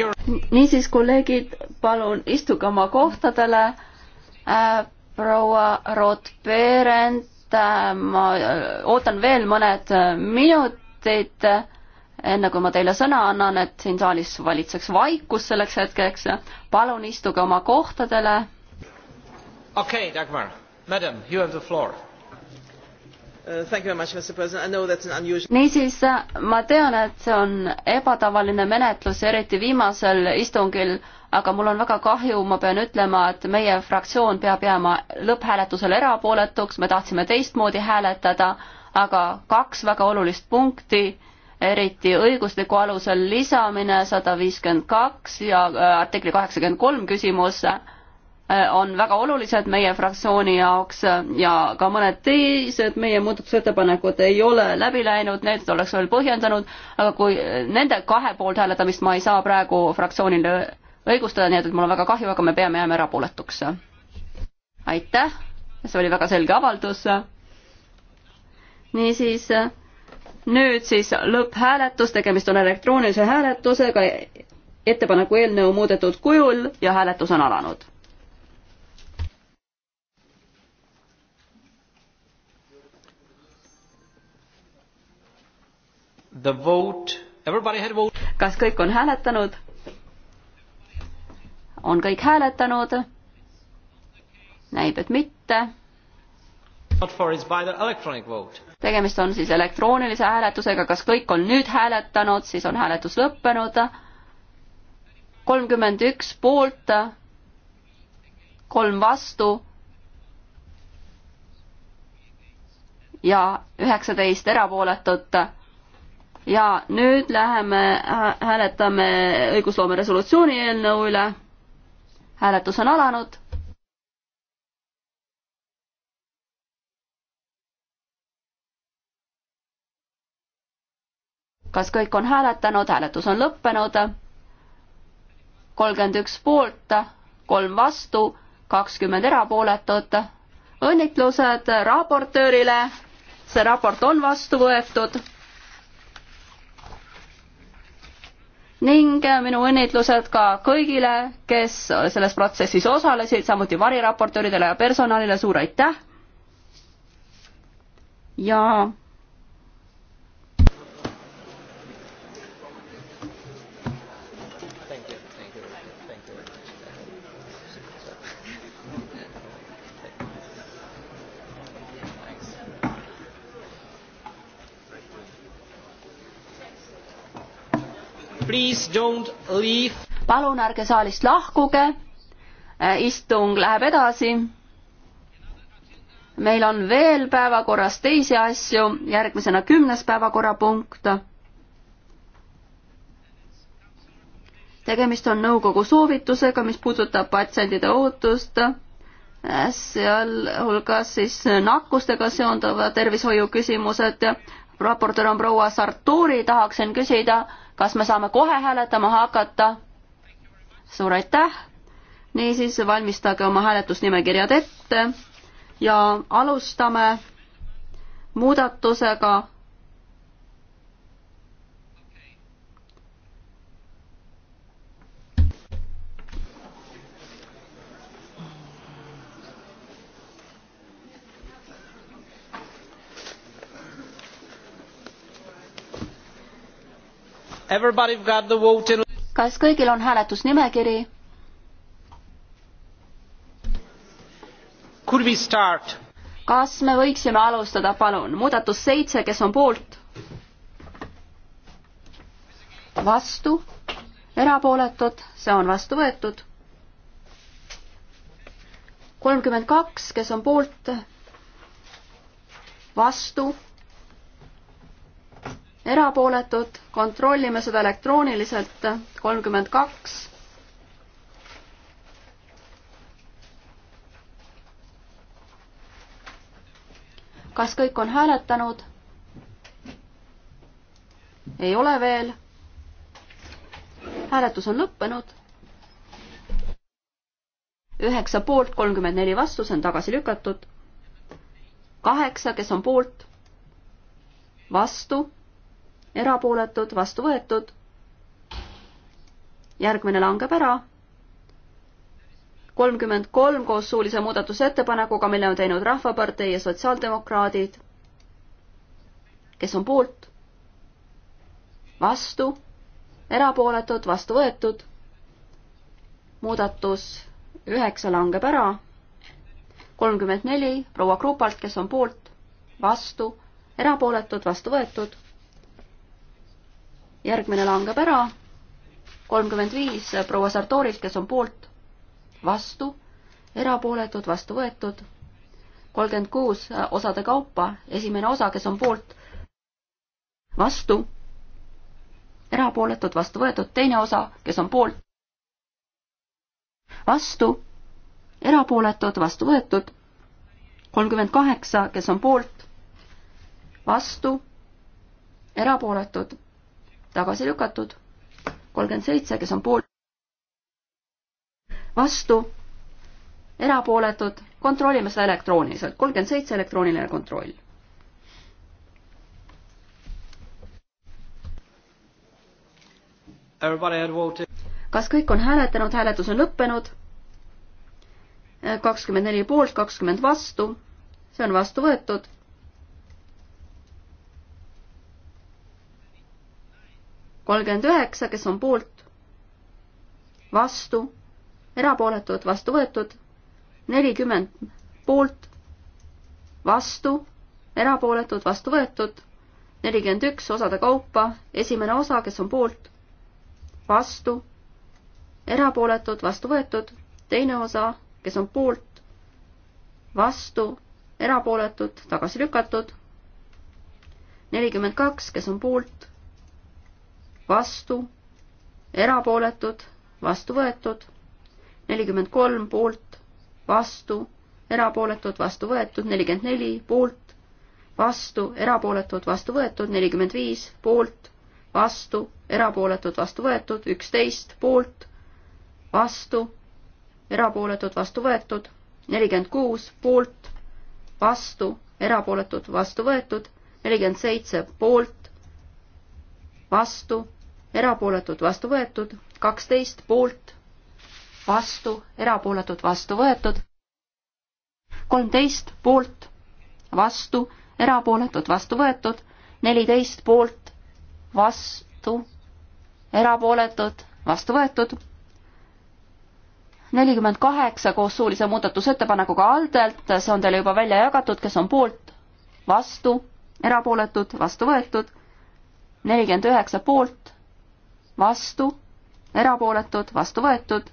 Your... niisiis, kolleegid, palun istuge oma kohtadele äh,. proua Roth-Berend äh,, ma äh, ootan veel mõned äh, minutid, äh, enne kui ma teile sõna annan, et siin saalis valitseks vaikus selleks hetkeks. palun istuge oma kohtadele. okei okay,, Dagmar, madam, you have the floor Uh, niisiis, uh, ma tean, et see on ebatavaline menetlus, eriti viimasel istungil, aga mul on väga kahju, ma pean ütlema, et meie fraktsioon peab jääma lõpphääletusel erapooletuks, me tahtsime teistmoodi hääletada, aga kaks väga olulist punkti, eriti õigusliku alusel lisamine sada viiskümmend kaks ja äh, artikli kaheksakümmend kolm küsimus Äh, on väga olulised meie fraktsiooni jaoks äh, ja ka mõned teised meie muudatusettepanekud ei ole läbi läinud, need oleks veel põhjendanud, aga kui äh, nende kahe poolt hääletamist ma ei saa praegu fraktsioonile õigustada, nii et, et mul on väga kahju, aga me peame jääma erapooletuks. aitäh, see oli väga selge avaldus. niisiis, nüüd siis lõpphääletus, tegemist on elektroonilise hääletusega, ettepaneku eelnõu muudetud kujul ja hääletus on alanud The vote, everybody had vote. kas kõik on hääletanud? on kõik hääletanud? näib, et mitte. tegemist on siis elektroonilise hääletusega, kas kõik on nüüd hääletanud, siis on hääletus lõppenud. kolmkümmend üks poolt, kolm vastu ja üheksateist erapooletut ja nüüd läheme, äh, hääletame õigusloome resolutsiooni eelnõu üle. hääletus on alanud. kas kõik on hääletanud, hääletus on lõppenud. kolmkümmend üks poolt, kolm vastu, kakskümmend erapooletut. õnnitlused raportöörile. see raport on vastu võetud ning minu õnnitlused ka kõigile, kes selles protsessis osalesid, samuti variraportööridele ja personalile, suur aitäh! ja palun ärge saalist lahkuge, äh, istung läheb edasi. meil on veel päevakorras teisi asju, järgmisena kümnes päevakorrapunkt. tegemist on nõukogu soovitusega, mis puudutab patsientide ootust äh, sealhulgas siis nakkustega seonduva tervishoiu küsimused. raportöör on proua Sartori, tahaksin küsida, kas me saame kohe hääletama hakata? suur aitäh! niisiis, valmistage oma hääletusnimekirjad ette ja alustame muudatusega kas kõigil on hääletusnimekiri? kas me võiksime alustada, palun, muudatus seitse, kes on poolt? vastu, erapooletud, see on vastu võetud. kolmkümmend kaks, kes on poolt, vastu erapooletud, kontrollime seda elektrooniliselt, kolmkümmend kaks. kas kõik on hääletanud? ei ole veel. hääletus on lõppenud. üheksa poolt, kolmkümmend neli vastu, see on tagasi lükatud. kaheksa, kes on poolt, vastu erapooletud, vastu võetud. järgmine langeb ära. kolmkümmend kolm koos suulise muudatusettepanekuga, mille on teinud Rahvapartei ja Sotsiaaldemokraadid. kes on poolt? vastu, erapooletud, vastu võetud. muudatus üheksa langeb ära kolmkümmend neli proua Krupalt, kes on poolt, vastu, erapooletud, vastu võetud järgmine langeb ära, kolmkümmend viis proua Sartorilt, kes on poolt, vastu, erapooletud, vastu võetud, kolmkümmend kuus osade kaupa, esimene osa, kes on poolt, vastu, erapooletud, vastu võetud, teine osa, kes on poolt, vastu, erapooletud, vastu võetud, kolmkümmend kaheksa, kes on poolt, vastu, erapooletud tagasi lükatud. kolmkümmend seitse, kes on poolt, vastu, erapooletud, kontrollime seda elektrooniliselt, kolmkümmend seitse elektrooniline kontroll. kas kõik on hääletanud, hääletus on lõppenud? kakskümmend neli poolt, kakskümmend vastu, see on vastu võetud kolmkümmend üheksa, kes on poolt, vastu, erapooletud, vastu võetud, nelikümmend poolt, vastu, erapooletud, vastu võetud, nelikümmend üks osade kaupa, esimene osa, kes on poolt, vastu, erapooletud, vastu võetud, teine osa, kes on poolt, vastu, erapooletud, tagasi lükatud, nelikümmend kaks, kes on poolt, vastu, erapooletud, vastu võetud, nelikümmend kolm poolt, vastu, erapooletud, vastu võetud, nelikümmend neli poolt, vastu, erapooletud, vastu võetud, nelikümmend viis poolt, vastu, erapooletud, vastu võetud, üksteist poolt, vastu, erapooletud, vastu võetud, nelikümmend kuus poolt, vastu, erapooletud, vastu võetud, nelikümmend seitse poolt, vastu erapooletud, vastu võetud, kaksteist poolt, vastu, erapooletud, vastu võetud, kolmteist poolt, vastu, erapooletud, vastu võetud, neliteist poolt, vastu, erapooletud, vastu võetud, nelikümmend kaheksa koos suulise muudatusettepanekuga Aldelt, see on teile juba välja jagatud, kes on poolt, vastu, erapooletud, vastu võetud, nelikümmend üheksa poolt, vastu, erapooletud, vastu võetud,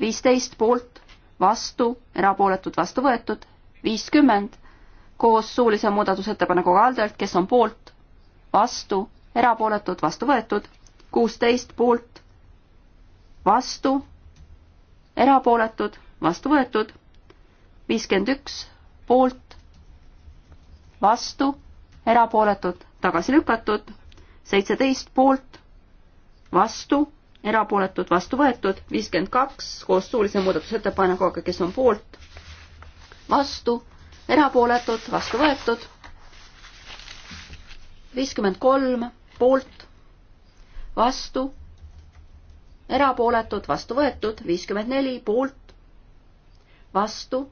viisteist poolt, vastu, erapooletud, vastu võetud, viiskümmend, koos suulise muudatusettepanekuga Aldelt, kes on poolt, vastu, erapooletud, vastu võetud, kuusteist poolt, vastu, erapooletud, vastu võetud, viiskümmend üks poolt, vastu, erapooletud, tagasi lükatud, seitseteist poolt, vastu, erapooletud, vastu võetud, viiskümmend kaks koos suulise muudatusettepanekuga, kes on poolt, vastu, erapooletud, vastu võetud, viiskümmend kolm poolt, vastu, erapooletud, vastu võetud, viiskümmend neli poolt, vastu,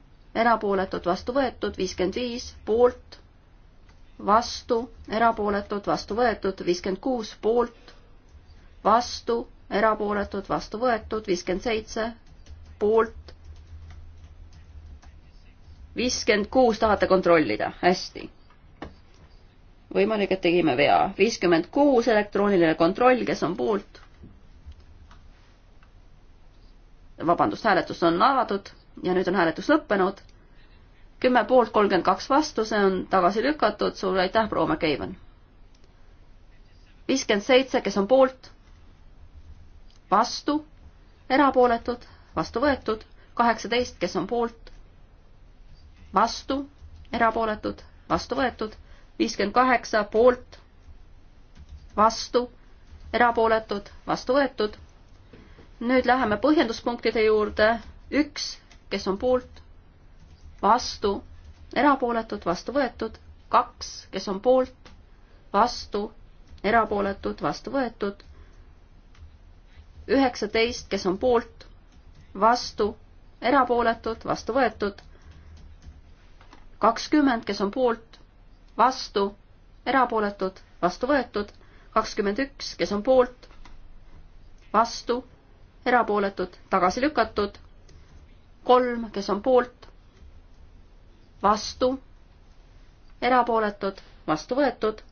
erapooletud, vastu võetud, viiskümmend viis poolt, vastu, erapooletud, vastu võetud, viiskümmend kuus poolt, vastu, erapooletud, vastu võetud, viiskümmend seitse, poolt, viiskümmend kuus tahate kontrollida, hästi. võimalik, et tegime vea, viiskümmend kuus elektrooniline kontroll, kes on poolt. vabandust, hääletus on avatud ja nüüd on hääletus lõppenud. kümme poolt, kolmkümmend kaks vastu, see on tagasi lükatud, suur aitäh, proua McCaven. viiskümmend seitse, kes on poolt vastu, erapooletud, vastu võetud, kaheksateist, kes on poolt, vastu, erapooletud, vastu võetud, viiskümmend kaheksa poolt, vastu, erapooletud, vastu võetud. nüüd läheme põhjenduspunktide juurde, üks, kes on poolt, vastu, erapooletud, vastu võetud, kaks, kes on poolt, vastu, erapooletud, vastu võetud, üheksateist, kes on poolt, vastu, erapooletud, vastu võetud. kakskümmend, kes on poolt, vastu, erapooletud, vastu võetud. kakskümmend üks, kes on poolt, vastu, erapooletud, tagasi lükatud. kolm, kes on poolt, vastu, erapooletud, vastu võetud.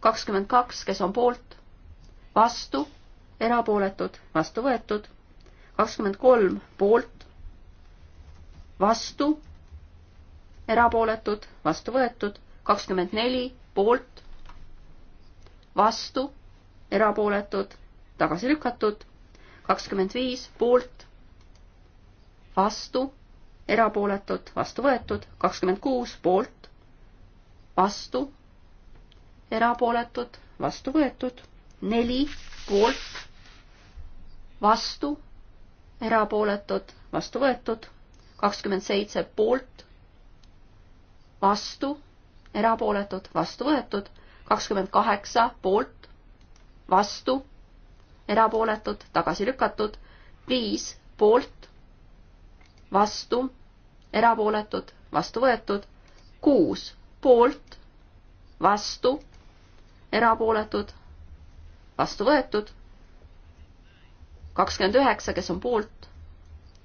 kakskümmend kaks, kes on poolt, vastu erapooletud, vastu võetud, kakskümmend kolm poolt, vastu, erapooletud, vastu võetud, kakskümmend neli poolt, vastu, erapooletud, tagasi lükatud, kakskümmend viis poolt, vastu, erapooletud, vastu võetud, kakskümmend kuus poolt, vastu, erapooletud, vastu võetud, neli poolt, vastu, erapooletud, vastu võetud, kakskümmend seitse poolt, vastu, erapooletud, vastu võetud, kakskümmend kaheksa poolt, vastu, erapooletud, tagasi lükatud, viis poolt, vastu, erapooletud, vastu võetud, kuus poolt, vastu, erapooletud, vastu võetud kakskümmend üheksa, kes on poolt,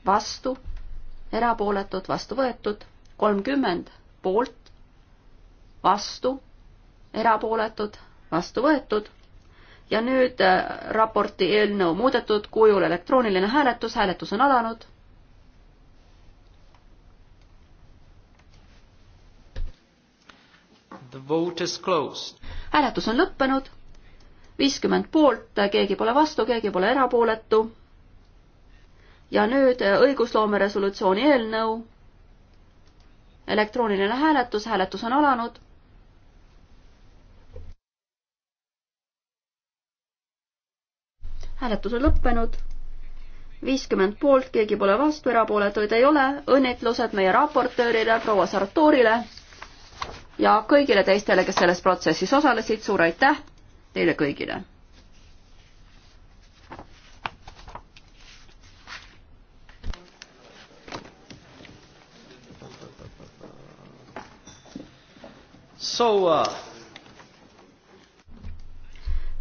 vastu, erapooletud, vastu võetud, kolmkümmend poolt, vastu, erapooletud, vastu võetud ja nüüd äh, raporti eelnõu muudetud kujul elektrooniline hääletus, hääletus on alanud. hääletus on lõppenud viiskümmend poolt, keegi pole vastu, keegi pole erapooletu. ja nüüd äh, õigusloome resolutsiooni eelnõu. elektrooniline hääletus, hääletus on alanud. hääletus on lõppenud. viiskümmend poolt, keegi pole vastu, erapooletuid ei ole. õnnitlused meie raportöörile, proua Sartorile ja kõigile teistele, kes selles protsessis osalesid, suur aitäh teile kõigile. So uh...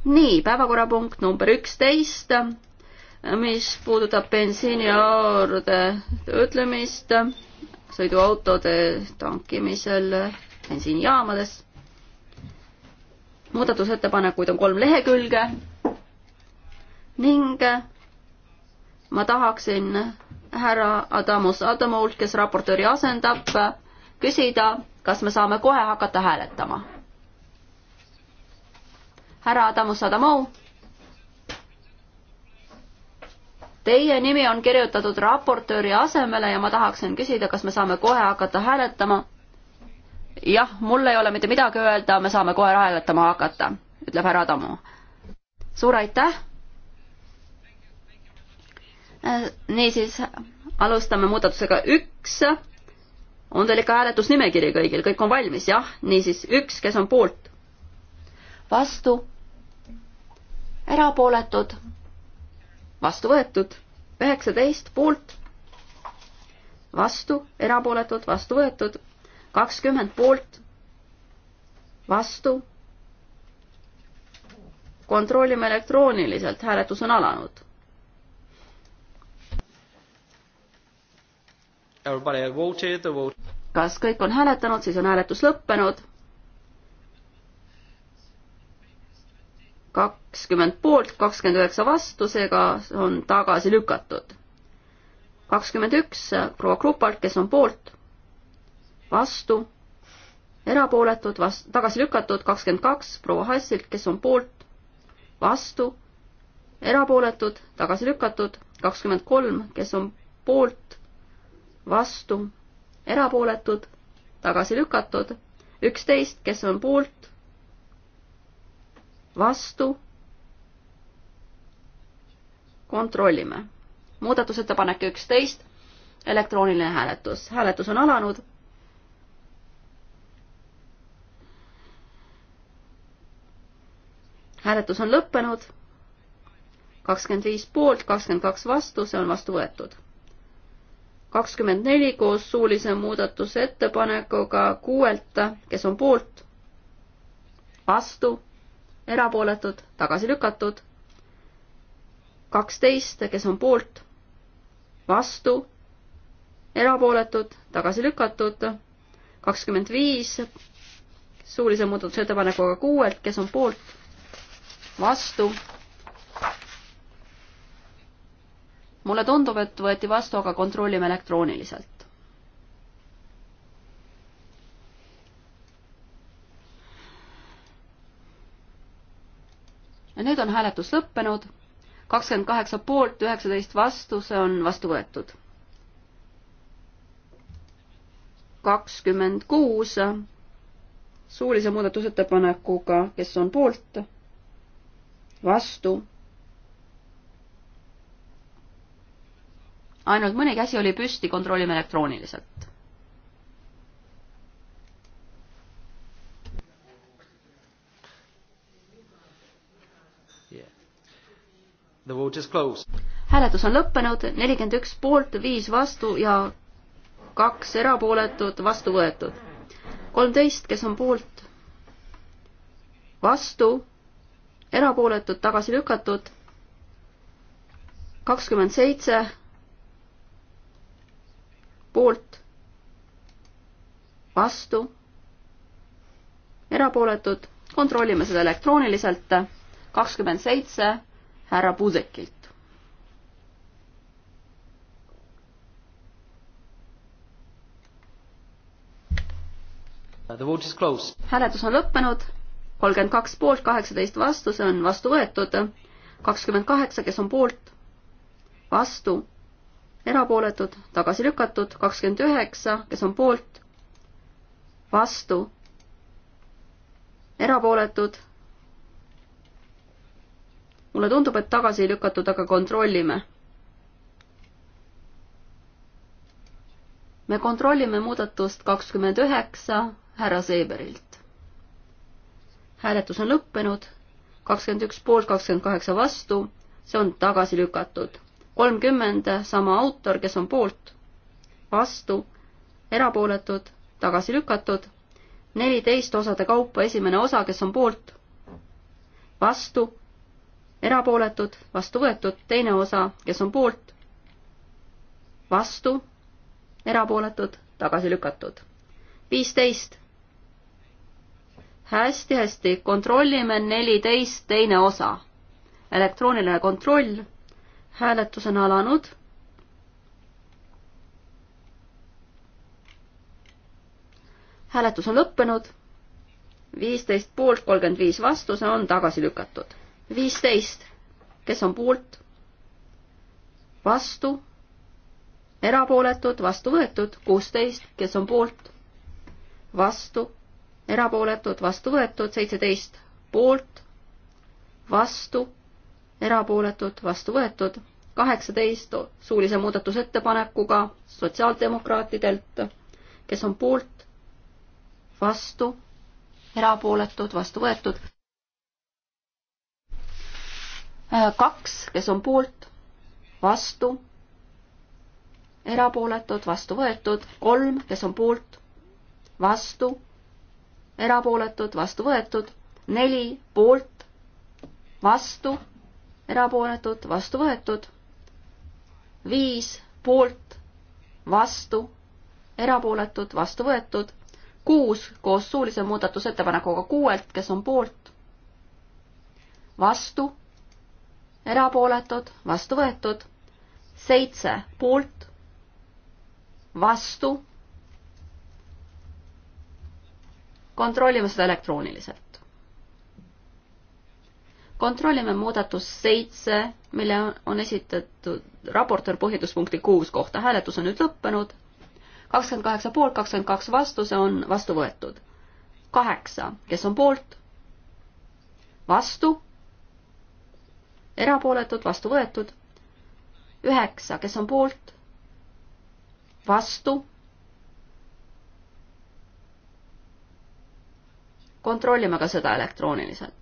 nii, päevakorrapunkt number üksteist, mis puudutab bensiini juurde ütlemist sõiduautode tankimisel bensiinijaamades muudatusettepanekuid on kolm lehekülge ning ma tahaksin härra Adamus Adamolt, kes raportööri asendab, küsida, kas me saame kohe hakata hääletama. härra Adamus Adamu. Teie nimi on kirjutatud raportööri asemele ja ma tahaksin küsida, kas me saame kohe hakata hääletama jah, mul ei ole mitte midagi öelda, me saame kohe hääletama hakata, ütleb härra Tamu. suur aitäh. niisiis, alustame muudatusega üks. on teil ikka hääletusnimekiri kõigil, kõik on valmis, jah? niisiis üks, kes on poolt? vastu? erapooletud? vastu võetud? üheksateist poolt? vastu, erapooletud, vastu võetud kakskümmend poolt, vastu. kontrollime elektrooniliselt, hääletus on alanud. kas kõik on hääletanud, siis on hääletus lõppenud. kakskümmend poolt, kakskümmend üheksa vastu, seega on tagasi lükatud. kakskümmend üks proua Krupalt, kes on poolt vastu, erapooletud, vast-, tagasi lükatud, kakskümmend kaks proua Hassilt, kes on poolt, vastu, erapooletud, tagasi lükatud, kakskümmend kolm, kes on poolt, vastu, erapooletud, tagasi lükatud, üksteist, kes on poolt, vastu, kontrollime. muudatusettepanek üksteist, elektrooniline hääletus, hääletus on alanud hääletus on lõppenud. kakskümmend viis poolt, kakskümmend kaks vastu, see on vastu võetud. kakskümmend neli koos suulise muudatusettepanekuga kuuelt, kes on poolt, vastu, erapooletud, tagasi lükatud. kaksteist, kes on poolt, vastu, erapooletud, tagasi lükatud. kakskümmend viis suulise muudatusettepanekuga kuuelt, kes on poolt vastu. mulle tundub, et võeti vastu, aga kontrollime elektrooniliselt. ja nüüd on hääletus lõppenud, kakskümmend kaheksa poolt, üheksateist vastu, see on vastu võetud. kakskümmend kuus suulise muudatusettepanekuga, kes on poolt vastu. ainult mõni käsi oli püsti, kontrollime elektrooniliselt. hääletus on lõppenud, nelikümmend üks poolt, viis vastu ja kaks erapooletut, vastu võetud. kolmteist, kes on poolt, vastu erapooletud, tagasi lükatud. kakskümmend seitse poolt, vastu, erapooletud, kontrollime seda elektrooniliselt. kakskümmend seitse härra Puusekilt. hääletus on lõppenud kolmkümmend kaks poolt, kaheksateist vastu, see on vastu võetud. kakskümmend kaheksa, kes on poolt, vastu, erapooletud, tagasi lükatud. kakskümmend üheksa, kes on poolt, vastu, erapooletud. mulle tundub, et tagasi lükatud, aga kontrollime. me kontrollime muudatust kakskümmend üheksa härra Seeberilt hääletus on lõppenud, kakskümmend üks poolt, kakskümmend kaheksa vastu, see on tagasi lükatud. kolmkümmend, sama autor, kes on poolt, vastu, erapooletud, tagasi lükatud. neliteist osade kaupa esimene osa, kes on poolt, vastu, erapooletud, vastu võetud, teine osa, kes on poolt, vastu, erapooletud, tagasi lükatud. viisteist hästi-hästi, kontrollime neliteist teine osa. elektrooniline kontroll, hääletus on alanud. hääletus on lõppenud, viisteist poolt, kolmkümmend viis vastu, see on tagasi lükatud. viisteist, kes on poolt? vastu, erapooletud, vastu võetud, kuusteist, kes on poolt? vastu erapooletud, vastu võetud, seitseteist poolt, vastu, erapooletud, vastu võetud, kaheksateist suulise muudatusettepanekuga sotsiaaldemokraatidelt, kes on poolt, vastu, erapooletud, vastu võetud. kaks, kes on poolt, vastu, erapooletud, vastu võetud, kolm, kes on poolt, vastu erapooletud, vastu võetud, neli poolt, vastu, erapooletud, vastu võetud, viis poolt, vastu, erapooletud, vastu võetud, kuus koos suulise muudatusettepanekuga kuuelt, kes on poolt, vastu, erapooletud, vastu võetud, seitse poolt, vastu kontrollime seda elektrooniliselt. kontrollime muudatust seitse, mille on esitatud raportöör põhjenduspunkti kuus kohta, hääletus on nüüd lõppenud, kakskümmend kaheksa poolt, kakskümmend kaks vastu, see on vastu võetud. kaheksa, kes on poolt? vastu? erapooletud, vastu võetud. üheksa, kes on poolt? vastu kontrollime ka seda elektrooniliselt.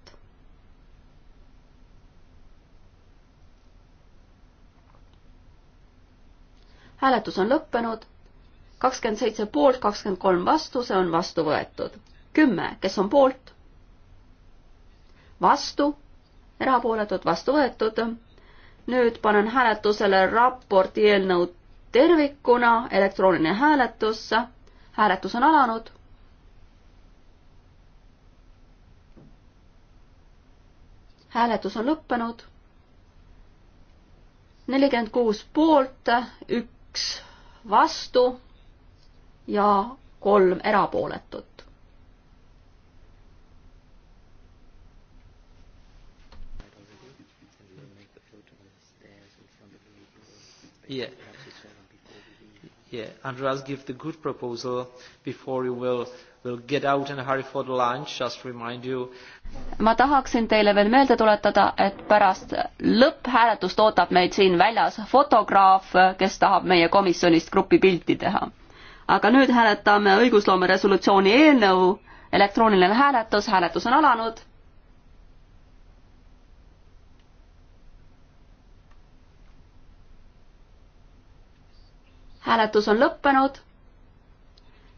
hääletus on lõppenud, kakskümmend seitse poolt, kakskümmend kolm vastu, see on vastu võetud. kümme, kes on poolt? vastu, erapooletud, vastu võetud. nüüd panen hääletusele raporti eelnõu tervikuna, elektrooniline hääletus. hääletus on alanud hääletus on lõppenud. nelikümmend kuus poolt, üks vastu ja kolm erapooletut. Yeah. Yeah, Andreas, give the good proposal before you will ma tahaksin teile veel meelde tuletada, et pärast lõpphääletust ootab meid siin väljas fotograaf, kes tahab meie komisjonist grupipilti teha. aga nüüd hääletame õigusloome resolutsiooni eelnõu, elektrooniline hääletus, hääletus on alanud. hääletus on lõppenud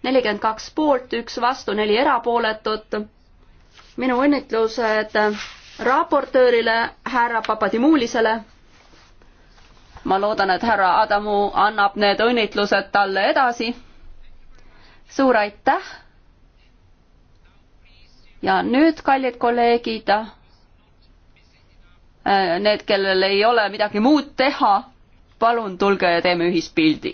nelikümmend kaks poolt, üks vastu, neli erapooletut. minu õnnitlused raportöörile, härra Papadimulisele. ma loodan, et härra Adamu annab need õnnitlused talle edasi. suur aitäh. ja nüüd, kallid kolleegid, need, kellel ei ole midagi muud teha, palun tulge ja teeme ühispildi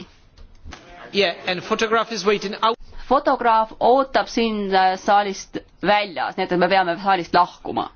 yeah and photograph is waiting out fotograaf ootab sind äh, saalist väljas, nii et me peame saalist lahkuma